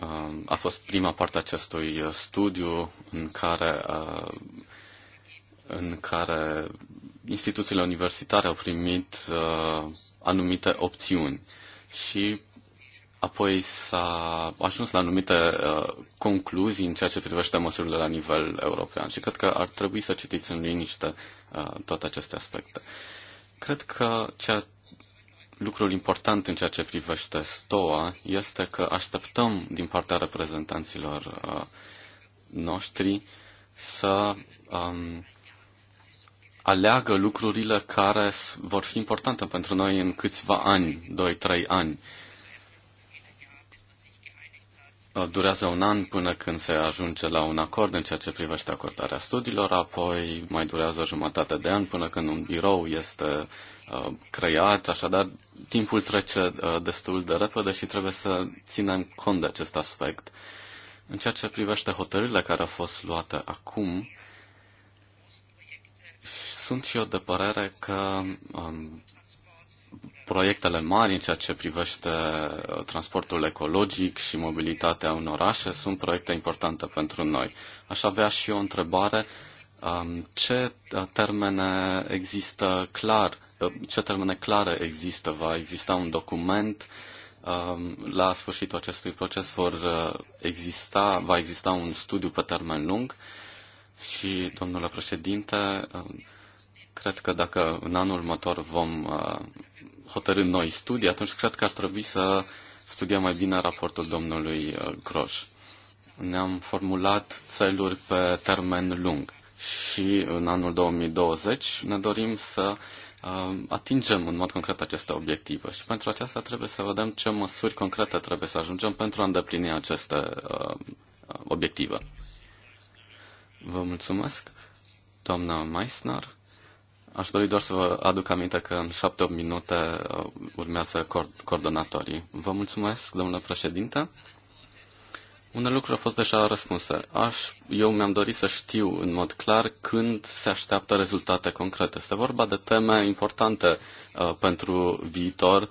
um, a fost prima parte a acestui studiu în care, în care instituțiile universitare au primit uh, anumite opțiuni și apoi s-a ajuns la anumite uh, concluzii în ceea ce privește măsurile la nivel european și cred că ar trebui să citiți în liniște uh, toate aceste aspecte. Cred că ceea lucrul important în ceea ce privește STOA este că așteptăm din partea reprezentanților uh, noștri să um, aleagă lucrurile care vor fi importante pentru noi în câțiva ani, 2-3 ani. Uh, durează un an până când se ajunge la un acord în ceea ce privește acordarea studiilor, apoi mai durează jumătate de an până când un birou este uh, creat, așadar timpul trece uh, destul de repede și trebuie să ținem cont de acest aspect. În ceea ce privește hotărârile care au fost luate acum, sunt și eu de părere că um, proiectele mari în ceea ce privește uh, transportul ecologic și mobilitatea în orașe sunt proiecte importante pentru noi. Aș avea și eu o întrebare. Um, ce uh, termene există clar? Uh, ce termene clare există? Va exista un document? Um, la sfârșitul acestui proces vor exista, va exista un studiu pe termen lung? Și, domnule președinte, um, Cred că dacă în anul următor vom uh, hotărâ noi studii, atunci cred că ar trebui să studiem mai bine raportul domnului uh, Groș. Ne-am formulat țeluri pe termen lung și în anul 2020 ne dorim să uh, atingem în mod concret aceste obiective și pentru aceasta trebuie să vedem ce măsuri concrete trebuie să ajungem pentru a îndeplini aceste obiective. Vă mulțumesc, doamna Meissner. Aș dori doar să vă aduc aminte că în 7-8 minute uh, urmează coordonatorii. Vă mulțumesc, domnule președinte. Unele lucruri au fost deja răspunse. Aș, eu mi-am dorit să știu în mod clar când se așteaptă rezultate concrete. Este vorba de teme importante uh, pentru viitor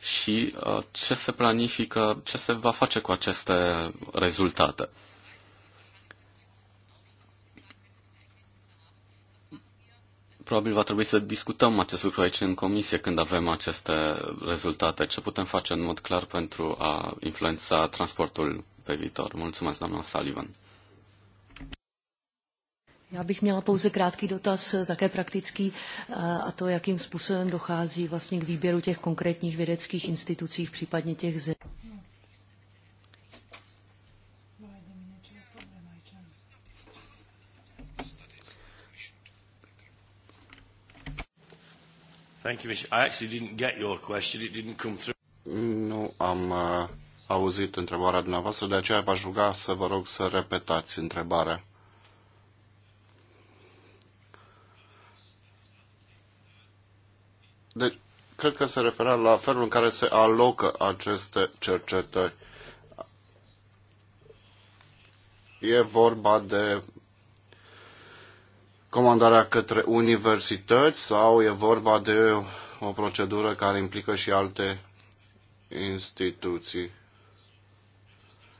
și uh, ce se planifică, ce se va face cu aceste rezultate. Probabil va trebui să discutăm acest lucru aici în comisie când avem aceste rezultate. Ce putem face în mod clar pentru a influența transportul pe viitor? Mulțumesc, doamna Sullivan. Já bych měla pouze krátký dotaz, eh, také praktický, eh, a to, jakým způsobem dochází vlastně k výběru těch konkrétních vědeckých institucích, případně těch zemí. Thank you, Mr. I actually didn't get your question. It didn't come through. Nu am uh, auzit întrebarea dumneavoastră, de aceea v-aș ruga să vă rog să repetați întrebarea. Deci, cred că se referea la felul în care se alocă aceste cercetări. E vorba de comandarea către universități sau e vorba de o procedură care implică și alte instituții?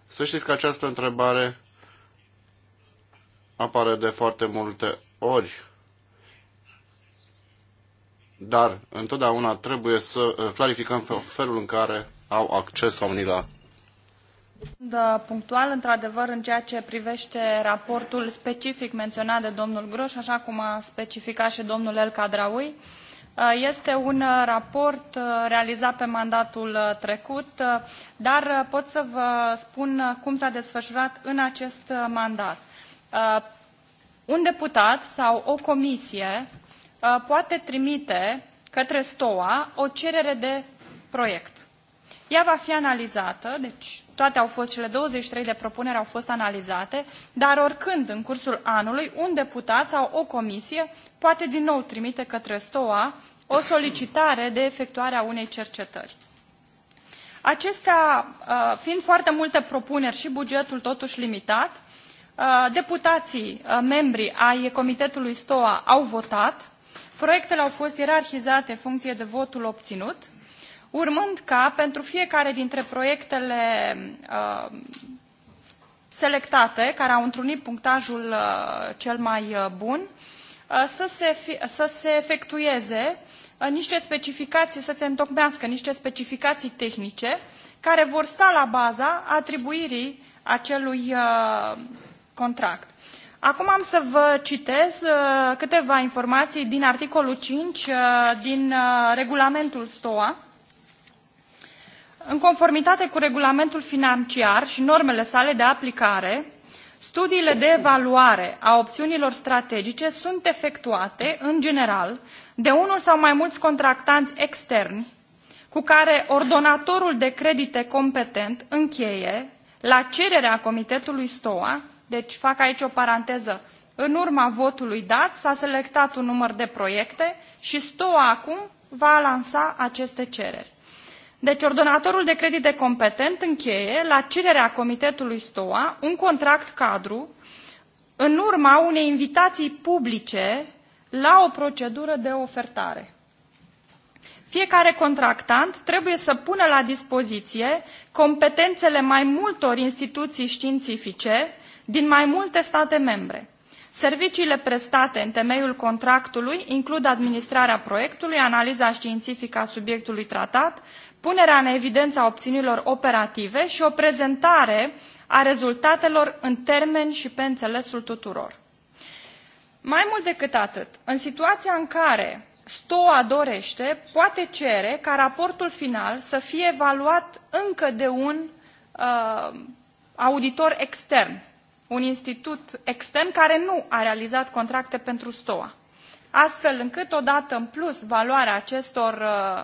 Să știți că această întrebare apare de foarte multe ori, dar întotdeauna trebuie să eh, clarificăm felul în care au acces oamenii la punctual, într-adevăr, în ceea ce privește raportul specific menționat de domnul Groș, așa cum a specificat și domnul El Cadraui, uh, este un uh, raport uh, realizat pe mandatul trecut, dar pot să vă spun cum s-a desfășurat în acest mandat. Un deputat sau o comisie poate trimite către STOA o cerere de proiect ea va fi analizată, deci toate au fost, cele 23 de propuneri au fost analizate, dar oricând în cursul anului un deputat sau o comisie poate din nou trimite către STOA o solicitare de efectuare a unei cercetări. Acestea, uh, fiind foarte multe propuneri și bugetul totuși limitat, uh, deputații, uh, membri ai Comitetului STOA au votat, proiectele au fost ierarhizate în funcție de votul obținut, urmând ca pentru fiecare dintre proiectele uh, selectate, care au întrunit punctajul uh, cel mai uh, bun, uh, să se, fi, să se efectueze uh, niște specificații, să se întocmească niște specificații tehnice care vor sta la baza atribuirii acelui uh, contract. Acum am să vă citez câteva informații din articolul 5 din regulamentul STOA, în conformitate cu regulamentul financiar și normele sale de aplicare studiile de evaluare a opțiunilor strategice sunt efectuate în general de unul sau mai mulți contractanți externi cu care ordonatorul de credite competent încheie la cererea comitetului stoa deci fac aici o paranteză în urma votului dat s a selectat un număr de proiecte și stoa acum va lansa aceste cereri deci ordonatorul de credite competent încheie la cererea comitetului stoa un contract cadru în urma unei invitații publice la o procedură de ofertare. Fiecare contractant trebuie să pună la dispoziție competențele mai multor instituții științifice din mai multe state membre. Serviciile prestate în temeiul contractului includ administrarea proiectului, analiza științifică a subiectului tratat, punerea în evidență a opțiunilor operative și o prezentare a rezultatelor în termeni și pe înțelesul tuturor. Mai mult decât atât, în situația în care STOA dorește, poate cere ca raportul final să fie evaluat încă de un uh, auditor extern, un institut extern care nu a realizat contracte pentru STOA, astfel încât, odată în plus, valoarea acestor uh,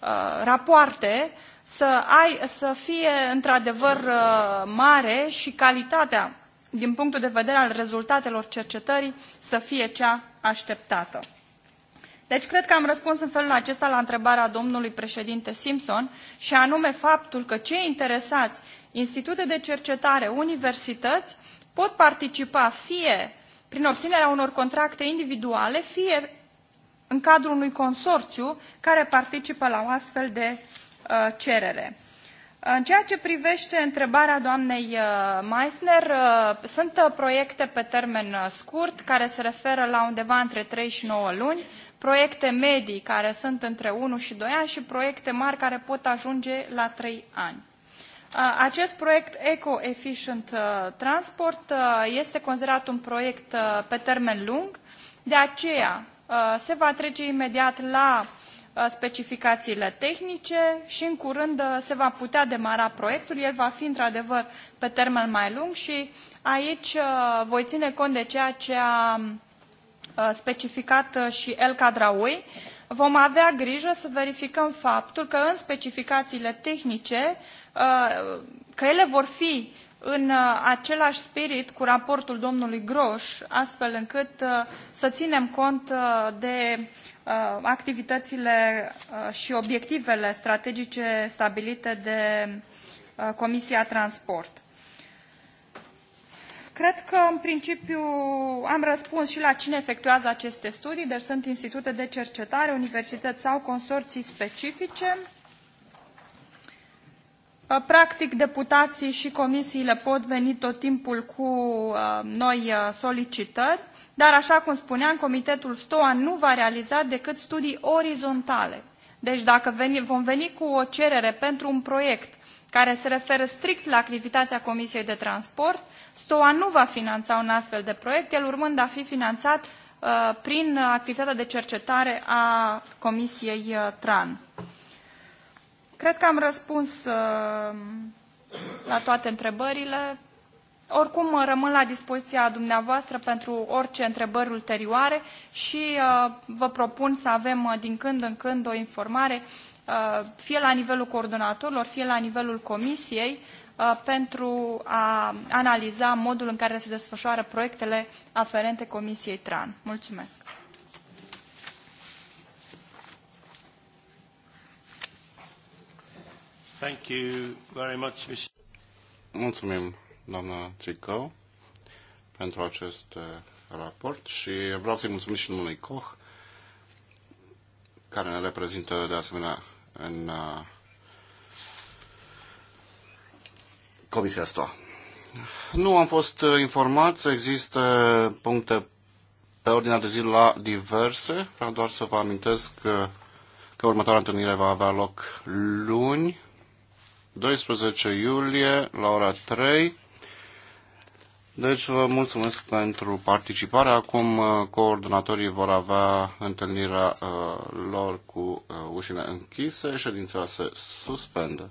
Uh, rapoarte să, ai, să fie într-adevăr uh, mare și calitatea din punctul de vedere al rezultatelor cercetării să fie cea așteptată. Deci cred că am răspuns în felul acesta la întrebarea domnului președinte Simpson și anume faptul că cei interesați, institute de cercetare, universități, pot participa fie prin obținerea unor contracte individuale, fie în cadrul unui consorțiu care participă la o astfel de uh, cerere. Uh, în ceea ce privește întrebarea doamnei uh, Meissner, sunt proiecte pe termen scurt care se referă la undeva între 3 și 9 luni, proiecte medii care sunt între 1 și 2 ani și proiecte mari care pot ajunge la 3 ani. Acest proiect Eco-Efficient Transport este considerat un proiect pe termen lung, de aceea Uh, se va trece imediat la uh, specificațiile tehnice și în curând uh, se va putea demara proiectul. El va fi într-adevăr pe termen mai lung și aici voi ține cont de ceea ce a specificat și El Cadraui. Vom avea grijă să verificăm faptul că în specificațiile tehnice, că ele vor fi în uh, același spirit cu raportul domnului Groș, astfel încât uh, să ținem cont uh, de activitățile și obiectivele strategice stabilite de Comisia Transport. Cred că, în principiu, am răspuns și la cine efectuează aceste studii, deci sunt institute de cercetare, universități sau consorții specifice. Uh, practic, deputații și comisiile pot veni tot timpul cu uh, noi uh, solicitări, dar, așa cum spuneam, Comitetul STOA nu va realiza decât studii orizontale. Deci, dacă vom veni cu o cerere pentru un proiect care se referă strict la activitatea Comisiei de Transport, STOA nu va finanța un astfel de proiect, el urmând a fi finanțat prin activitatea de cercetare a Comisiei TRAN. Cred că am răspuns uh, la toate întrebările. Oricum, rămân la dispoziția dumneavoastră pentru orice întrebări ulterioare și uh, vă propun să avem uh, din când în când o informare, fie la nivelul coordonatorilor, fie la nivelul comisiei, pentru a analiza modul în care se desfășoară proiectele aferente Comisiei TRAN. Mulțumesc! Mulțumim, doamna Țică, pentru acest uh, raport și vreau să-i mulțumim și domnului Koch, care ne reprezintă de asemenea în uh, comisia STOA. Nu am fost uh, informați, există puncte pe ordinea de zi la diverse. Vreau doar să vă amintesc că, că următoarea întâlnire va avea loc luni, 12 iulie la ora 3. Deci vă mulțumesc pentru participare. Acum uh, coordonatorii vor avea întâlnirea uh, lor cu uh, ușile închise. Ședința se suspendă.